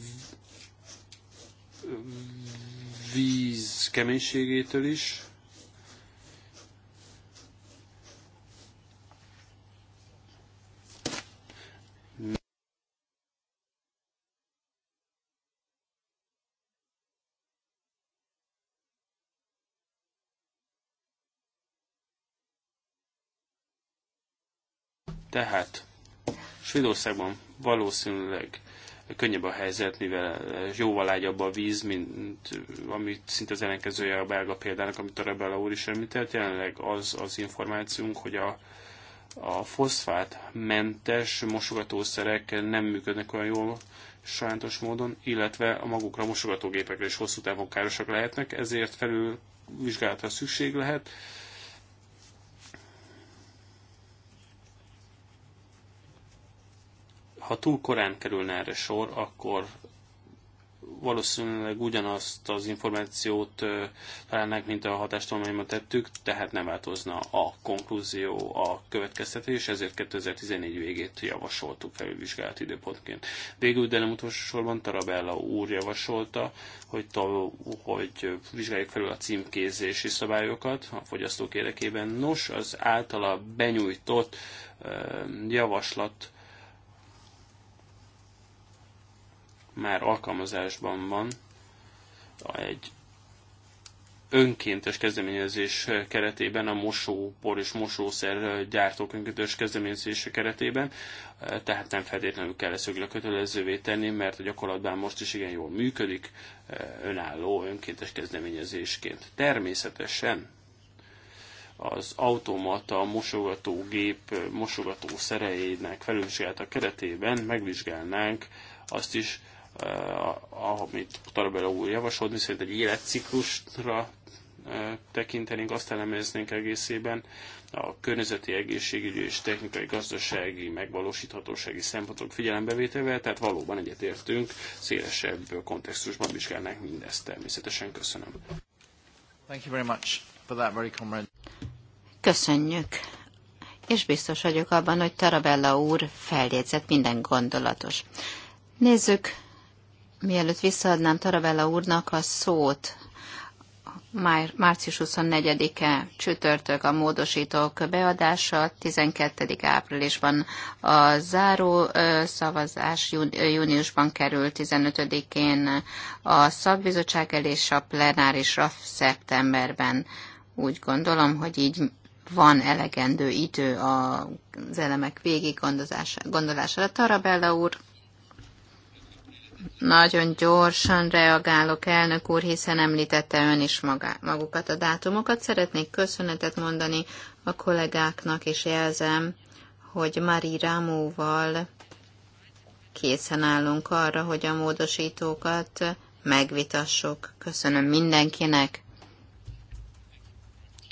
víz keménységétől is. Tehát Svédországban valószínűleg könnyebb a helyzet, mivel jóval lágyabb a víz, mint amit szinte az ellenkezője a belga példának, amit a Rebella úr is említett. Jelenleg az az információnk, hogy a, a foszfát mentes mosogatószerek nem működnek olyan jól sajátos módon, illetve a magukra mosogatógépekre is hosszú távon károsak lehetnek, ezért felül vizsgálatra szükség lehet ha túl korán kerülne erre sor, akkor valószínűleg ugyanazt az információt találnánk, mint a hatástalmányban tettük, tehát nem változna a konklúzió, a következtetés, ezért 2014 végét javasoltuk felülvizsgálati időpontként. Végül, de nem utolsó sorban Tarabella úr javasolta, hogy, hogy vizsgáljuk felül a címkézési szabályokat a fogyasztók érdekében. Nos, az általa benyújtott javaslat már alkalmazásban van egy önkéntes kezdeményezés keretében, a mosópor és mosószer gyártók önkéntes kezdeményezése keretében, tehát nem feltétlenül kell ezt a kötelezővé tenni, mert a gyakorlatban most is igen jól működik, önálló önkéntes kezdeményezésként. Természetesen az automata mosogatógép mosogató szereinek felülvizsgálata keretében megvizsgálnánk azt is, Eh, amit Tarabella úr javasolt, viszont egy életciklusra eh, tekintenénk, azt elemeznénk egészében, a környezeti, egészségügyi és technikai, gazdasági, megvalósíthatósági szempontok figyelembevételével, tehát valóban egyetértünk, szélesebb kontextusban vizsgálnánk mindezt természetesen. Köszönöm. Thank you very much for that very comrade. Köszönjük. És biztos vagyok abban, hogy Tarabella úr feljegyzett minden gondolatos. Nézzük Mielőtt visszaadnám Tarabella úrnak a szót, már, március 24-e csütörtök a módosítók beadása, 12. áprilisban a záró szavazás júniusban kerül 15-én a szakbizottság elé, és a plenárisra szeptemberben. Úgy gondolom, hogy így van elegendő idő az elemek végig gondolására. Tarabella úr. Nagyon gyorsan reagálok, elnök úr, hiszen említette ön is maga, magukat a dátumokat. Szeretnék köszönetet mondani a kollégáknak, és jelzem, hogy Mari Rámóval készen állunk arra, hogy a módosítókat megvitassuk. Köszönöm mindenkinek.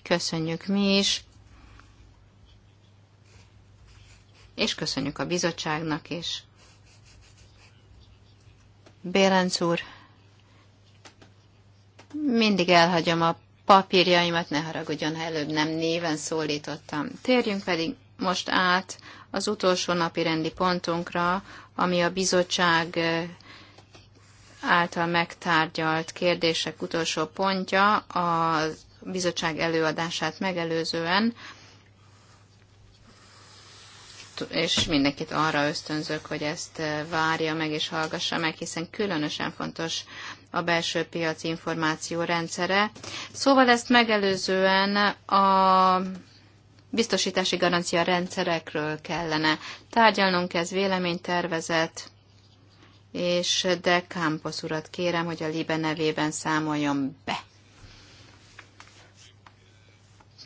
Köszönjük mi is. És köszönjük a bizottságnak is. Bélenc úr, mindig elhagyom a papírjaimat, ne haragudjon, ha előbb nem néven szólítottam. Térjünk pedig most át az utolsó napi rendi pontunkra, ami a bizottság által megtárgyalt kérdések utolsó pontja, a bizottság előadását megelőzően és mindenkit arra ösztönzök, hogy ezt eh, várja meg és hallgassa meg, hiszen különösen fontos a belső piaci információ rendszere. Szóval ezt megelőzően a biztosítási garancia rendszerekről kellene tárgyalnunk, ez véleménytervezet, és de Campos urat kérem, hogy a Libe nevében számoljon be.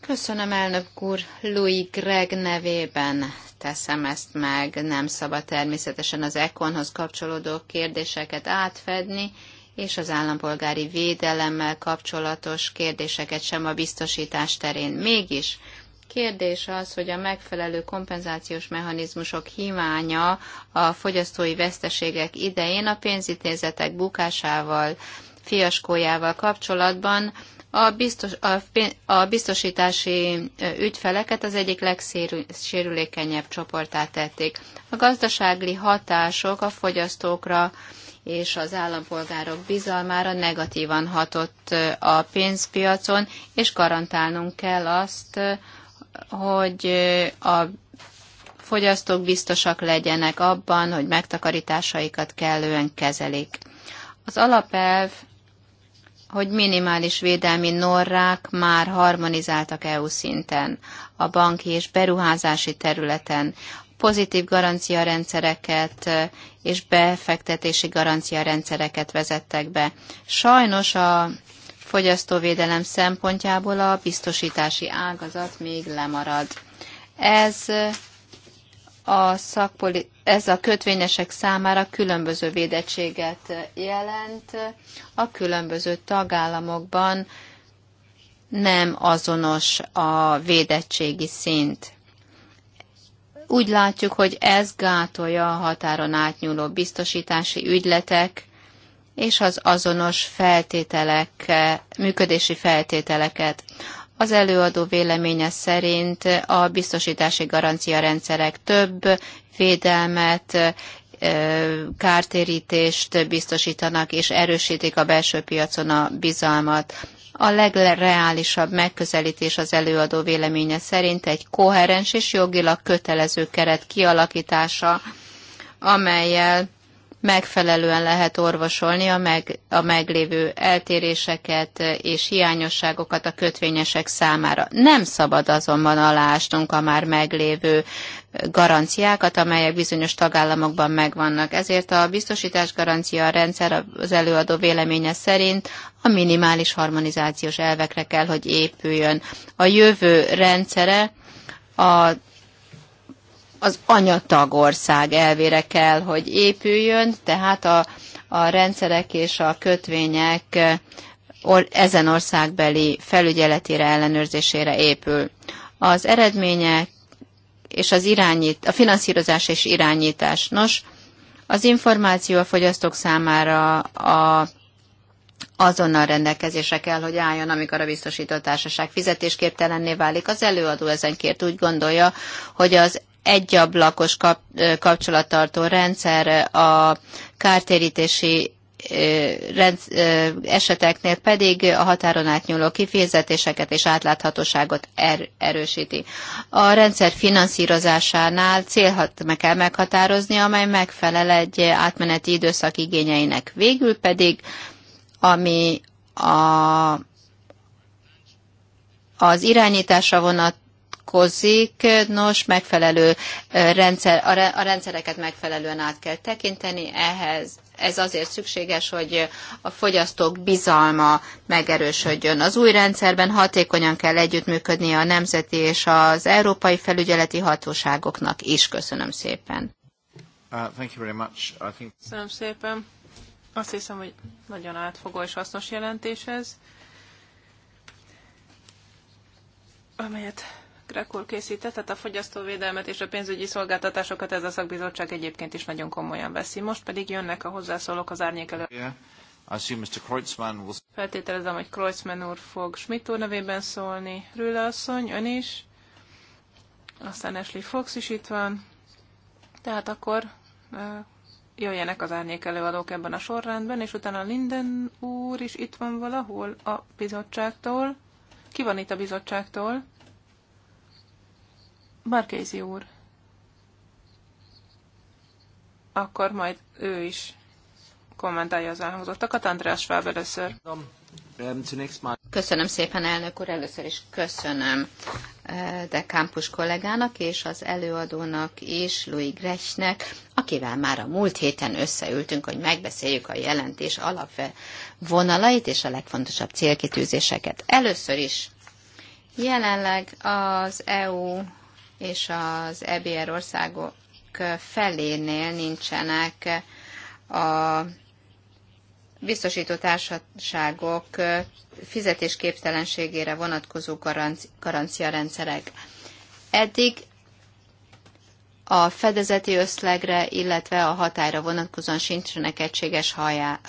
Köszönöm elnök úr Louis Greg nevében teszem ezt meg, nem szabad természetesen az ekonhoz kapcsolódó kérdéseket átfedni, és az állampolgári védelemmel kapcsolatos kérdéseket sem a biztosítás terén. Mégis kérdés az, hogy a megfelelő kompenzációs mechanizmusok hiánya a fogyasztói veszteségek idején a pénzintézetek bukásával, fiaskójával kapcsolatban a, biztos, a, a biztosítási ügyfeleket az egyik legsérülékenyebb csoportá tették. A gazdasági hatások a fogyasztókra és az állampolgárok bizalmára negatívan hatott a pénzpiacon, és garantálnunk kell azt, hogy a fogyasztók biztosak legyenek abban, hogy megtakarításaikat kellően kezelik. Az alapelv hogy minimális védelmi norrák már harmonizáltak EU szinten, a banki és beruházási területen, pozitív garanciarendszereket és befektetési garanciarendszereket vezettek be. Sajnos a fogyasztóvédelem szempontjából a biztosítási ágazat még lemarad. Ez a szakpoli- ez a kötvényesek számára különböző védettséget jelent a különböző tagállamokban, nem azonos a védettségi szint. Úgy látjuk, hogy ez gátolja a határon átnyúló biztosítási ügyletek és az azonos feltételek, működési feltételeket. Az előadó véleménye szerint a biztosítási garancia rendszerek több védelmet, kártérítést biztosítanak és erősítik a belső piacon a bizalmat. A legreálisabb megközelítés az előadó véleménye szerint egy koherens és jogilag kötelező keret kialakítása, amelyel megfelelően lehet orvosolni a, meg, a meglévő eltéréseket és hiányosságokat a kötvényesek számára. Nem szabad azonban alástunk a már meglévő garanciákat, amelyek bizonyos tagállamokban megvannak. Ezért a biztosítás garancia rendszer az előadó véleménye szerint a minimális harmonizációs elvekre kell, hogy épüljön. A jövő rendszere a az anyatagország elvére kell, hogy épüljön, tehát a, a rendszerek és a kötvények eh, or, ezen országbeli felügyeletére, ellenőrzésére épül. Az eredmények és az irányít, a finanszírozás és irányítás. Nos, az információ a fogyasztók számára a azonnal rendelkezésre kell, hogy álljon, amikor a biztosított társaság fizetésképtelenné válik. Az előadó ezen kért úgy gondolja, hogy az egyablakos kap, kapcsolattartó rendszer a kártérítési eseteknél pedig a határon átnyúló kifizetéseket és átláthatóságot er, erősíti. A rendszer finanszírozásánál célhat meg kell meghatározni, amely megfelel egy átmeneti időszak igényeinek. Végül pedig, ami a, az irányításra vonat vonatkozik, nos, megfelelő rendszer, a rendszereket megfelelően át kell tekinteni, ehhez ez azért szükséges, hogy a fogyasztók bizalma megerősödjön. Az új rendszerben hatékonyan kell együttműködni a nemzeti és az európai felügyeleti hatóságoknak is. Köszönöm szépen. Uh, Köszönöm szépen. Azt hiszem, hogy nagyon átfogó és hasznos jelentés ez, amelyet Grekor készített, tehát a fogyasztóvédelmet és a pénzügyi szolgáltatásokat ez a szakbizottság egyébként is nagyon komolyan veszi. Most pedig jönnek a hozzászólók az árnyék elő. Yeah. Will... Feltételezem, hogy Kreuzmann úr fog Schmidt úr nevében szólni, Rüle asszony, ön is, aztán Ashley Fox is itt van, tehát akkor jöjjenek az árnyék előadók ebben a sorrendben, és utána Linden úr is itt van valahol a bizottságtól. Ki van itt a bizottságtól? Markézi úr. Akkor majd ő is kommentálja az elhangzottakat. András Schwab először. Köszönöm szépen, elnök úr. Először is köszönöm eh, de Campus kollégának és az előadónak is, Louis Grechnek, akivel már a múlt héten összeültünk, hogy megbeszéljük a jelentés alapvonalait és a legfontosabb célkitűzéseket. Először is jelenleg az EU és az EBR országok felénél nincsenek a biztosító társaságok fizetésképtelenségére vonatkozó garanciarendszerek. Eddig a fedezeti összlegre, illetve a határa vonatkozóan sincsenek egységes hajá,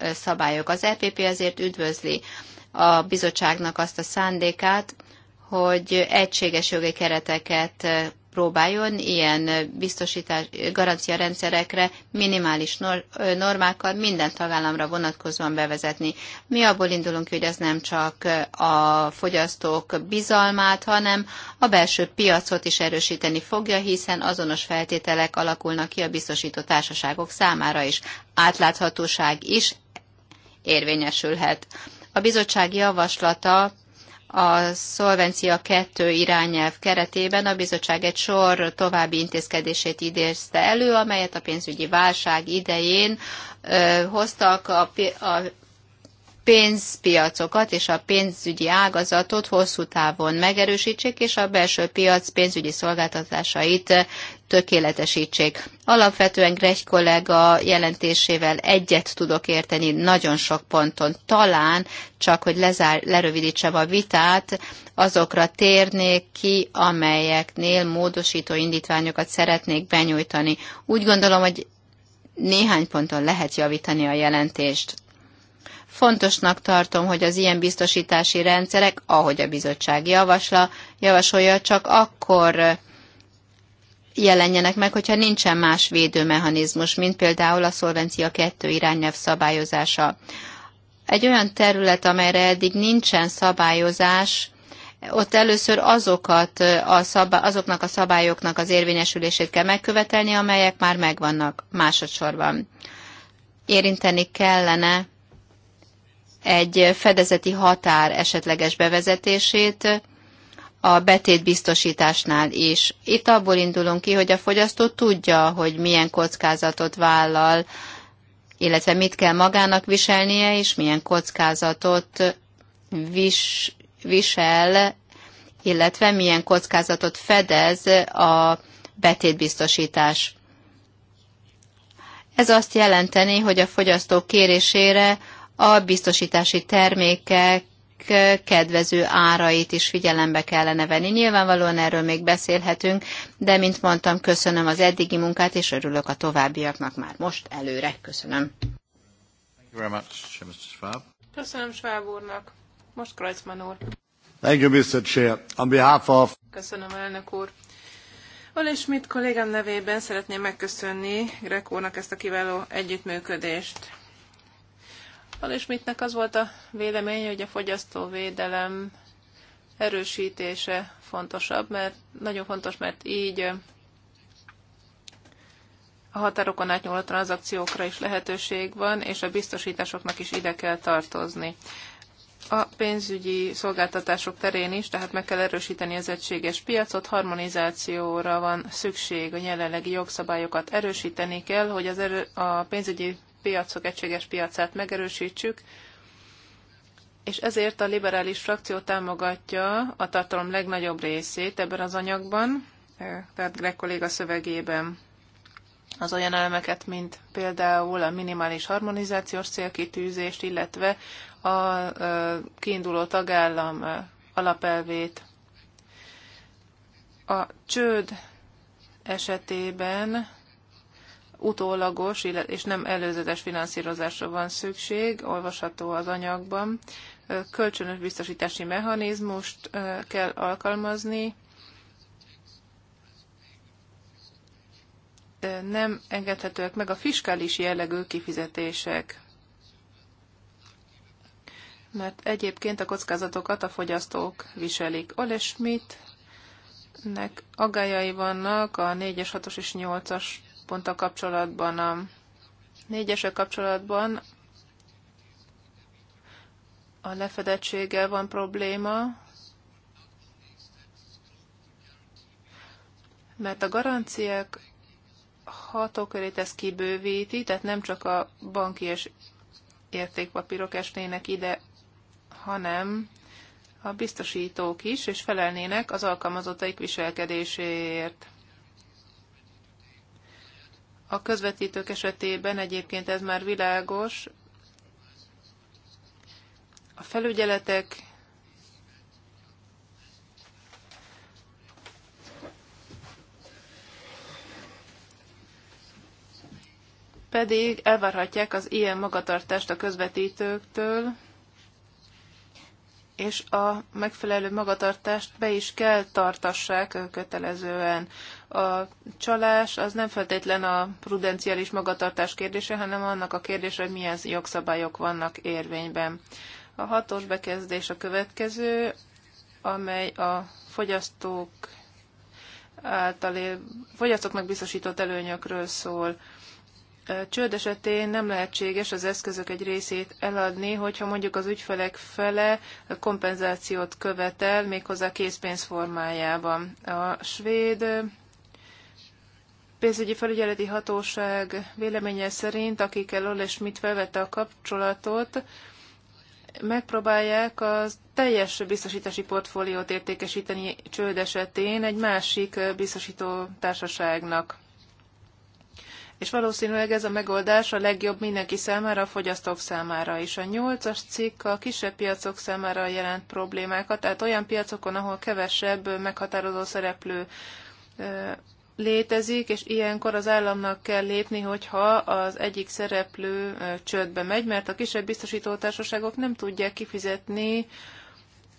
szabályok. Az EPP ezért üdvözli a bizottságnak azt a szándékát, hogy egységes jogi kereteket próbáljon ilyen biztosítás, rendszerekre minimális normákkal minden tagállamra vonatkozóan bevezetni. Mi abból indulunk hogy ez nem csak a fogyasztók bizalmát, hanem a belső piacot is erősíteni fogja, hiszen azonos feltételek alakulnak ki a biztosító társaságok számára is. Átláthatóság is érvényesülhet. A bizottság javaslata a Szolvencia 2 irányelv keretében a bizottság egy sor további intézkedését idézte elő, amelyet a pénzügyi válság idején ö, hoztak a, a pénzpiacokat és a pénzügyi ágazatot hosszú távon megerősítsék, és a belső piac pénzügyi szolgáltatásait tökéletesítsék. Alapvetően Grech kollega jelentésével egyet tudok érteni nagyon sok ponton. Talán, csak hogy lezár, lerövidítsem a vitát, azokra térnék ki, amelyeknél módosító indítványokat szeretnék benyújtani. Úgy gondolom, hogy néhány ponton lehet javítani a jelentést. Fontosnak tartom, hogy az ilyen biztosítási rendszerek, ahogy a bizottság javasla, javasolja, csak akkor jelenjenek meg, hogyha nincsen más védőmechanizmus, mint például a szolvencia kettő irányelv szabályozása. Egy olyan terület, amelyre eddig nincsen szabályozás, ott először azokat a szabá- azoknak a szabályoknak az érvényesülését kell megkövetelni, amelyek már megvannak másodszorban. Érinteni kellene egy fedezeti határ esetleges bevezetését a betétbiztosításnál is. Itt abból indulunk ki, hogy a fogyasztó tudja, hogy milyen kockázatot vállal, illetve mit kell magának viselnie, és milyen kockázatot vis, visel, illetve milyen kockázatot fedez a betétbiztosítás. Ez azt jelenteni, hogy a fogyasztó kérésére a biztosítási termékek kedvező árait is figyelembe kellene venni. Nyilvánvalóan erről még beszélhetünk, de mint mondtam, köszönöm az eddigi munkát, és örülök a továbbiaknak már most előre. Köszönöm. Köszönöm Schwab úrnak. Most Kreuzmann úr. Thank you, Mr. Chair. On behalf of... Köszönöm, elnök úr. és Schmidt kollégám nevében szeretném megköszönni úrnak ezt a kiváló együttműködést. Van is mitnek az volt a vélemény, hogy a fogyasztóvédelem erősítése fontosabb, mert nagyon fontos, mert így a határokon átnyúló tranzakciókra is lehetőség van, és a biztosításoknak is ide kell tartozni. A pénzügyi szolgáltatások terén is, tehát meg kell erősíteni az egységes piacot, harmonizációra van szükség, a jelenlegi jogszabályokat erősíteni kell, hogy az erő, a pénzügyi piacok egységes piacát megerősítsük, és ezért a liberális frakció támogatja a tartalom legnagyobb részét ebben az anyagban, eh, tehát Greg kolléga szövegében az olyan elemeket, mint például a minimális harmonizációs célkitűzést, illetve a eh, kiinduló tagállam eh, alapelvét. A csőd esetében utólagos és nem előzetes finanszírozásra van szükség, olvasható az anyagban. Kölcsönös biztosítási mechanizmust kell alkalmazni, nem engedhetőek meg a fiskális jellegű kifizetések, mert egyébként a kockázatokat a fogyasztók viselik. Ole Schmidt nek agályai vannak a 4-es, 6-os és 8-as Pont a kapcsolatban, a négyesek kapcsolatban a lefedettséggel van probléma, mert a garanciák hatókörét ez kibővíti, tehát nem csak a banki és értékpapírok esnének ide, hanem a biztosítók is, és felelnének az alkalmazottaik viselkedéséért. A közvetítők esetében egyébként ez már világos. A felügyeletek pedig elvárhatják az ilyen magatartást a közvetítőktől, és a megfelelő magatartást be is kell tartassák kötelezően. A csalás az nem feltétlen a prudenciális magatartás kérdése, hanem annak a kérdése, hogy milyen jogszabályok vannak érvényben. A hatos bekezdés a következő, amely a fogyasztók által fogyasztóknak biztosított előnyökről szól csőd esetén nem lehetséges az eszközök egy részét eladni, hogyha mondjuk az ügyfelek fele kompenzációt követel, méghozzá készpénz formájában. A svéd pénzügyi felügyeleti hatóság véleménye szerint, akikkel Ole Schmidt felvette a kapcsolatot, megpróbálják a teljes biztosítási portfóliót értékesíteni csőd esetén egy másik biztosító társaságnak és valószínűleg ez a megoldás a legjobb mindenki számára, a fogyasztók számára is. A nyolcas cikk a kisebb piacok számára jelent problémákat, tehát olyan piacokon, ahol kevesebb meghatározó szereplő létezik, és ilyenkor az államnak kell lépni, hogyha az egyik szereplő csődbe megy, mert a kisebb biztosítótársaságok nem tudják kifizetni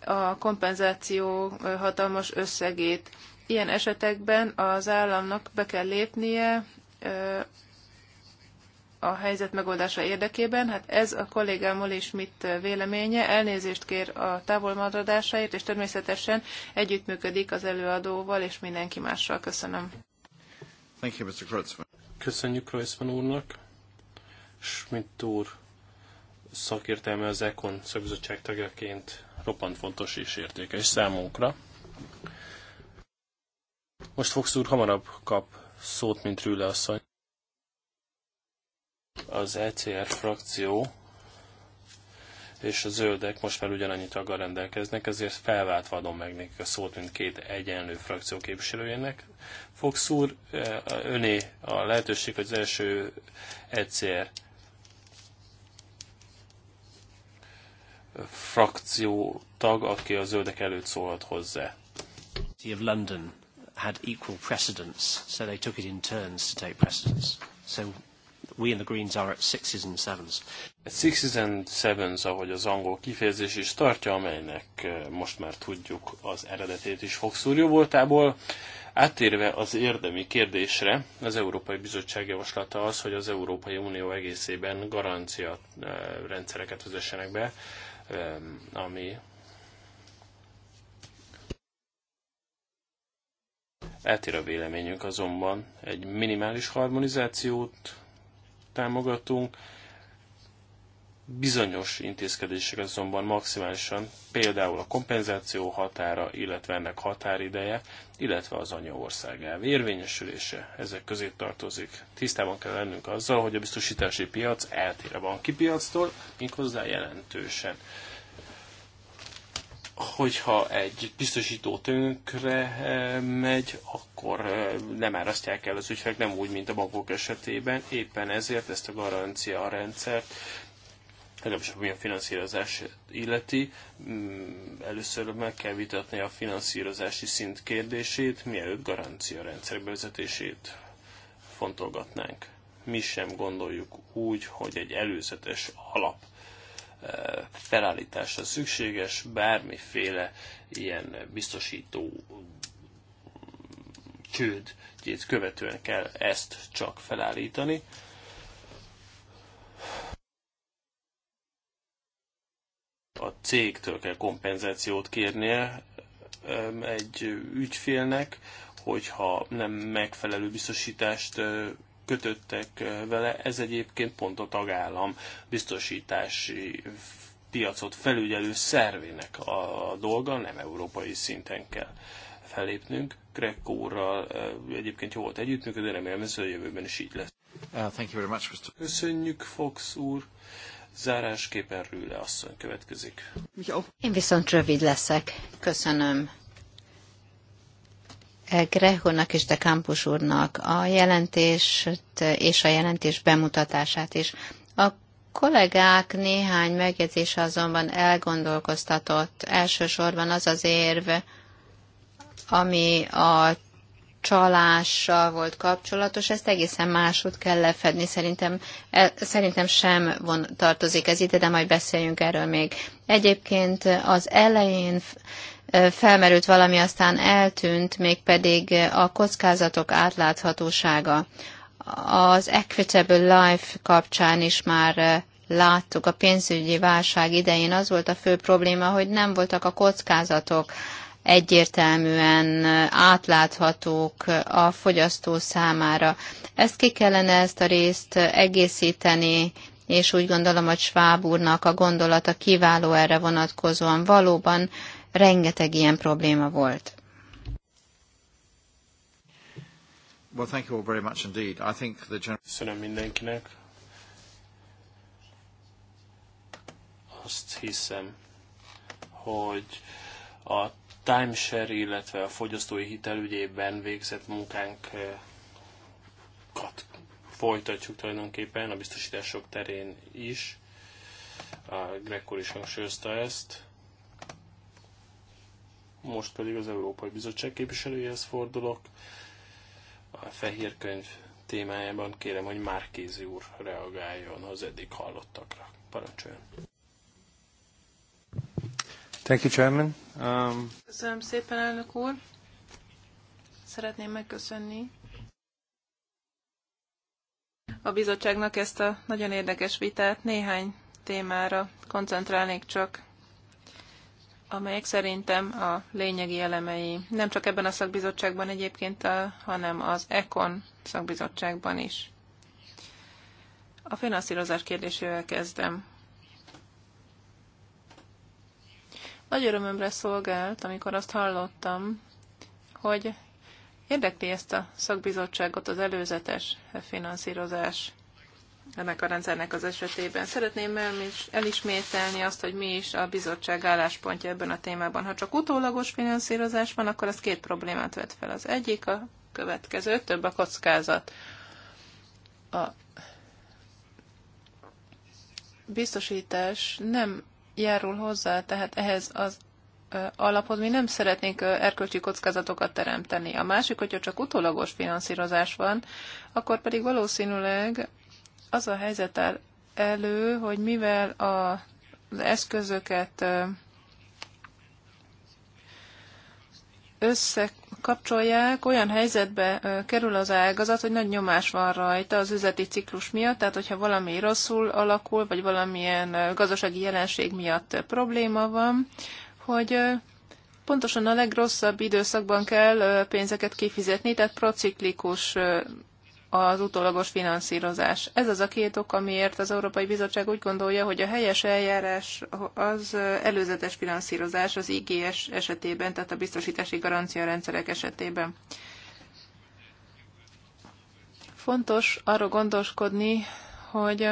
a kompenzáció hatalmas összegét. Ilyen esetekben az államnak be kell lépnie, a helyzet megoldása érdekében. Hát ez a kollégám Oli Schmidt véleménye, elnézést kér a távolmaradásáért, és természetesen együttműködik az előadóval és mindenki mással. Köszönöm. Thank you, Mr. Kreutzmann. Köszönjük Kreuzmann úrnak. Schmidt úr szakértelme az ECON szakbizottság tagjaként roppant fontos és értékes számunkra. Most Fox úr hamarabb kap szót, mint Rüle asszony. Az ECR frakció és a zöldek most már ugyanannyi taggal rendelkeznek, ezért felváltva adom meg nekik a szót, mint két egyenlő frakció képviselőjének. Fox úr, eh, öné a lehetőség, hogy az első ECR frakció tag, aki a zöldek előtt szólhat hozzá. of London had equal precedence, so they took it in turns to take precedence. So we and the Greens are at sixes and sevens. Sixes and sevens, ahogy az angol kifejezés is tartja, amelynek eh, most már tudjuk az eredetét is Foxúr voltából. Áttérve az érdemi kérdésre, az Európai Bizottság javaslata az, hogy az Európai Unió egészében garancia eh, rendszereket vezessenek be, eh, ami Eltér a véleményünk azonban, egy minimális harmonizációt támogatunk, bizonyos intézkedések azonban maximálisan, például a kompenzáció határa, illetve ennek határideje, illetve az anyaország érvényesülése ezek közé tartozik. Tisztában kell lennünk azzal, hogy a biztosítási piac eltér a banki piactól, méghozzá jelentősen hogyha egy biztosító tönkre eh, megy, akkor eh, nem árasztják el az ügyfelek, nem úgy, mint a bankok esetében. Éppen ezért ezt a garancia rendszert legalábbis a a finanszírozás illeti. Mm, először meg kell vitatni a finanszírozási szint kérdését, mielőtt garancia rendszer bevezetését fontolgatnánk. Mi sem gondoljuk úgy, hogy egy előzetes alap felállítása szükséges, bármiféle ilyen biztosító csőd követően kell ezt csak felállítani. A cégtől kell kompenzációt kérnie egy ügyfélnek, hogyha nem megfelelő biztosítást kötöttek eh, vele, ez egyébként pont a tagállam biztosítási piacot felügyelő szervének a dolga, nem európai szinten kell fellépnünk. Greg úrral eh, egyébként jó volt együttműködő, remélem ez a jövőben is így lesz. Uh, thank you very much, Mr. Köszönjük, Fox úr. Zárásképpen Rüle asszony következik. Én viszont rövid leszek. Köszönöm Grehónak és de Campus úrnak a jelentést és a jelentés bemutatását is. A kollégák néhány megjegyzése azonban elgondolkoztatott. Elsősorban az az érv, ami a csalással volt kapcsolatos, ezt egészen máshogy kell lefedni. Szerintem, e, szerintem sem von, tartozik ez ide, de majd beszéljünk erről még. Egyébként az elején felmerült valami, aztán eltűnt, mégpedig a kockázatok átláthatósága. Az Equitable Life kapcsán is már láttuk a pénzügyi válság idején, az volt a fő probléma, hogy nem voltak a kockázatok egyértelműen átláthatók a fogyasztó számára. Ezt ki kellene ezt a részt egészíteni, és úgy gondolom, hogy Schwab úrnak a gondolata kiváló erre vonatkozóan. Valóban rengeteg ilyen probléma volt. Well, thank you all very much indeed. I think the general... Köszönöm mindenkinek. Azt hiszem, hogy a timeshare, illetve a fogyasztói hitelügyében végzett munkánkat folytatjuk tulajdonképpen a biztosítások terén is. A Gregor is hangsúlyozta ezt. Most pedig az Európai Bizottság képviselőjéhez fordulok. A fehér könyv témájában kérem, hogy Márkézi úr reagáljon az eddig hallottakra. Parancsoljon! Thank you, Chairman. Um... Köszönöm szépen, elnök úr! Szeretném megköszönni a bizottságnak ezt a nagyon érdekes vitát. Néhány témára koncentrálnék csak amelyek szerintem a lényegi elemei nem csak ebben a szakbizottságban egyébként, hanem az ECON szakbizottságban is. A finanszírozás kérdésével kezdem. Nagy örömömre szolgált, amikor azt hallottam, hogy érdekli ezt a szakbizottságot az előzetes finanszírozás ennek a rendszernek az esetében. Szeretném elismételni azt, hogy mi is a bizottság álláspontja ebben a témában. Ha csak utólagos finanszírozás van, akkor az két problémát vet fel. Az egyik a következő, több a kockázat. A biztosítás nem járul hozzá, tehát ehhez az alaphoz mi nem szeretnénk erkölcsi kockázatokat teremteni. A másik, hogyha csak utólagos finanszírozás van, akkor pedig valószínűleg az a helyzet áll elő, hogy mivel a, az eszközöket összekapcsolják, olyan helyzetbe kerül az ágazat, hogy nagy nyomás van rajta az üzleti ciklus miatt, tehát hogyha valami rosszul alakul, vagy valamilyen gazdasági jelenség miatt probléma van, hogy pontosan a legrosszabb időszakban kell pénzeket kifizetni, tehát prociklikus az utólagos finanszírozás. Ez az a két ok, amiért az Európai Bizottság úgy gondolja, hogy a helyes eljárás az előzetes finanszírozás az IGS esetében, tehát a biztosítási garancia rendszerek esetében. Fontos arról gondoskodni, hogy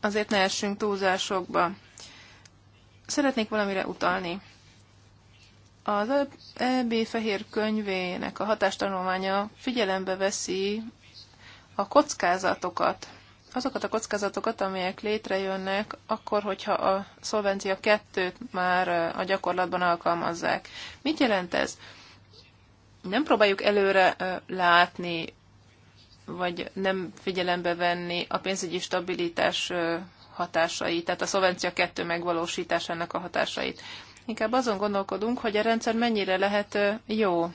azért ne essünk túlzásokba. Szeretnék valamire utalni. Az EB fehér könyvének a hatástanulmánya figyelembe veszi a kockázatokat, azokat a kockázatokat, amelyek létrejönnek akkor, hogyha a szolvencia kettőt már a gyakorlatban alkalmazzák. Mit jelent ez? Nem próbáljuk előre látni, vagy nem figyelembe venni a pénzügyi stabilitás hatásait, tehát a szolvencia kettő megvalósításának a hatásait inkább azon gondolkodunk, hogy a rendszer mennyire lehet jó.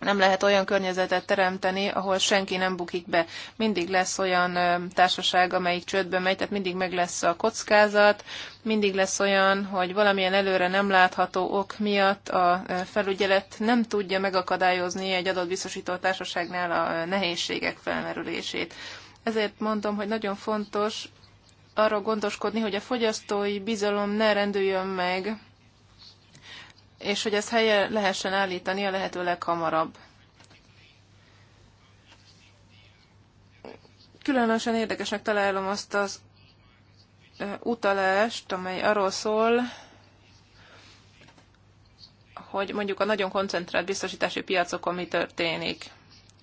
Nem lehet olyan környezetet teremteni, ahol senki nem bukik be. Mindig lesz olyan társaság, amelyik csődbe megy, tehát mindig meg lesz a kockázat, mindig lesz olyan, hogy valamilyen előre nem látható ok miatt a felügyelet nem tudja megakadályozni egy adott biztosító társaságnál a nehézségek felmerülését. Ezért mondom, hogy nagyon fontos arról gondoskodni, hogy a fogyasztói bizalom ne rendüljön meg, és hogy ezt helye lehessen állítani a lehető leghamarabb. Különösen érdekesnek találom azt az utalást, amely arról szól, hogy mondjuk a nagyon koncentrált biztosítási piacokon mi történik.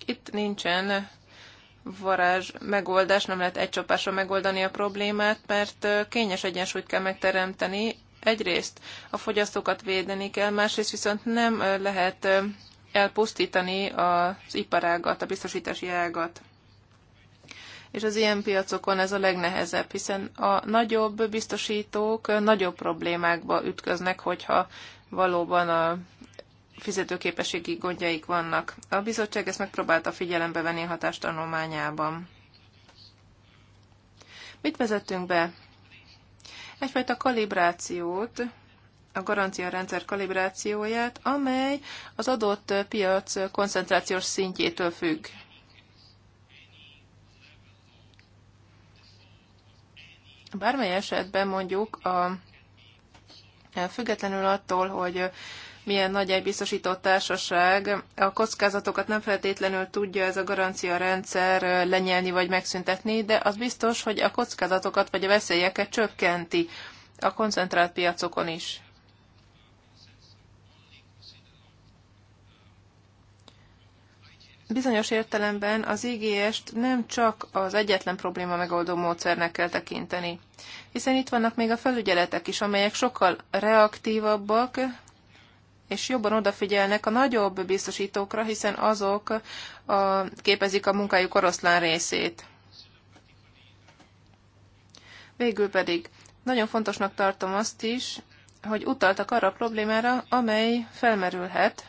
Itt nincsen varázs megoldás, nem lehet egy csapásra megoldani a problémát, mert kényes egyensúlyt kell megteremteni. Egyrészt a fogyasztókat védeni kell, másrészt viszont nem lehet elpusztítani az iparágat, a biztosítási ágat. És az ilyen piacokon ez a legnehezebb, hiszen a nagyobb biztosítók nagyobb problémákba ütköznek, hogyha valóban a fizetőképességi gondjaik vannak. A bizottság ezt megpróbálta figyelembe venni a hatástanulmányában. Mit vezettünk be? Egyfajta kalibrációt, a garancia rendszer kalibrációját, amely az adott piac koncentrációs szintjétől függ. Bármely esetben mondjuk a, függetlenül attól, hogy milyen nagy egy biztosított társaság. A kockázatokat nem feltétlenül tudja ez a garancia rendszer lenyelni vagy megszüntetni, de az biztos, hogy a kockázatokat vagy a veszélyeket csökkenti a koncentrált piacokon is. Bizonyos értelemben az IGS-t nem csak az egyetlen probléma megoldó módszernek kell tekinteni, hiszen itt vannak még a felügyeletek is, amelyek sokkal reaktívabbak, és jobban odafigyelnek a nagyobb biztosítókra, hiszen azok a, képezik a munkájuk oroszlán részét. Végül pedig nagyon fontosnak tartom azt is, hogy utaltak arra a problémára, amely felmerülhet,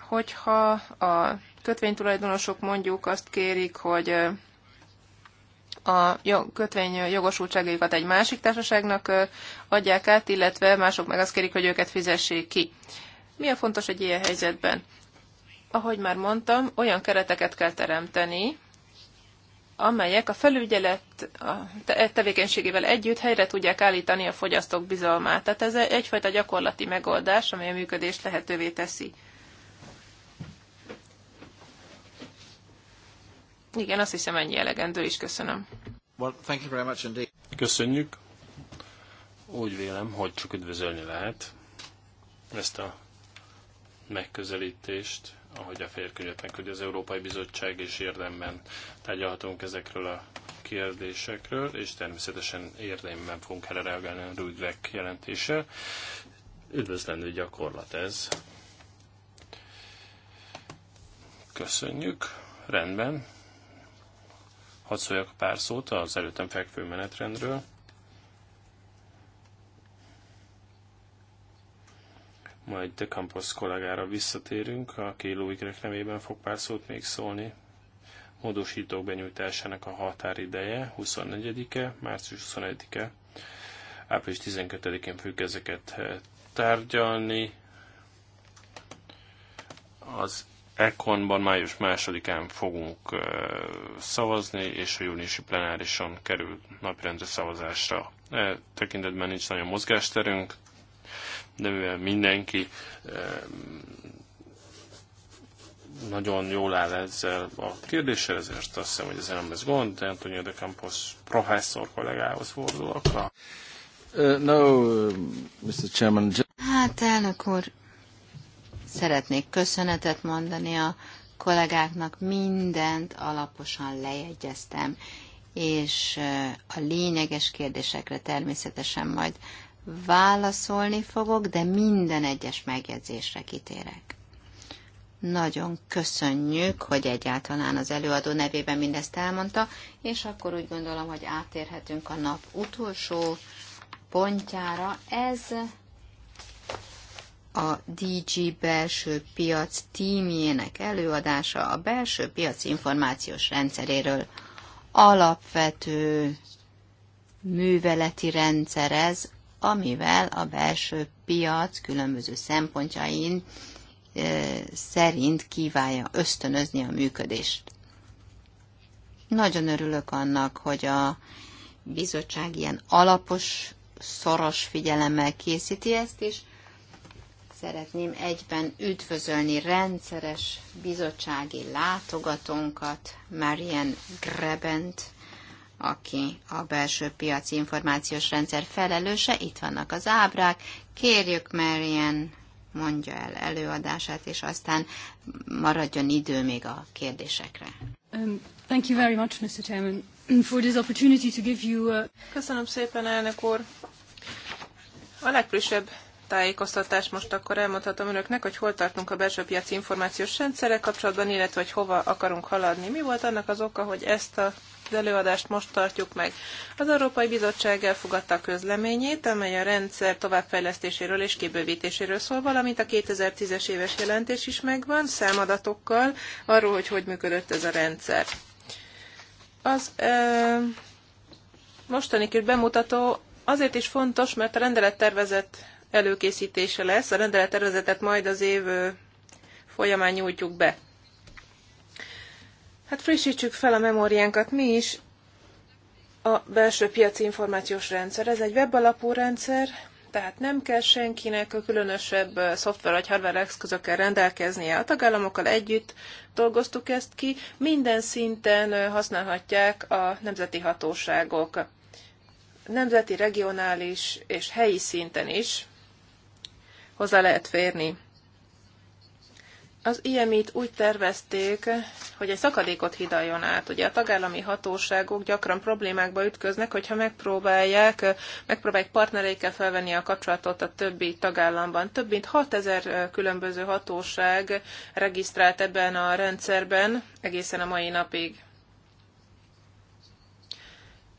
hogyha a kötvénytulajdonosok mondjuk azt kérik, hogy a kötvény jogosultságaikat egy másik társaságnak adják át, illetve mások meg azt kérik, hogy őket fizessék ki. Mi a fontos egy ilyen helyzetben? Ahogy már mondtam, olyan kereteket kell teremteni, amelyek a felügyelet tevékenységével együtt helyre tudják állítani a fogyasztók bizalmát. Tehát ez egyfajta gyakorlati megoldás, amely a működést lehetővé teszi. Igen, azt hiszem ennyi elegendő is, köszönöm. Well, thank you very much indeed. Köszönjük. Úgy vélem, hogy csak üdvözölni lehet ezt a megközelítést, ahogy a férkönyvetnek, hogy az Európai Bizottság és érdemben tárgyalhatunk ezekről a kérdésekről, és természetesen érdemben fogunk erre reagálni a Rüdvek jelentése. Üdvözlendő gyakorlat ez. Köszönjük. Rendben. Hadd szóljak pár szót az előttem fekvő menetrendről. Majd The Campos kollégára visszatérünk, aki Lóigrek nevében fog pár szót még szólni. Módosítók benyújtásának a határideje 24-e, március 21-e, április 12-én függ ezeket tárgyalni. Az Ekonban május másodikán fogunk szavazni, és a júniusi plenárison kerül napirendre szavazásra. E tekintetben nincs nagyon mozgásterünk, de mivel mindenki nagyon jól áll ezzel a kérdéssel, ezért azt hiszem, hogy ez nem lesz gond, de Antonio de Campos professzor kollégához fordulok. Uh, no, uh, Mr. Chairman. Hát elnök úr, Szeretnék köszönetet mondani a kollégáknak, mindent alaposan lejegyeztem, és a lényeges kérdésekre természetesen majd válaszolni fogok, de minden egyes megjegyzésre kitérek. Nagyon köszönjük, hogy egyáltalán az előadó nevében mindezt elmondta, és akkor úgy gondolom, hogy átérhetünk a nap utolsó pontjára. Ez a DG belső piac tímjének előadása a belső piac információs rendszeréről. Alapvető műveleti rendszer ez, amivel a belső piac különböző szempontjain e, szerint kívánja ösztönözni a működést. Nagyon örülök annak, hogy a bizottság ilyen alapos, szoros figyelemmel készíti ezt, is szeretném egyben üdvözölni rendszeres bizottsági látogatónkat, Marian Grebent, aki a belső piaci információs rendszer felelőse. Itt vannak az ábrák. Kérjük Marian, mondja el előadását, és aztán maradjon idő még a kérdésekre. Um, thank you very much, Mr. Chairman, for this opportunity to give you a... Köszönöm szépen, elnök úr. A legfrissebb tájékoztatás. Most akkor elmondhatom önöknek, hogy hol tartunk a belső piaci információs rendszerrel kapcsolatban, illetve hogy hova akarunk haladni. Mi volt annak az oka, hogy ezt a az előadást most tartjuk meg. Az Európai Bizottság elfogadta a közleményét, amely a rendszer továbbfejlesztéséről és kibővítéséről szól, valamint a 2010-es éves jelentés is megvan, számadatokkal arról, hogy hogy működött ez a rendszer. Az e, mostani kis bemutató azért is fontos, mert a rendelettervezet előkészítése lesz. A rendelettervezetet majd az év folyamán nyújtjuk be. Hát frissítsük fel a memóriánkat mi is. A belső piaci információs rendszer, ez egy webalapú rendszer, tehát nem kell senkinek a különösebb szoftver vagy hardware eszközökkel rendelkeznie. A tagállamokkal együtt dolgoztuk ezt ki, minden szinten használhatják a nemzeti hatóságok, nemzeti, regionális és helyi szinten is, hozzá lehet férni. Az IMI-t úgy tervezték, hogy egy szakadékot hidaljon át. Ugye a tagállami hatóságok gyakran problémákba ütköznek, hogyha megpróbálják, megpróbálják partnereikkel felvenni a kapcsolatot a többi tagállamban. Több mint 6000 különböző hatóság regisztrált ebben a rendszerben egészen a mai napig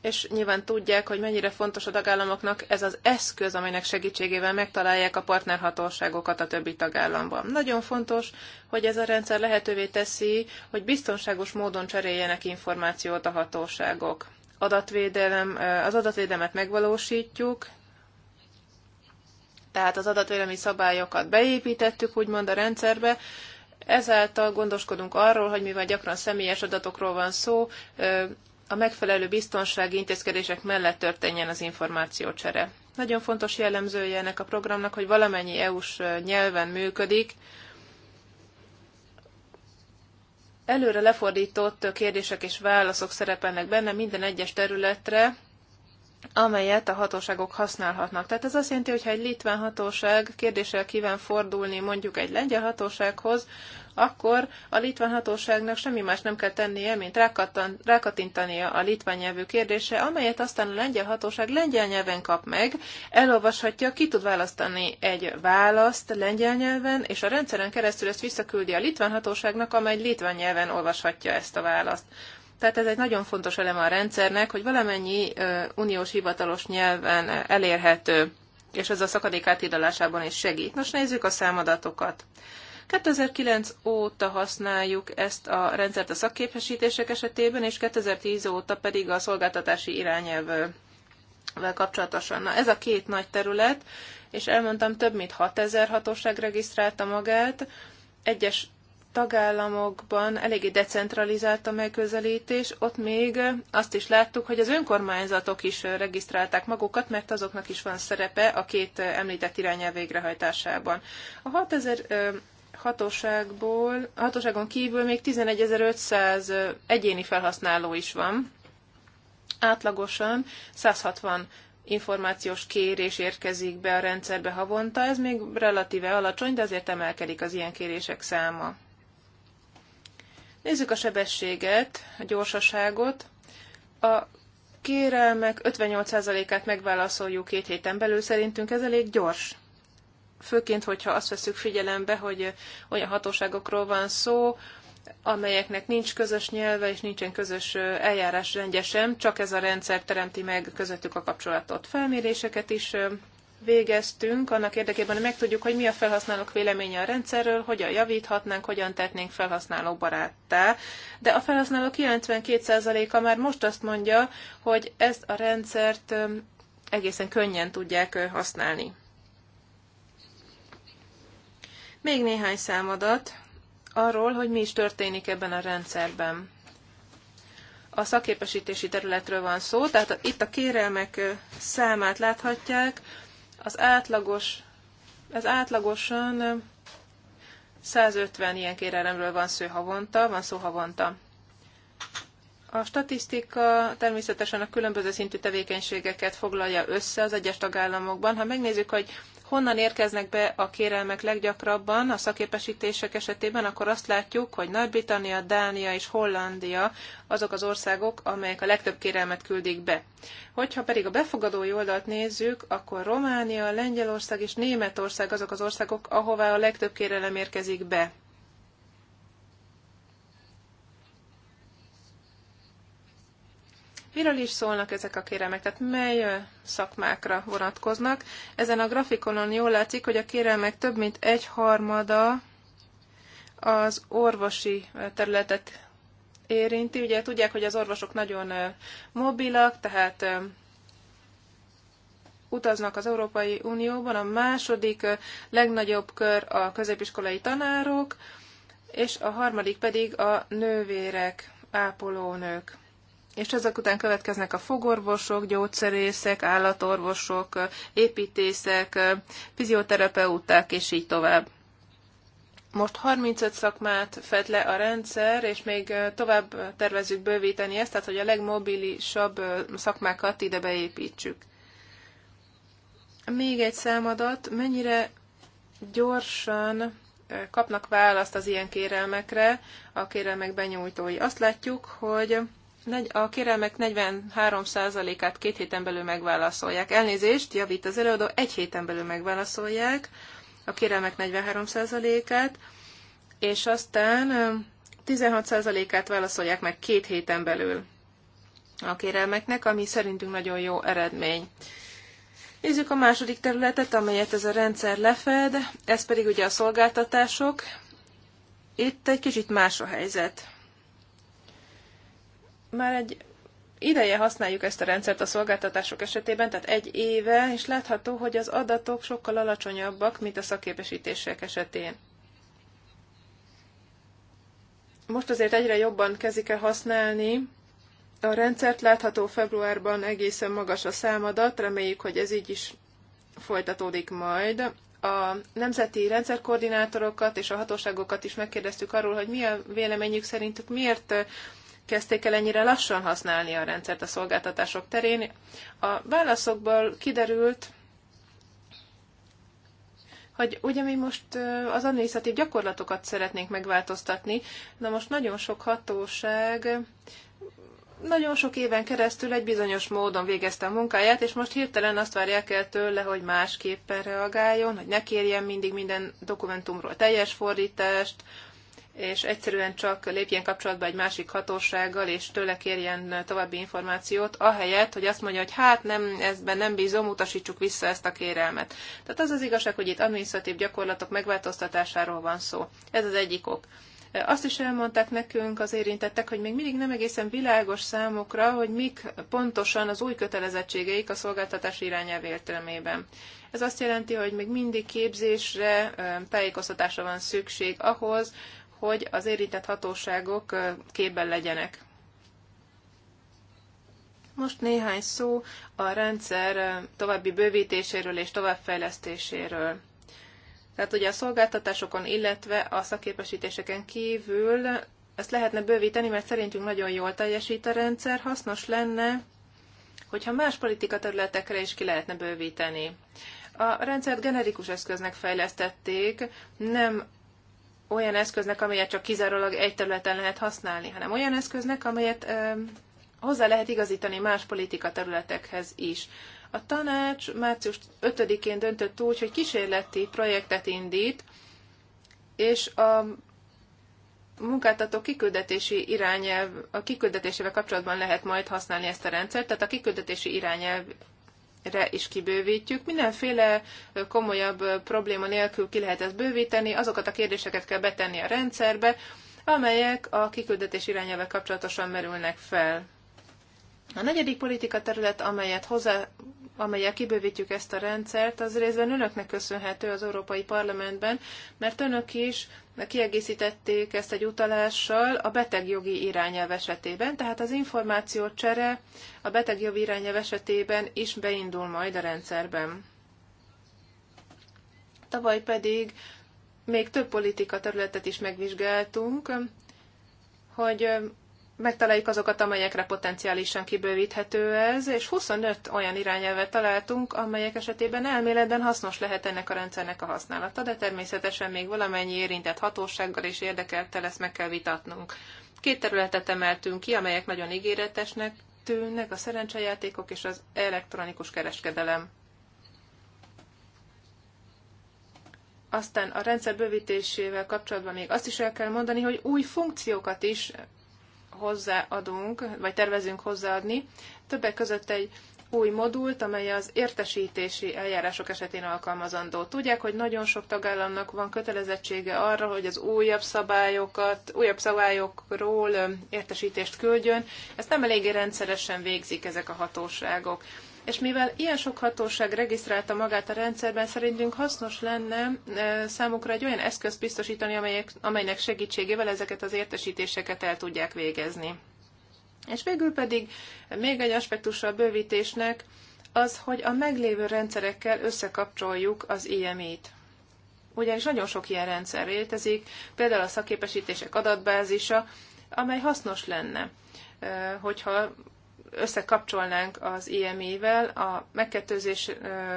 és nyilván tudják, hogy mennyire fontos a tagállamoknak ez az eszköz, amelynek segítségével megtalálják a partnerhatóságokat a többi tagállamban. Nagyon fontos, hogy ez a rendszer lehetővé teszi, hogy biztonságos módon cseréljenek információt a hatóságok. Adatvédelem, eh, az adatvédelmet megvalósítjuk, tehát az adatvédelmi szabályokat beépítettük, úgymond a rendszerbe, ezáltal gondoskodunk arról, hogy mivel gyakran személyes adatokról van szó, eh, a megfelelő biztonsági intézkedések mellett történjen az információcsere. Nagyon fontos jellemzője ennek a programnak, hogy valamennyi EU-s nyelven működik, előre lefordított kérdések és válaszok szerepelnek benne minden egyes területre, amelyet a hatóságok használhatnak. Tehát ez azt jelenti, hogy ha egy litván hatóság kérdéssel kíván fordulni mondjuk egy lengyel hatósághoz, akkor a litván hatóságnak semmi más nem kell tennie, mint rákattintania a litván nyelvű kérdése, amelyet aztán a lengyel hatóság lengyel nyelven kap meg, elolvashatja, ki tud választani egy választ lengyel nyelven, és a rendszeren keresztül ezt visszaküldi a litván hatóságnak, amely litván nyelven olvashatja ezt a választ. Tehát ez egy nagyon fontos eleme a rendszernek, hogy valamennyi uniós hivatalos nyelven elérhető, és ez a szakadék átidalásában is segít. Most nézzük a számadatokat. 2009 óta használjuk ezt a rendszert a szakképesítések esetében, és 2010 óta pedig a szolgáltatási irányelvvel kapcsolatosan. Na, ez a két nagy terület, és elmondtam, több mint 6000 hatóság regisztrálta magát, egyes tagállamokban eléggé decentralizált a megközelítés, ott még azt is láttuk, hogy az önkormányzatok is regisztrálták magukat, mert azoknak is van szerepe a két említett irányelv végrehajtásában. A 6000 hatóságból, hatóságon kívül még 11500 egyéni felhasználó is van. Átlagosan 160 információs kérés érkezik be a rendszerbe havonta, ez még relatíve alacsony, de azért emelkedik az ilyen kérések száma. Nézzük a sebességet, a gyorsaságot. A kérelmek 58%-át megválaszoljuk két héten belül, szerintünk ez elég gyors. Főként, hogyha azt veszük figyelembe, hogy olyan hatóságokról van szó, amelyeknek nincs közös nyelve és nincsen közös rendje sem, csak ez a rendszer teremti meg közöttük a kapcsolatot. Felméréseket is végeztünk annak érdekében, hogy megtudjuk, hogy mi a felhasználók véleménye a rendszerről, hogyan javíthatnánk, hogyan tetnénk felhasználók baráttá. De a felhasználó 92%-a már most azt mondja, hogy ezt a rendszert egészen könnyen tudják használni. Még néhány számadat arról, hogy mi is történik ebben a rendszerben. A szakképesítési területről van szó, tehát itt a kérelmek számát láthatják, az átlagos, ez átlagosan 150 ilyen kérelemről van szó havonta, van szó havonta. A statisztika természetesen a különböző szintű tevékenységeket foglalja össze az egyes tagállamokban. Ha megnézzük, hogy honnan érkeznek be a kérelmek leggyakrabban a szaképesítések esetében, akkor azt látjuk, hogy Nagy-Britannia, Dánia és Hollandia azok az országok, amelyek a legtöbb kérelmet küldik be. Hogyha pedig a befogadói oldalt nézzük, akkor Románia, Lengyelország és Németország azok az országok, ahová a legtöbb kérelem érkezik be Miről is szólnak ezek a kérelmek? Tehát mely szakmákra vonatkoznak? Ezen a grafikonon jól látszik, hogy a kérelmek több mint egy harmada az orvosi területet érinti. Ugye tudják, hogy az orvosok nagyon mobilak, tehát utaznak az Európai Unióban. A második legnagyobb kör a középiskolai tanárok, és a harmadik pedig a nővérek, ápolónők és ezek után következnek a fogorvosok, gyógyszerészek, állatorvosok, építészek, fizioterapeuták, és így tovább. Most 35 szakmát fed le a rendszer, és még tovább tervezünk bővíteni ezt, tehát hogy a legmobilisabb szakmákat ide beépítsük. Még egy számadat, mennyire gyorsan kapnak választ az ilyen kérelmekre a kérelmek benyújtói. Azt látjuk, hogy a kérelmek 43%-át két héten belül megválaszolják. Elnézést, javít az előadó, egy héten belül megválaszolják a kérelmek 43%-át, és aztán 16%-át válaszolják meg két héten belül a kérelmeknek, ami szerintünk nagyon jó eredmény. Nézzük a második területet, amelyet ez a rendszer lefed, ez pedig ugye a szolgáltatások. Itt egy kicsit más a helyzet már egy ideje használjuk ezt a rendszert a szolgáltatások esetében, tehát egy éve, és látható, hogy az adatok sokkal alacsonyabbak, mint a szakképesítések esetén. Most azért egyre jobban kezdik el használni a rendszert, látható februárban egészen magas a számadat, reméljük, hogy ez így is folytatódik majd. A nemzeti rendszerkoordinátorokat és a hatóságokat is megkérdeztük arról, hogy mi a véleményük szerintük, miért kezdték el ennyire lassan használni a rendszert a szolgáltatások terén. A válaszokból kiderült, hogy ugye mi most az adminisztratív gyakorlatokat szeretnénk megváltoztatni, na most nagyon sok hatóság nagyon sok éven keresztül egy bizonyos módon végezte a munkáját, és most hirtelen azt várják el tőle, hogy másképpen reagáljon, hogy ne kérjen mindig minden dokumentumról teljes fordítást, és egyszerűen csak lépjen kapcsolatba egy másik hatósággal, és tőle kérjen további információt, ahelyett, hogy azt mondja, hogy hát nem, ezben nem bízom, utasítsuk vissza ezt a kérelmet. Tehát az az igazság, hogy itt administratív gyakorlatok megváltoztatásáról van szó. Ez az egyik ok. Azt is elmondták nekünk az érintettek, hogy még mindig nem egészen világos számokra, hogy mik pontosan az új kötelezettségeik a szolgáltatás irányelv értelmében. Ez azt jelenti, hogy még mindig képzésre, tájékoztatásra van szükség ahhoz, hogy az érintett hatóságok képben legyenek. Most néhány szó a rendszer további bővítéséről és továbbfejlesztéséről. Tehát ugye a szolgáltatásokon, illetve a szakképesítéseken kívül ezt lehetne bővíteni, mert szerintünk nagyon jól teljesít a rendszer, hasznos lenne, hogyha más területekre is ki lehetne bővíteni. A rendszert generikus eszköznek fejlesztették, nem olyan eszköznek, amelyet csak kizárólag egy területen lehet használni, hanem olyan eszköznek, amelyet hozzá lehet igazítani más politika területekhez is. A tanács március 5-én döntött úgy, hogy kísérleti projektet indít, és a munkáltató kiküldetési irányelv, a kiküldetésével kapcsolatban lehet majd használni ezt a rendszert, tehát a kiküldetési irányelv re is kibővítjük. Mindenféle komolyabb probléma nélkül ki lehet ezt bővíteni, azokat a kérdéseket kell betenni a rendszerbe, amelyek a kiküldetés irányelve kapcsolatosan merülnek fel. A negyedik politika terület, amelyet hozzá Amelyek kibővítjük ezt a rendszert, az részben önöknek köszönhető az Európai Parlamentben, mert önök is kiegészítették ezt egy utalással a betegjogi irányelv esetében, tehát az információ csere a betegjogi irányelv esetében is beindul majd a rendszerben. Tavaly pedig még több politika területet is megvizsgáltunk, hogy megtaláljuk azokat, amelyekre potenciálisan kibővíthető ez, és 25 olyan irányelvet találtunk, amelyek esetében elméletben hasznos lehet ennek a rendszernek a használata, de természetesen még valamennyi érintett hatósággal és érdekeltel ezt meg kell vitatnunk. Két területet emeltünk ki, amelyek nagyon ígéretesnek tűnnek, a szerencsejátékok és az elektronikus kereskedelem. Aztán a rendszer bővítésével kapcsolatban még azt is el kell mondani, hogy új funkciókat is hozzáadunk, vagy tervezünk hozzáadni, többek között egy új modult, amely az értesítési eljárások esetén alkalmazandó. Tudják, hogy nagyon sok tagállamnak van kötelezettsége arra, hogy az újabb szabályokat, újabb szabályokról értesítést küldjön. Ezt nem eléggé rendszeresen végzik ezek a hatóságok. És mivel ilyen sok hatóság regisztrálta magát a rendszerben, szerintünk hasznos lenne e, számukra egy olyan eszközt biztosítani, amelyek, amelynek segítségével ezeket az értesítéseket el tudják végezni. És végül pedig még egy aspektusa a bővítésnek az, hogy a meglévő rendszerekkel összekapcsoljuk az ime t ugyanis nagyon sok ilyen rendszer létezik, például a szaképesítések adatbázisa, amely hasznos lenne, e, hogyha összekapcsolnánk az ime vel a megkettőzés,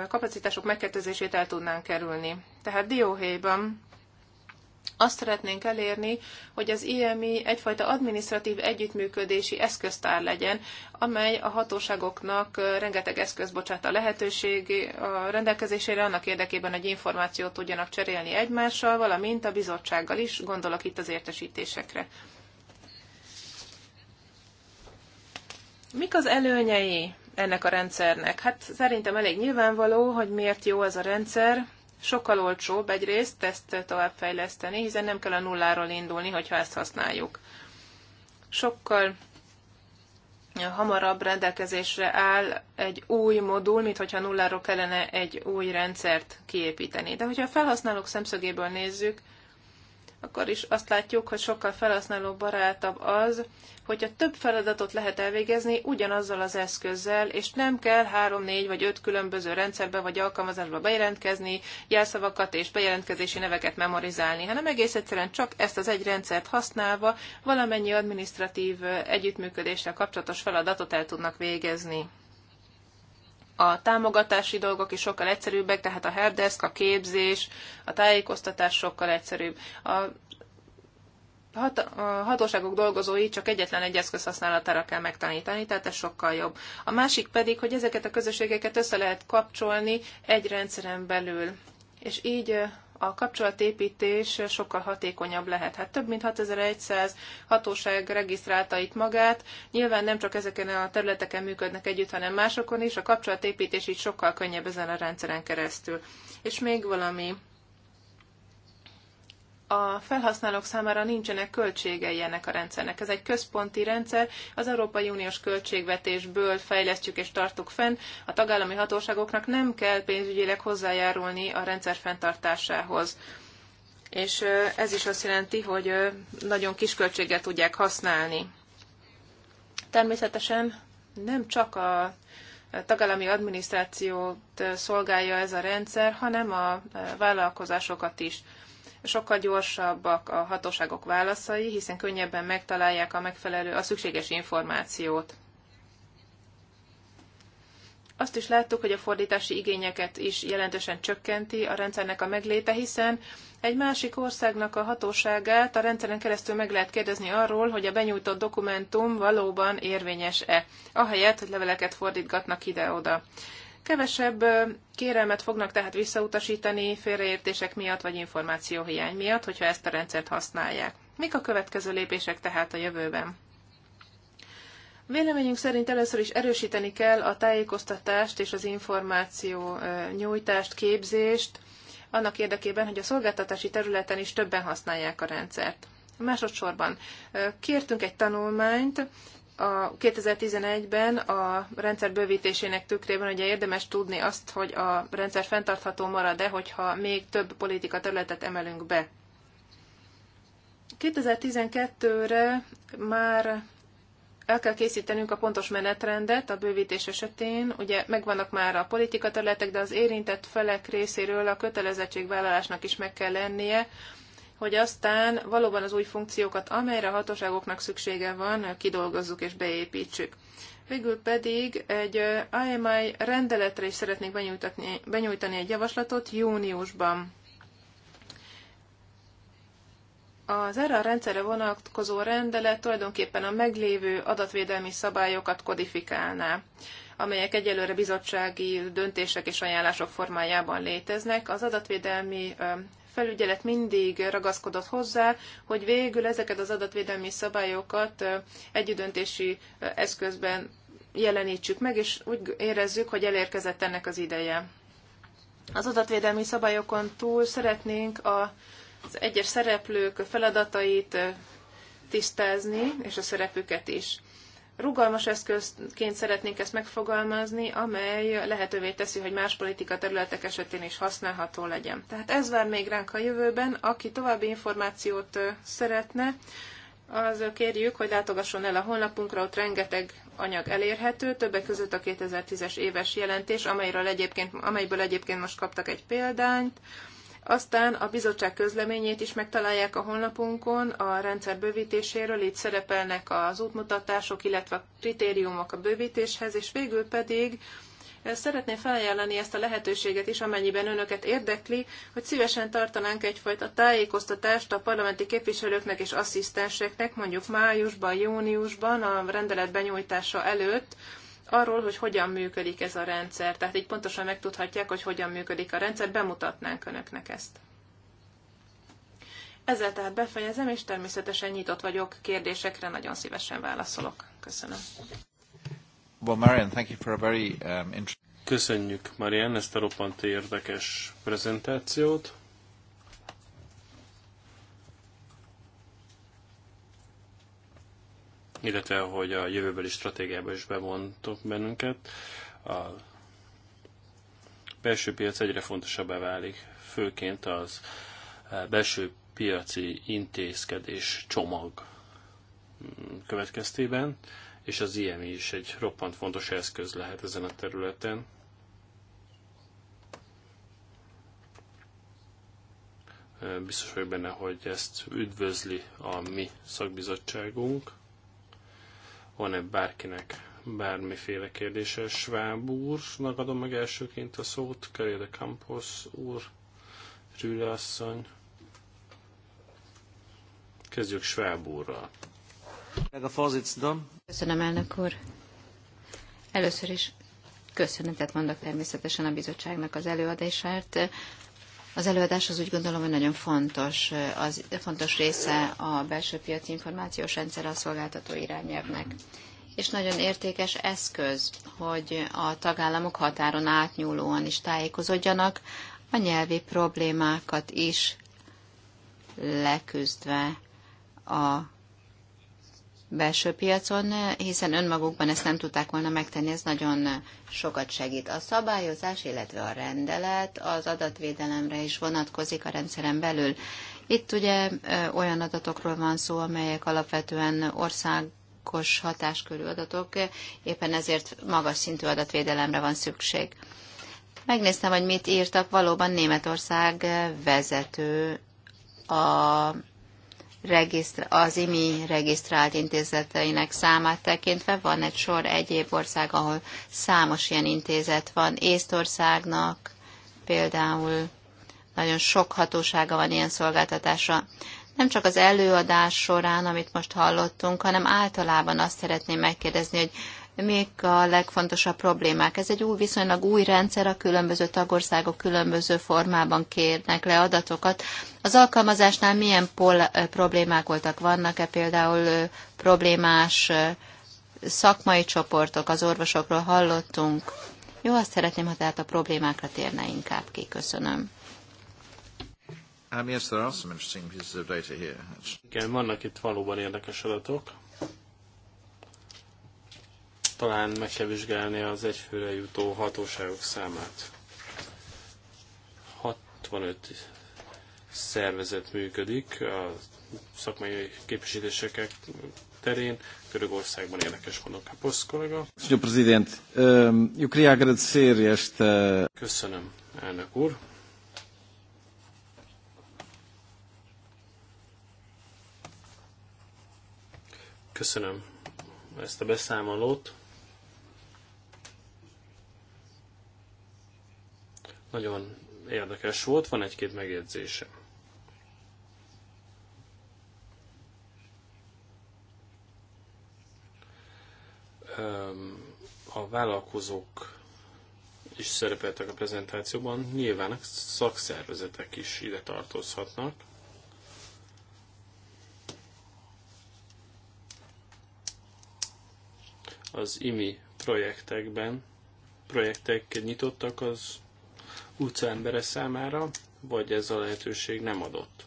kapacitások megkettőzését el tudnánk kerülni. Tehát dióhéjban azt szeretnénk elérni, hogy az IMI egyfajta administratív együttműködési eszköztár legyen, amely a hatóságoknak rengeteg eszköz bocsát a lehetőség a rendelkezésére, annak érdekében, hogy információt tudjanak cserélni egymással, valamint a bizottsággal is, gondolok itt az értesítésekre. Mik az előnyei ennek a rendszernek? Hát szerintem elég nyilvánvaló, hogy miért jó ez a rendszer. Sokkal olcsóbb egyrészt ezt továbbfejleszteni, hiszen nem kell a nulláról indulni, hogyha ezt használjuk. Sokkal hamarabb rendelkezésre áll egy új modul, mint hogyha nulláról kellene egy új rendszert kiépíteni. De hogyha a felhasználók szemszögéből nézzük, akkor is azt látjuk, hogy sokkal felhasználó barátabb az, hogyha több feladatot lehet elvégezni ugyanazzal az eszközzel, és nem kell három, négy vagy öt különböző rendszerbe vagy alkalmazásba bejelentkezni, jelszavakat és bejelentkezési neveket memorizálni, hanem egész egyszerűen csak ezt az egy rendszert használva valamennyi administratív együttműködéssel kapcsolatos feladatot el tudnak végezni. A támogatási dolgok is sokkal egyszerűbbek, tehát a helpdesk, a képzés, a tájékoztatás sokkal egyszerűbb. A hat, a hatóságok dolgozói csak egyetlen egy eszköz használatára kell megtanítani, tehát ez sokkal jobb. A másik pedig, hogy ezeket a közösségeket össze lehet kapcsolni egy rendszeren belül. És így a kapcsolatépítés sokkal hatékonyabb lehet. Hát több mint 6100 hatóság regisztrálta itt magát. Nyilván nem csak ezeken a területeken működnek együtt, hanem másokon is. A kapcsolatépítés így sokkal könnyebb ezen a rendszeren keresztül. És még valami a felhasználók számára nincsenek költségei ennek a rendszernek. Ez egy központi rendszer, az Európai Uniós költségvetésből fejlesztjük és tartjuk fenn. A tagállami hatóságoknak nem kell pénzügyileg hozzájárulni a rendszer fenntartásához. És ez is azt jelenti, hogy nagyon kis költséget tudják használni. Természetesen nem csak a tagállami adminisztrációt szolgálja ez a rendszer, hanem a vállalkozásokat is sokkal gyorsabbak a hatóságok válaszai, hiszen könnyebben megtalálják a megfelelő, a szükséges információt. Azt is láttuk, hogy a fordítási igényeket is jelentősen csökkenti a rendszernek a megléte, hiszen egy másik országnak a hatóságát a rendszeren keresztül meg lehet kérdezni arról, hogy a benyújtott dokumentum valóban érvényes-e, ahelyett, hogy leveleket fordítgatnak ide-oda. Kevesebb kérelmet fognak tehát visszautasítani félreértések miatt vagy információhiány miatt, hogyha ezt a rendszert használják. Mik a következő lépések tehát a jövőben? Véleményünk szerint először is erősíteni kell a tájékoztatást és az információ nyújtást, képzést, annak érdekében, hogy a szolgáltatási területen is többen használják a rendszert. Másodszorban kértünk egy tanulmányt, a 2011-ben a rendszer bővítésének tükrében ugye érdemes tudni azt, hogy a rendszer fenntartható marad-e, hogyha még több politika területet emelünk be. 2012-re már el kell készítenünk a pontos menetrendet a bővítés esetén. Ugye megvannak már a politika területek, de az érintett felek részéről a kötelezettségvállalásnak is meg kell lennie, hogy aztán valóban az új funkciókat, amelyre a hatóságoknak szüksége van, kidolgozzuk és beépítsük. Végül pedig egy IMI rendeletre is szeretnék benyújtani, benyújtani egy javaslatot júniusban. Az erre a rendszerre vonatkozó rendelet tulajdonképpen a meglévő adatvédelmi szabályokat kodifikálná amelyek egyelőre bizottsági döntések és ajánlások formájában léteznek. Az adatvédelmi felügyelet mindig ragaszkodott hozzá, hogy végül ezeket az adatvédelmi szabályokat együttdöntési eszközben jelenítsük meg, és úgy érezzük, hogy elérkezett ennek az ideje. Az adatvédelmi szabályokon túl szeretnénk az egyes szereplők feladatait tisztázni, és a szerepüket is rugalmas eszközként szeretnénk ezt megfogalmazni, amely lehetővé teszi, hogy más politika területek esetén is használható legyen. Tehát ez vár még ránk a jövőben. Aki további információt szeretne, az kérjük, hogy látogasson el a honlapunkra, ott rengeteg anyag elérhető, többek között a 2010-es éves jelentés, amelyről egyébként, amelyből egyébként most kaptak egy példányt, aztán a bizottság közleményét is megtalálják a honlapunkon, a rendszer bővítéséről itt szerepelnek az útmutatások, illetve a kritériumok a bővítéshez, és végül pedig eh, szeretném felajánlani ezt a lehetőséget is, amennyiben önöket érdekli, hogy szívesen tartanánk egyfajta tájékoztatást a parlamenti képviselőknek és asszisztenseknek, mondjuk májusban, júniusban, a rendelet benyújtása előtt, arról, hogy hogyan működik ez a rendszer. Tehát így pontosan megtudhatják, hogy hogyan működik a rendszer, bemutatnánk önöknek ezt. Ezzel tehát befejezem, és természetesen nyitott vagyok kérdésekre, nagyon szívesen válaszolok. Köszönöm. Well, Marian, thank you for a very, um, Köszönjük, Marian, ezt a roppant érdekes prezentációt. illetve hogy a jövőbeli stratégiába is bevontok bennünket. A belső piac egyre fontosabbá válik, főként az eh, belső piaci intézkedés csomag mm, következtében, és az IMI is egy roppant fontos eszköz lehet ezen a területen. Eh, biztos vagyok benne, hogy ezt üdvözli a mi szakbizottságunk van-e bárkinek bármiféle kérdése. Schwab úrnak adom meg elsőként a szót, Keré de Campos úr, Rüle asszony. Kezdjük Schwab úrral. Köszönöm, elnök úr. Először is köszönetet mondok természetesen a bizottságnak az előadásért. Az előadás az úgy gondolom, hogy nagyon fontos, eh, az fontos része a belső piaci információs rendszer a szolgáltató irányelvnek. És nagyon értékes eszköz, hogy a tagállamok határon átnyúlóan is tájékozódjanak, a nyelvi problémákat is leküzdve a belső piacon, hiszen önmagukban ezt nem tudták volna megtenni, ez nagyon sokat segít. A szabályozás, illetve a rendelet az adatvédelemre is vonatkozik a rendszeren belül. Itt ugye olyan adatokról van szó, amelyek alapvetően ország hatáskörű adatok, éppen ezért magas szintű adatvédelemre van szükség. Megnéztem, hogy mit írtak, valóban Németország vezető a az IMI regisztrált intézeteinek számát tekintve van egy sor egyéb ország, ahol számos ilyen intézet van. Észtországnak például nagyon sok hatósága van ilyen szolgáltatása. Nem csak az előadás során, amit most hallottunk, hanem általában azt szeretném megkérdezni, hogy mik a legfontosabb problémák. Ez egy új, viszonylag új rendszer, a különböző tagországok különböző formában kérnek le adatokat. Az alkalmazásnál milyen pol- problémák voltak? Vannak-e például problémás szakmai csoportok, az orvosokról hallottunk? Jó, azt szeretném, ha tehát a problémákra térne inkább ki. Köszönöm. Um, Igen, vannak itt valóban érdekes adatok talán meg kell vizsgálni az egyfőre jutó hatóságok számát. 65 szervezet működik a szakmai képviselések terén. Görögországban érdekes mondok. Kaposz kollega. Sr. President, ehm, Köszönöm, elnök úr. Köszönöm ezt a beszámolót. Nagyon érdekes volt, van egy-két megjegyzése. A vállalkozók is szerepeltek a prezentációban, nyilván a szakszervezetek is ide tartozhatnak. Az IMI projektekben projektek nyitottak az utca embere számára, vagy ez a lehetőség nem adott,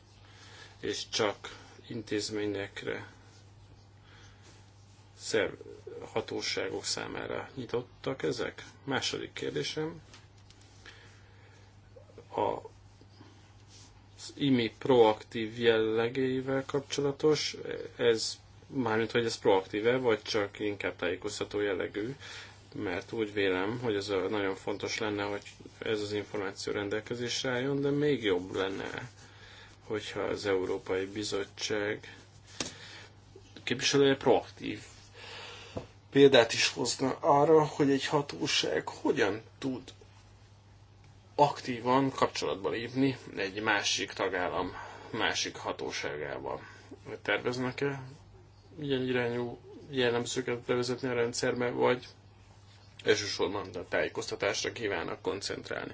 és csak intézményekre, szerv, hatóságok számára nyitottak ezek? Második kérdésem. A az IMI proaktív jellegével kapcsolatos, ez mármint, hogy ez proaktíve, vagy csak inkább tájékoztató jellegű, mert úgy vélem, hogy ez a, nagyon fontos lenne, hogy ez az információ rendelkezésre álljon, de még jobb lenne, hogyha az Európai Bizottság képviselője proaktív példát is hozna arra, hogy egy hatóság hogyan tud aktívan kapcsolatba lépni egy másik tagállam másik hatóságával. Terveznek-e ilyen irányú jellemzőket bevezetni a rendszerbe, vagy elsősorban a tájékoztatásra kívánnak koncentrálni.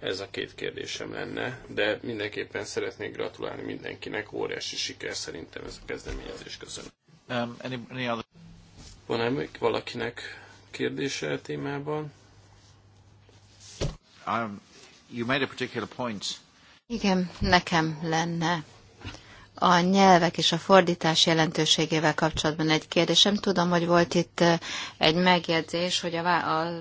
Ez a két kérdésem lenne, de mindenképpen szeretnék gratulálni mindenkinek, óriási siker szerintem ez a kezdeményezés. Köszönöm. Um, any, any other... Van-e még valakinek kérdése a témában? Um, you made a particular point. Igen, nekem lenne a nyelvek és a fordítás jelentőségével kapcsolatban egy kérdésem. Tudom, hogy volt itt eh, egy megjegyzés, hogy a, a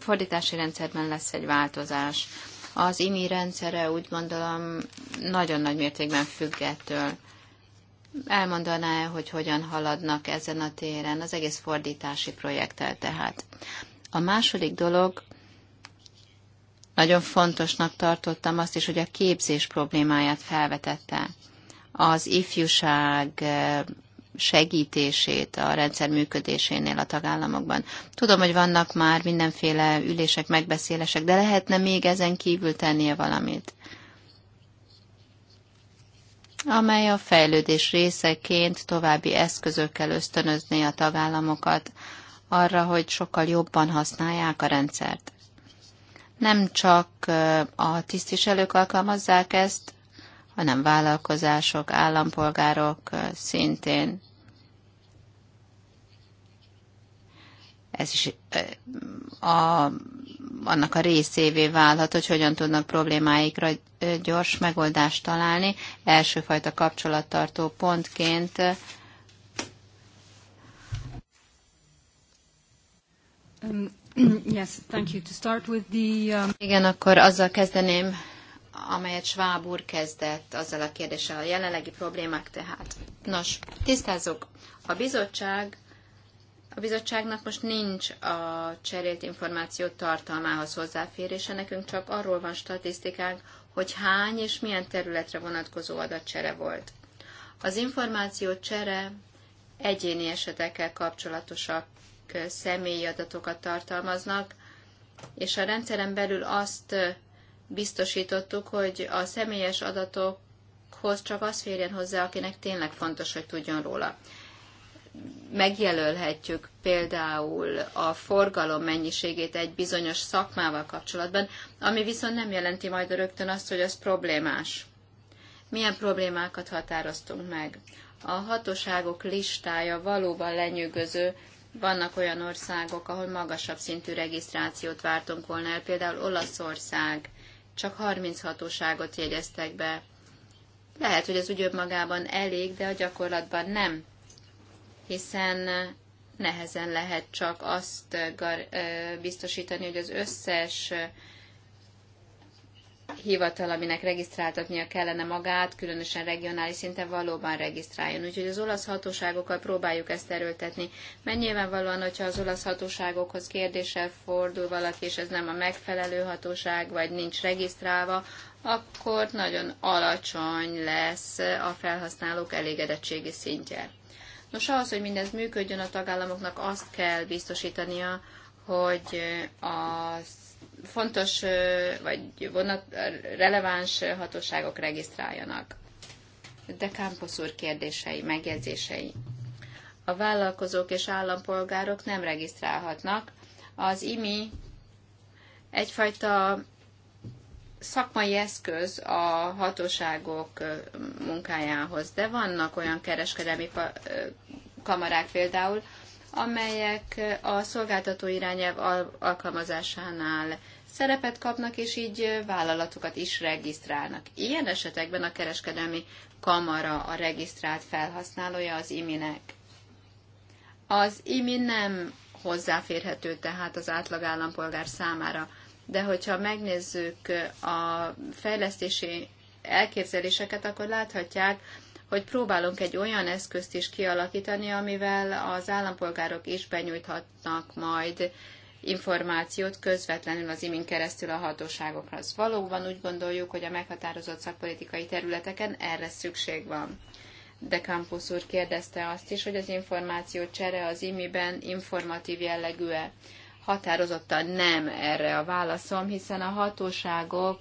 fordítási rendszerben lesz egy változás. Az IMI rendszere úgy gondolom nagyon nagy mértékben függ ettől. Elmondaná, -e, hogy hogyan haladnak ezen a téren az egész fordítási projekttel tehát. A második dolog, nagyon fontosnak tartottam azt is, hogy a képzés problémáját felvetette az ifjúság eh, segítését a rendszer működésénél a tagállamokban. Tudom, hogy vannak már mindenféle ülések, megbeszélések, de lehetne még ezen kívül tennie valamit, amely a fejlődés részeként további eszközökkel ösztönözné a tagállamokat arra, hogy sokkal jobban használják a rendszert. Nem csak eh, a tisztviselők alkalmazzák ezt, hanem vállalkozások, állampolgárok szintén. Ez is a, annak a részévé válhat, hogy hogyan tudnak problémáikra gyors megoldást találni. Elsőfajta kapcsolattartó pontként Um, yes, thank you. To start with the, um... Igen, akkor azzal kezdeném, amelyet Schwab úr kezdett azzal a kérdéssel, a jelenlegi problémák tehát. Nos, tisztázzuk, a bizottság a bizottságnak most nincs a cserélt információ tartalmához hozzáférése, nekünk csak arról van statisztikánk, hogy hány és milyen területre vonatkozó adatcsere volt. Az információ csere egyéni esetekkel kapcsolatosak személyi adatokat tartalmaznak, és a rendszeren belül azt biztosítottuk, hogy a személyes adatokhoz csak az férjen hozzá, akinek tényleg fontos, hogy tudjon róla. Megjelölhetjük például a forgalom mennyiségét egy bizonyos szakmával kapcsolatban, ami viszont nem jelenti majd rögtön azt, hogy az problémás. Milyen problémákat határoztunk meg? A hatóságok listája valóban lenyűgöző, vannak olyan országok, ahol magasabb szintű regisztrációt vártunk volna el, például Olaszország csak 30 hatóságot jegyeztek be. Lehet, hogy ez úgy magában elég, de a gyakorlatban nem, hiszen nehezen lehet csak azt biztosítani, hogy az összes hivatal, aminek regisztráltatnia kellene magát, különösen regionális szinten valóban regisztráljon. Úgyhogy az olasz hatóságokkal próbáljuk ezt erőltetni, mert nyilvánvalóan, hogyha az olasz hatóságokhoz kérdéssel fordul valaki, és ez nem a megfelelő hatóság, vagy nincs regisztrálva, akkor nagyon alacsony lesz a felhasználók elégedettségi szintje. Nos, ahhoz, hogy mindez működjön, a tagállamoknak azt kell biztosítania, hogy az fontos vagy vonat, releváns hatóságok regisztráljanak. De Campos úr kérdései, megjegyzései. A vállalkozók és állampolgárok nem regisztrálhatnak. Az IMI egyfajta szakmai eszköz a hatóságok munkájához, de vannak olyan kereskedelmi kamarák például, amelyek a szolgáltató irányelv alkalmazásánál szerepet kapnak, és így vállalatokat is regisztrálnak. Ilyen esetekben a kereskedelmi kamara a regisztrált felhasználója az iminek. Az imi nem hozzáférhető tehát az átlag állampolgár számára, de hogyha megnézzük a fejlesztési elképzeléseket, akkor láthatják, hogy próbálunk egy olyan eszközt is kialakítani, amivel az állampolgárok is benyújthatnak majd információt közvetlenül az imin keresztül a hatóságokra. Valóban úgy gondoljuk, hogy a meghatározott szakpolitikai területeken erre szükség van. De Campus úr kérdezte azt is, hogy az információ csere az imiben informatív jellegű-e. Határozottan nem erre a válaszom, hiszen a hatóságok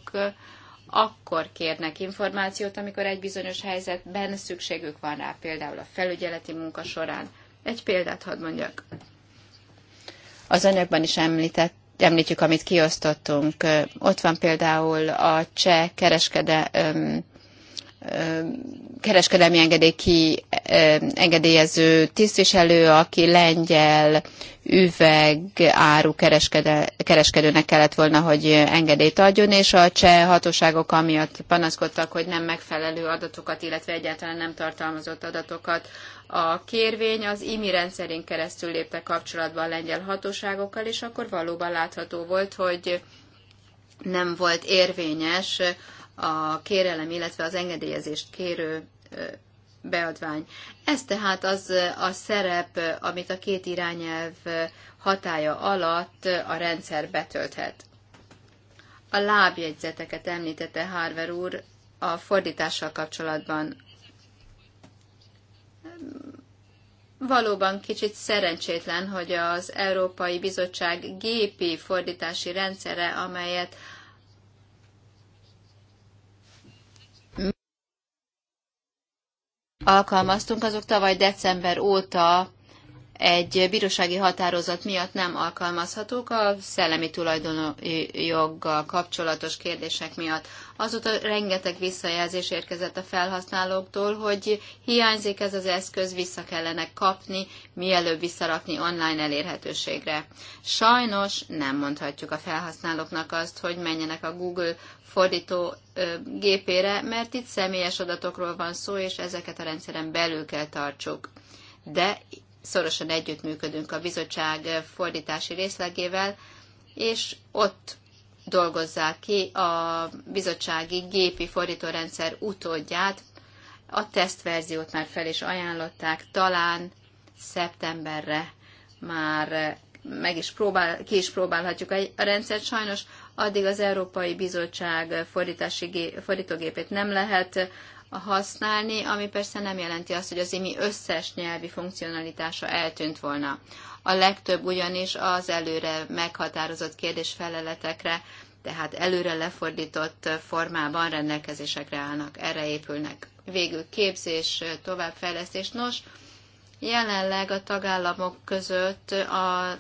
akkor kérnek információt, amikor egy bizonyos helyzetben szükségük van rá, például a felügyeleti munka során. Egy példát hadd mondjak. Az anyagban is említett említjük, amit kiosztottunk. Ott van például a cseh kereskedelmi kereskedelmi engedély ki engedélyező tisztviselő, aki lengyel üveg áru kereskedőnek kellett volna, hogy engedélyt adjon, és a cseh hatóságok amiatt panaszkodtak, hogy nem megfelelő adatokat, illetve egyáltalán nem tartalmazott adatokat. A kérvény az IMI rendszerén keresztül lépte kapcsolatban a lengyel hatóságokkal, és akkor valóban látható volt, hogy nem volt érvényes a kérelem, illetve az engedélyezést kérő beadvány. Ez tehát az a szerep, amit a két irányelv hatája alatt a rendszer betölthet. A lábjegyzeteket említette Harver úr a fordítással kapcsolatban. Valóban kicsit szerencsétlen, hogy az Európai Bizottság gépi fordítási rendszere, amelyet alkalmaztunk, azok tavaly december óta egy bírósági határozat miatt nem alkalmazhatók a szellemi tulajdonjoggal kapcsolatos kérdések miatt. Azóta rengeteg visszajelzés érkezett a felhasználóktól, hogy hiányzik ez az eszköz, vissza kellene kapni, mielőbb visszarakni online elérhetőségre. Sajnos nem mondhatjuk a felhasználóknak azt, hogy menjenek a Google fordító gépére, mert itt személyes adatokról van szó, és ezeket a rendszeren belül kell tartsuk. De szorosan együttműködünk a bizottság fordítási részlegével, és ott dolgozzák ki a bizottsági gépi fordítórendszer utódját. A tesztverziót már fel is ajánlották, talán szeptemberre már meg is próbál, ki is próbálhatjuk a rendszert. Sajnos addig az Európai Bizottság fordítási, fordítógépét nem lehet használni, ami persze nem jelenti azt, hogy az IMI összes nyelvi funkcionalitása eltűnt volna. A legtöbb ugyanis az előre meghatározott kérdésfeleletekre, tehát előre lefordított formában rendelkezésekre állnak, erre épülnek. Végül képzés, továbbfejlesztés. Nos, Jelenleg a tagállamok között, a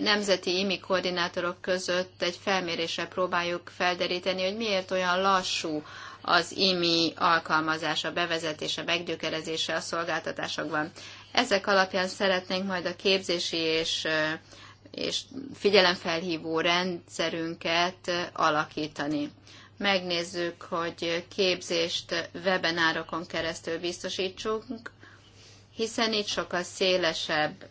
nemzeti IMI koordinátorok között egy felmérésre próbáljuk felderíteni, hogy miért olyan lassú az IMI alkalmazása, bevezetése, meggyökerezése a szolgáltatásokban. Ezek alapján szeretnénk majd a képzési és, és figyelemfelhívó rendszerünket alakítani. Megnézzük, hogy képzést webinárokon keresztül biztosítsunk, hiszen itt sokkal szélesebb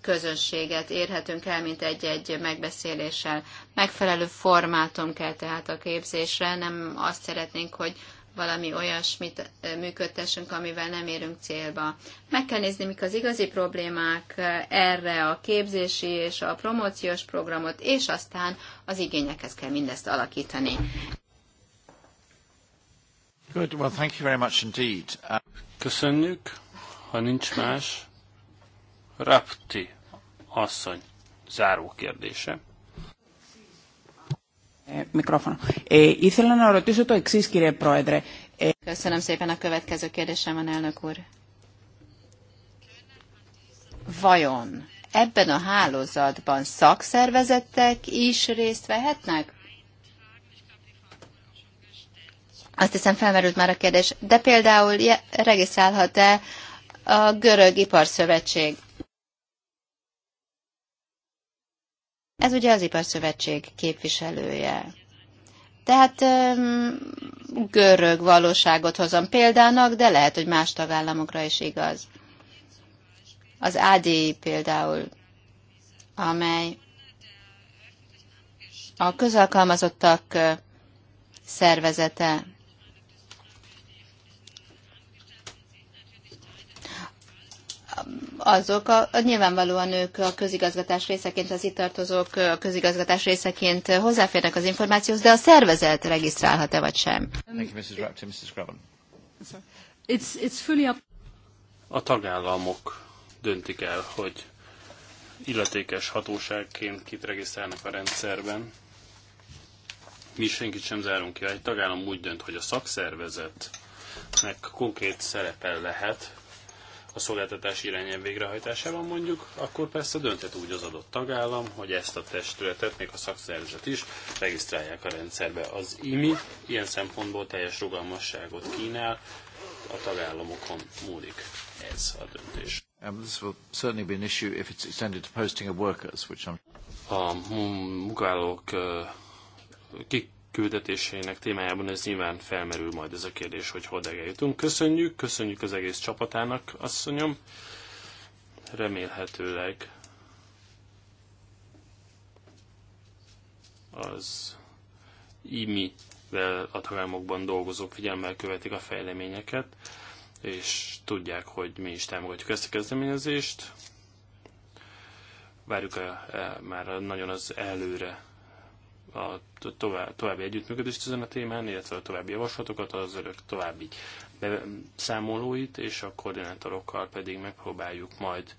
közönséget érhetünk el, mint egy-egy megbeszéléssel. Megfelelő formátum kell tehát a képzésre, nem azt szeretnénk, hogy valami olyasmit működtessünk, amivel nem érünk célba. Meg kell nézni, mik az igazi problémák erre a képzési és a promóciós programot, és aztán az igényekhez kell mindezt alakítani. Good, well, thank you very much indeed. Uh, Köszönjük. Ha nincs más, Rapti asszony záró kérdése. Eh, Mikrofon. Ithelen eh, να ρωτήσω το εξής, Proedre. Köszönöm szépen a következő kérdésem van, elnök úr. Vajon ebben a hálózatban szakszervezetek is részt vehetnek? Azt hiszem felmerült már a kérdés. De például regisztrálhat-e a Görög Iparszövetség. Ez ugye az Iparszövetség képviselője. Tehát görög valóságot hozom példának, de lehet, hogy más tagállamokra is igaz. Az AD például, amely a közalkalmazottak szervezete azok a, a, nyilvánvalóan ők a közigazgatás részeként, az itt tartozók a közigazgatás részeként hozzáférnek az információhoz, de a szervezet regisztrálhat-e vagy sem? A tagállamok döntik el, hogy illetékes hatóságként kit regisztrálnak a rendszerben. Mi senkit sem zárunk ki. Egy tagállam úgy dönt, hogy a szakszervezetnek konkrét szerepe lehet, a szolgáltatás irányen végrehajtásában mondjuk, akkor persze dönthet úgy az adott tagállam, hogy ezt a testületet, még a szakszervezet is regisztrálják a rendszerbe. Az IMI ilyen szempontból teljes rugalmasságot kínál, a tagállamokon múlik ez a döntés. Um, a munkavállalók küldetésének témájában ez nyilván felmerül majd ez a kérdés, hogy hol jutunk. Köszönjük, köszönjük az egész csapatának, asszonyom. Remélhetőleg az IMI-vel a tagállamokban dolgozók figyelmel követik a fejleményeket, és tudják, hogy mi is támogatjuk ezt a kezdeményezést. Várjuk a, e, a, már nagyon az előre a tovább, további együttműködést ezen a témán, illetve a további javaslatokat, az örök további számolóit, és a koordinátorokkal pedig megpróbáljuk majd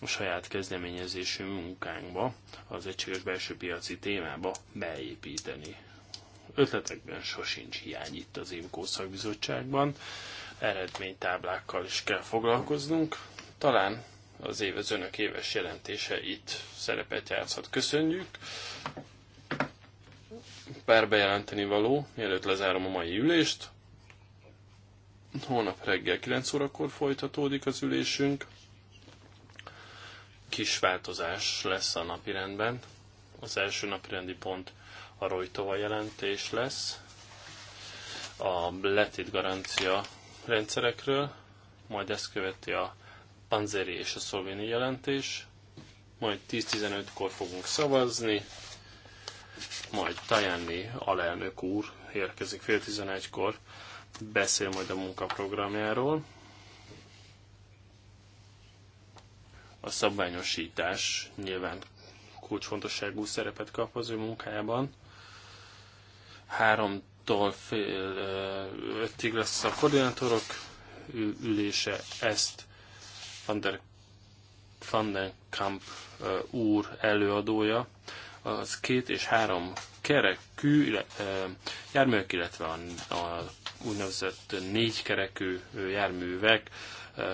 a saját kezdeményezésű munkánkba, az egységes belső piaci témába beépíteni. Ötletekben sosincs hiány itt az Évkó szakbizottságban, eredménytáblákkal is kell foglalkoznunk. Talán az év az önök éves jelentése itt szerepet játszhat. Köszönjük! pár bejelenteni való, mielőtt lezárom a mai ülést. Holnap reggel 9 órakor folytatódik az ülésünk. Kis változás lesz a napirendben. Az első napirendi pont a Rojtova jelentés lesz. A letét garancia rendszerekről, majd ezt követi a Panzeri és a Szolvini jelentés, majd 10-15-kor fogunk szavazni, majd Tajani alelnök úr érkezik fél tizenegykor, beszél majd a munkaprogramjáról. A szabványosítás nyilván kulcsfontosságú szerepet kap az ő munkájában. Háromtól fél ötig lesz a koordinátorok ülése, ezt Van der Van der Kamp úr előadója, az két és három kerekű járművek, illetve a, a úgynevezett négy kerekű járművek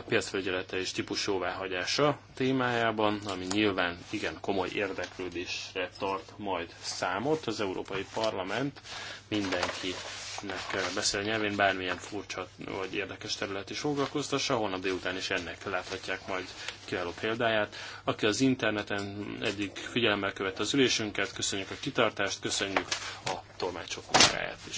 piacfelügyelete és típusjóváhagyása témájában, ami nyilván igen komoly érdeklődésre tart majd számot. Az Európai Parlament mindenki akinek beszél nyelvén, bármilyen furcsa vagy érdekes terület is foglalkoztassa, holnap délután is ennek láthatják majd kiváló példáját. Aki az interneten eddig figyelemmel követte az ülésünket, köszönjük a kitartást, köszönjük a tolmácsok munkáját is.